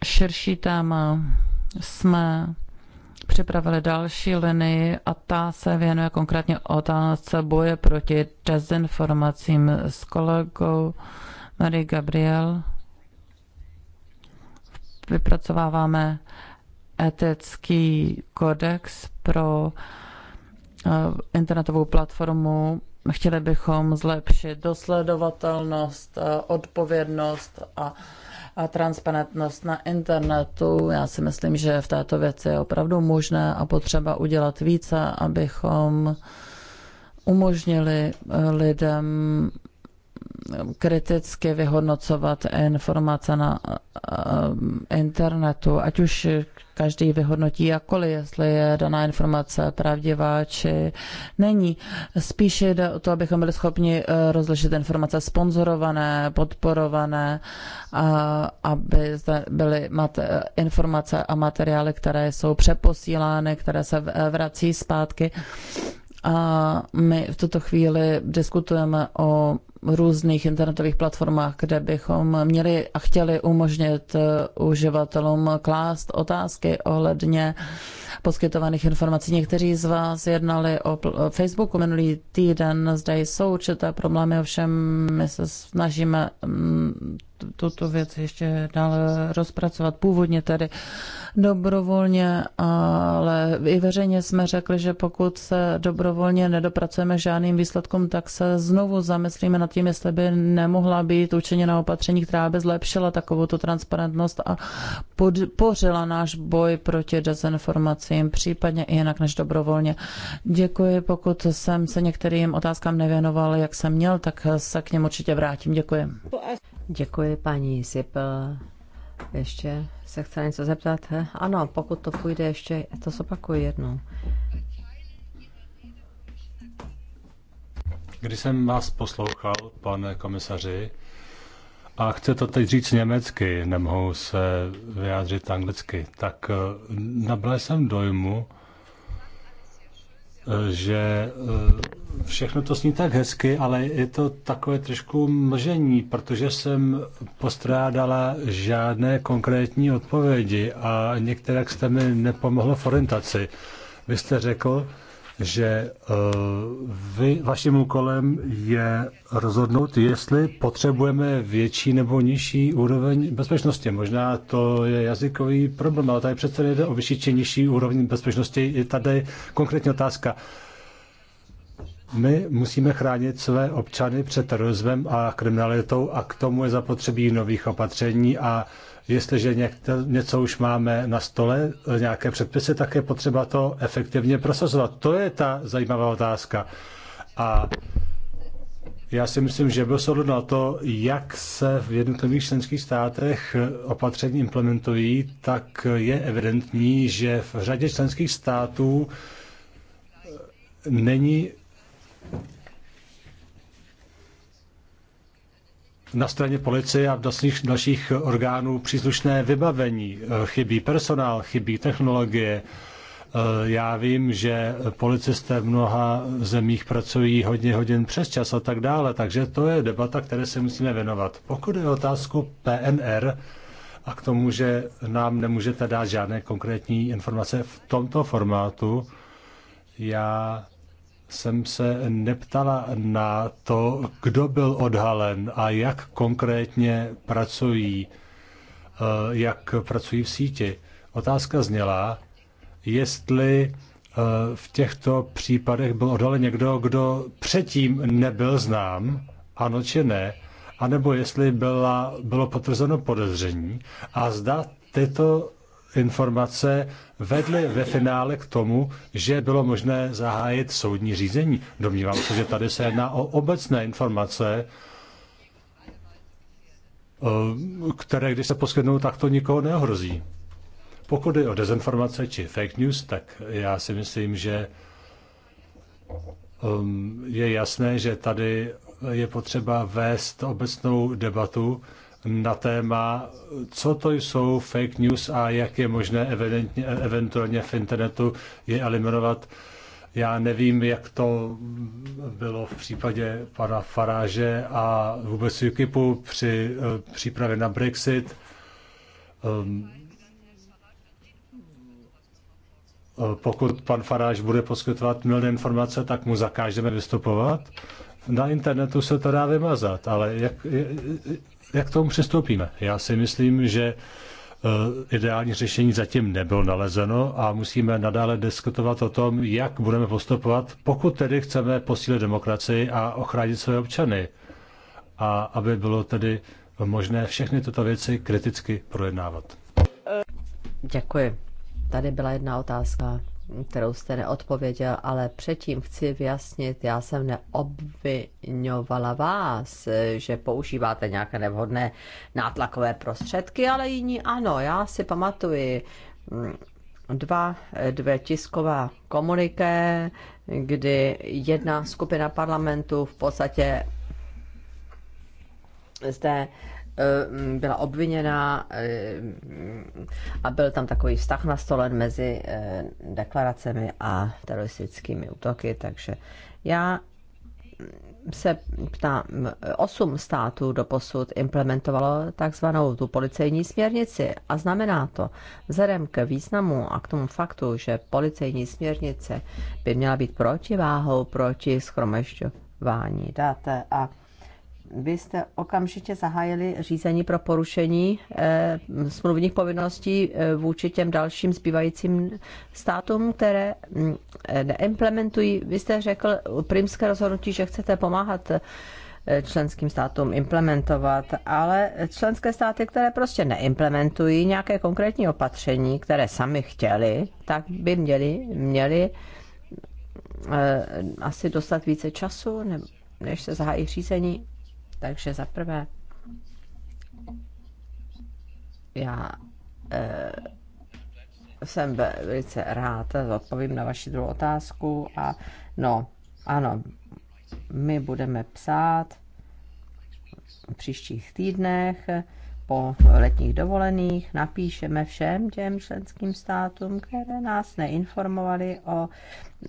širší téma, jsme připravili další linii a ta se věnuje konkrétně otázce boje proti dezinformacím s kolegou Marie Gabriel. Vypracováváme etický kodex pro eh, internetovou platformu. Chtěli bychom zlepšit dosledovatelnost, eh, odpovědnost a a transparentnost na internetu. Já si myslím, že v této věci je opravdu možné a potřeba udělat více, abychom umožnili eh, lidem kriticky vyhodnocovat informace na internetu, ať už každý vyhodnotí jakkoliv, jestli je daná informace pravdivá či není. Spíše jde o to, abychom byli schopni e, rozlišit informace sponzorované, podporované, a aby zde byly informace a materiály, které jsou přeposílány, které se vrací zpátky. A my v tuto chvíli diskutujeme o různých internetových platformách, kde bychom měli a chtěli umožnit uživatelům klást otázky ohledně uh, poskytovaných informací. Někteří z vás jednali o Facebooku minulý týden, zde jsou určité problémy, ovšem my se snažíme mm, tuto věc ještě dále rozpracovat. Původně tedy dobrovolně, ale i veřejně jsme řekli, že pokud se dobrovolně nedopracujeme žádným výsledkům, tak se znovu zamyslíme nad tím, jestli by nemohla být učiněna opatření, která by zlepšila takovou transparentnost a podpořila náš boj proti dezinformaci informacím, případně i jinak než dobrovolně. Děkuji, pokud jsem se některým otázkám nevěnoval, jak jsem měl, tak se k něm určitě vrátím. Děkuji. Děkuji, paní Sipl. Ještě se chce něco zeptat? Ano, pokud to půjde ještě, to zopakuju jednou. Když jsem vás poslouchal, pane komisaři, a chce to teď říct německy, nemohu se vyjádřit anglicky, tak eh, nabral jsem dojmu, eh, že eh, všechno to sní tak hezky, ale je to takové trošku mlžení, protože jsem postrádala žádné konkrétní odpovědi a některé jste mi nepomohlo v orientaci. Vy jste řekl, že eh, vy, vaším úkolem je rozhodnout, jestli potřebujeme větší nebo nižší úroveň bezpečnosti. Možná to je jazykový problém, ale tady přece jde o vyšší či nižší úroveň bezpečnosti. Je tady konkrétní otázka. My musíme chránit své občany před terorismem a kriminalitou a k tomu je zapotřebí nových opatření a Jestliže něco už máme na stole, eh, nějaké předpisy, tak je potřeba to efektivně prosazovat. To je ta zajímavá otázka. A já si myslím, že byl se na to, jak se v jednotlivých členských státech eh, opatření implementují, tak je evidentní, že v řadě členských států eh, není na straně policie a dalších, dalších orgánů příslušné vybavení. Eh, chybí personál, chybí technologie. Eh, já vím, že policisté v mnoha zemích pracují hodně hodin přes čas a tak dále, takže to je debata, které se musíme věnovat. Pokud je otázku PNR a k tomu, že nám nemůžete dát žádné konkrétní informace v tomto formátu, já jsem se neptala na to, kdo byl odhalen a jak konkrétně pracují, eh, jak pracují v síti. Otázka zněla, jestli eh, v těchto případech byl odhalen někdo, kdo předtím nebyl znám, ano či ne, anebo jestli byla, bylo potvrzeno podezření a zda tyto informace vedly ve finále k tomu, že bylo možné zahájit soudní řízení. Domnívám se, že tady se jedná o obecné informace, eh, které, když se poskytnou, tak to nikoho neohrozí. Pokud je o dezinformace či fake news, tak já si myslím, že ehm, je jasné, že tady je potřeba vést obecnou debatu, na téma, co to jsou fake news a jak je možné eventuálně v internetu je eliminovat. Já nevím, jak to bylo v případě pana Faráže a vůbec UKIPu při eh, přípravě na Brexit. Ehm, eh, pokud pan Faráž bude poskytovat milné informace, tak mu zakážeme vystupovat. Na internetu se to dá vymazat, ale jak, jak k tomu přistoupíme? Já si myslím, že eh, ideální řešení zatím nebylo nalezeno a musíme nadále diskutovat o tom, jak budeme postupovat, pokud tedy chceme posílit demokracii a ochránit své občany. A aby bylo tedy možné všechny tyto věci kriticky projednávat. Děkuji. Tady byla jedna otázka kterou jste neodpověděl, ale předtím chci vyjasnit, já jsem neobvinovala vás, že používáte nějaké nevhodné nátlakové prostředky, ale jiní ano. Já si pamatuji mm, dva, dvě tisková komuniké, kdy jedna skupina parlamentu v podstatě zde Eh, byla obviněna eh, a byl tam takový vztah nastolen mezi eh, deklaracemi a teroristickými útoky, takže já se ptám, osm států doposud implementovalo takzvanou tu policejní směrnici a znamená to, vzhledem k významu a k tomu faktu, že policejní směrnice by měla být protiváhou proti schromažďování dat a vy jste okamžitě zahájili řízení pro porušení eh, smluvních povinností eh, vůči těm dalším zbývajícím státům, které mm, eh, neimplementují. Vy jste řekl primské rozhodnutí, že chcete pomáhat členským státům implementovat, ale členské státy, které prostě neimplementují nějaké konkrétní opatření, které sami chtěli, tak by měli, měli asi dostat více času, než se zahájí řízení. Takže za prvé, já eh, jsem velice rád, odpovím na vaši druhou otázku a no, ano, my budeme psát v příštích týdnech po letních dovolených napíšeme všem těm členským státům, které nás neinformovali o,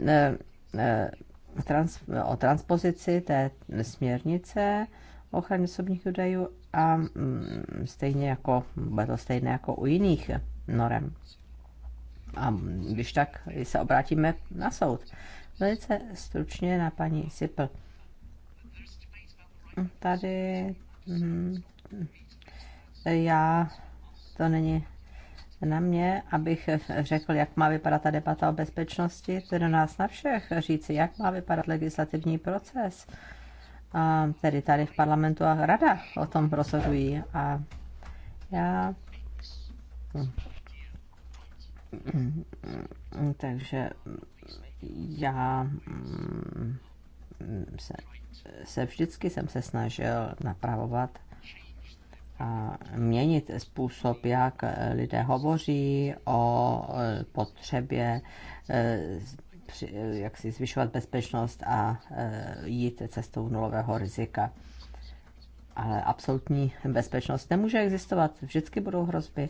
e, e, trans, o transpozici té směrnice ochrany osobních údajů a mm, stejně jako, bude to stejné jako u jiných norem. A když tak se obrátíme na soud. Velice stručně na paní Sipl. Tady mm, já, to není na mě, abych řekl, jak má vypadat ta debata o bezpečnosti, to je na nás na všech říci, jak má vypadat legislativní proces a tedy tady v parlamentu a rada o tom rozhodují. A já... Takže já mm, se, se vždycky jsem se snažil napravovat a měnit způsob, jak lidé hovoří o potřebě eh, jak si zvyšovat bezpečnost a e, jít cestou nulového rizika. Ale absolutní bezpečnost nemůže existovat. Vždycky budou hrozby.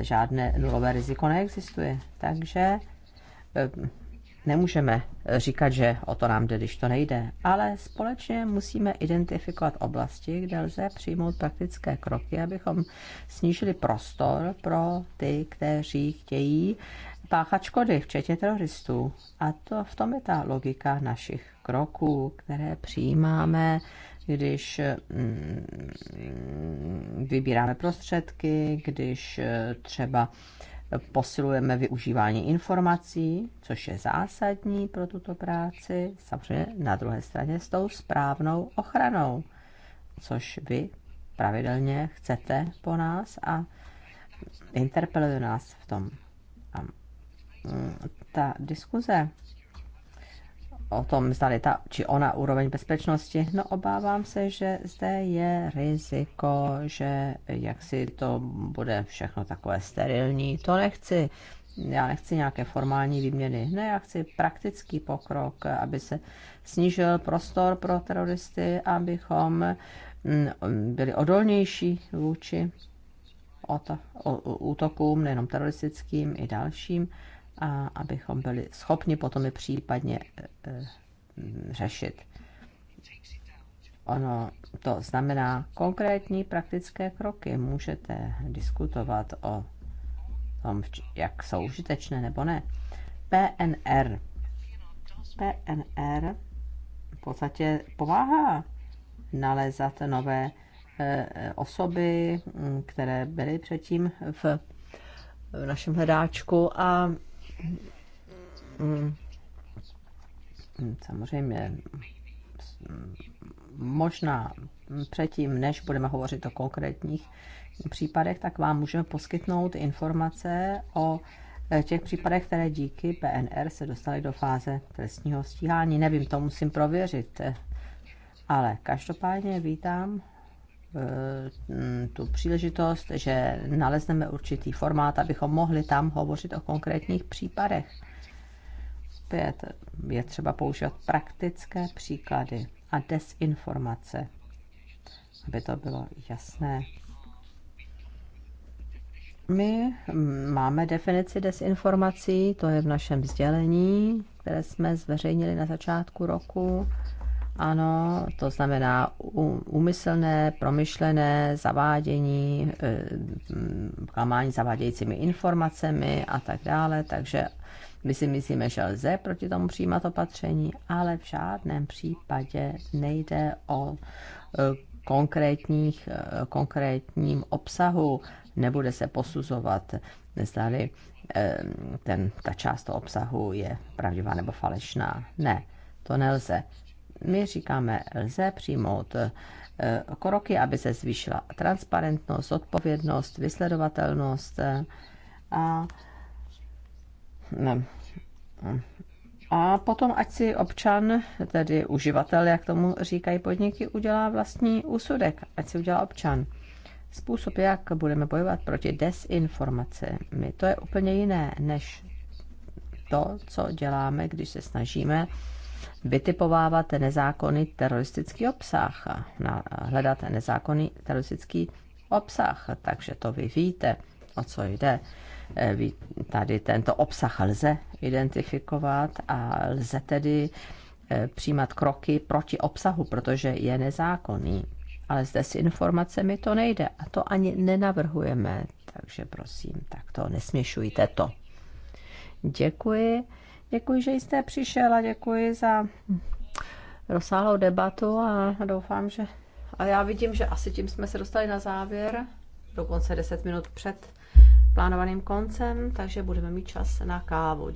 Žádné nulové riziko neexistuje. Takže e, nemůžeme říkat, že o to nám jde, když to nejde. Ale společně musíme identifikovat oblasti, kde lze přijmout praktické kroky, abychom snížili prostor pro ty, kteří chtějí páchat škody, včetně teroristů. A to v tom je ta logika našich kroků, které přijímáme, když mm, vybíráme prostředky, když eh, třeba posilujeme využívání informací, což je zásadní pro tuto práci, samozřejmě na druhé straně s tou správnou ochranou, což vy pravidelně chcete po nás a interpeluje nás v tom ta diskuze o tom, zdali ta či ona úroveň bezpečnosti, no obávám se, že zde je riziko, že jak si to bude všechno takové sterilní. To nechci. Já nechci nějaké formální výměny. Ne, já chci praktický pokrok, aby se snížil prostor pro teroristy, abychom mm, byli odolnější vůči útokům, nejenom teroristickým, i dalším a abychom byli schopni potom i případně eh, eh, řešit. Ono to znamená konkrétní praktické kroky. Můžete diskutovat o tom, jak jsou užitečné nebo ne. PNR. PNR v podstatě pomáhá nalézat nové eh, osoby, mm, které byly předtím v našem hledáčku a Mm. Mm, samozřejmě mm, možná předtím, než budeme hovořit o konkrétních případech, tak vám můžeme poskytnout informace o eh, těch případech, které díky PNR se dostaly do fáze trestního stíhání. Nevím, to musím prověřit, eh, ale každopádně vítám Eh, mm, tu příležitost, že nalezneme určitý formát, abychom mohli tam hovořit o konkrétních případech. Pět je třeba používat praktické příklady a desinformace, aby to bylo jasné. My mm, máme definici desinformací, to je v našem vzdělení, které jsme zveřejnili na začátku roku. Ano, to znamená úmyslné, promyšlené zavádění, e, klamání zavádějícími informacemi a tak dále. Takže my si myslíme, že lze proti tomu přijímat opatření, ale v žádném případě nejde o e, konkrétních, e, konkrétním obsahu. Nebude se posuzovat, zdali ten, ta část toho obsahu je pravdivá nebo falešná. Ne, to nelze my říkáme, lze přijmout eh, kroky, aby se zvýšila transparentnost, odpovědnost, vysledovatelnost eh, a a potom, ať si občan, tedy uživatel, jak tomu říkají podniky, udělá vlastní úsudek, ať si udělá občan. Způsob, jak budeme bojovat proti desinformacemi, to je úplně jiné než to, co děláme, když se snažíme vytipovávat nezákonný teroristický obsah, hledat nezákonný teroristický obsah, takže to vy víte, o co jde. E, vy tady tento obsah lze identifikovat a lze tedy e, přijímat kroky proti obsahu, protože je nezákonný. Ale zde s informacemi to nejde a to ani nenavrhujeme, takže prosím, tak to nesměšujte to. Děkuji. Děkuji, že jste přišel a děkuji za rozsáhlou debatu a doufám, že... A já vidím, že asi tím jsme se dostali na závěr, dokonce 10 minut před plánovaným koncem, takže budeme mít čas na kávu.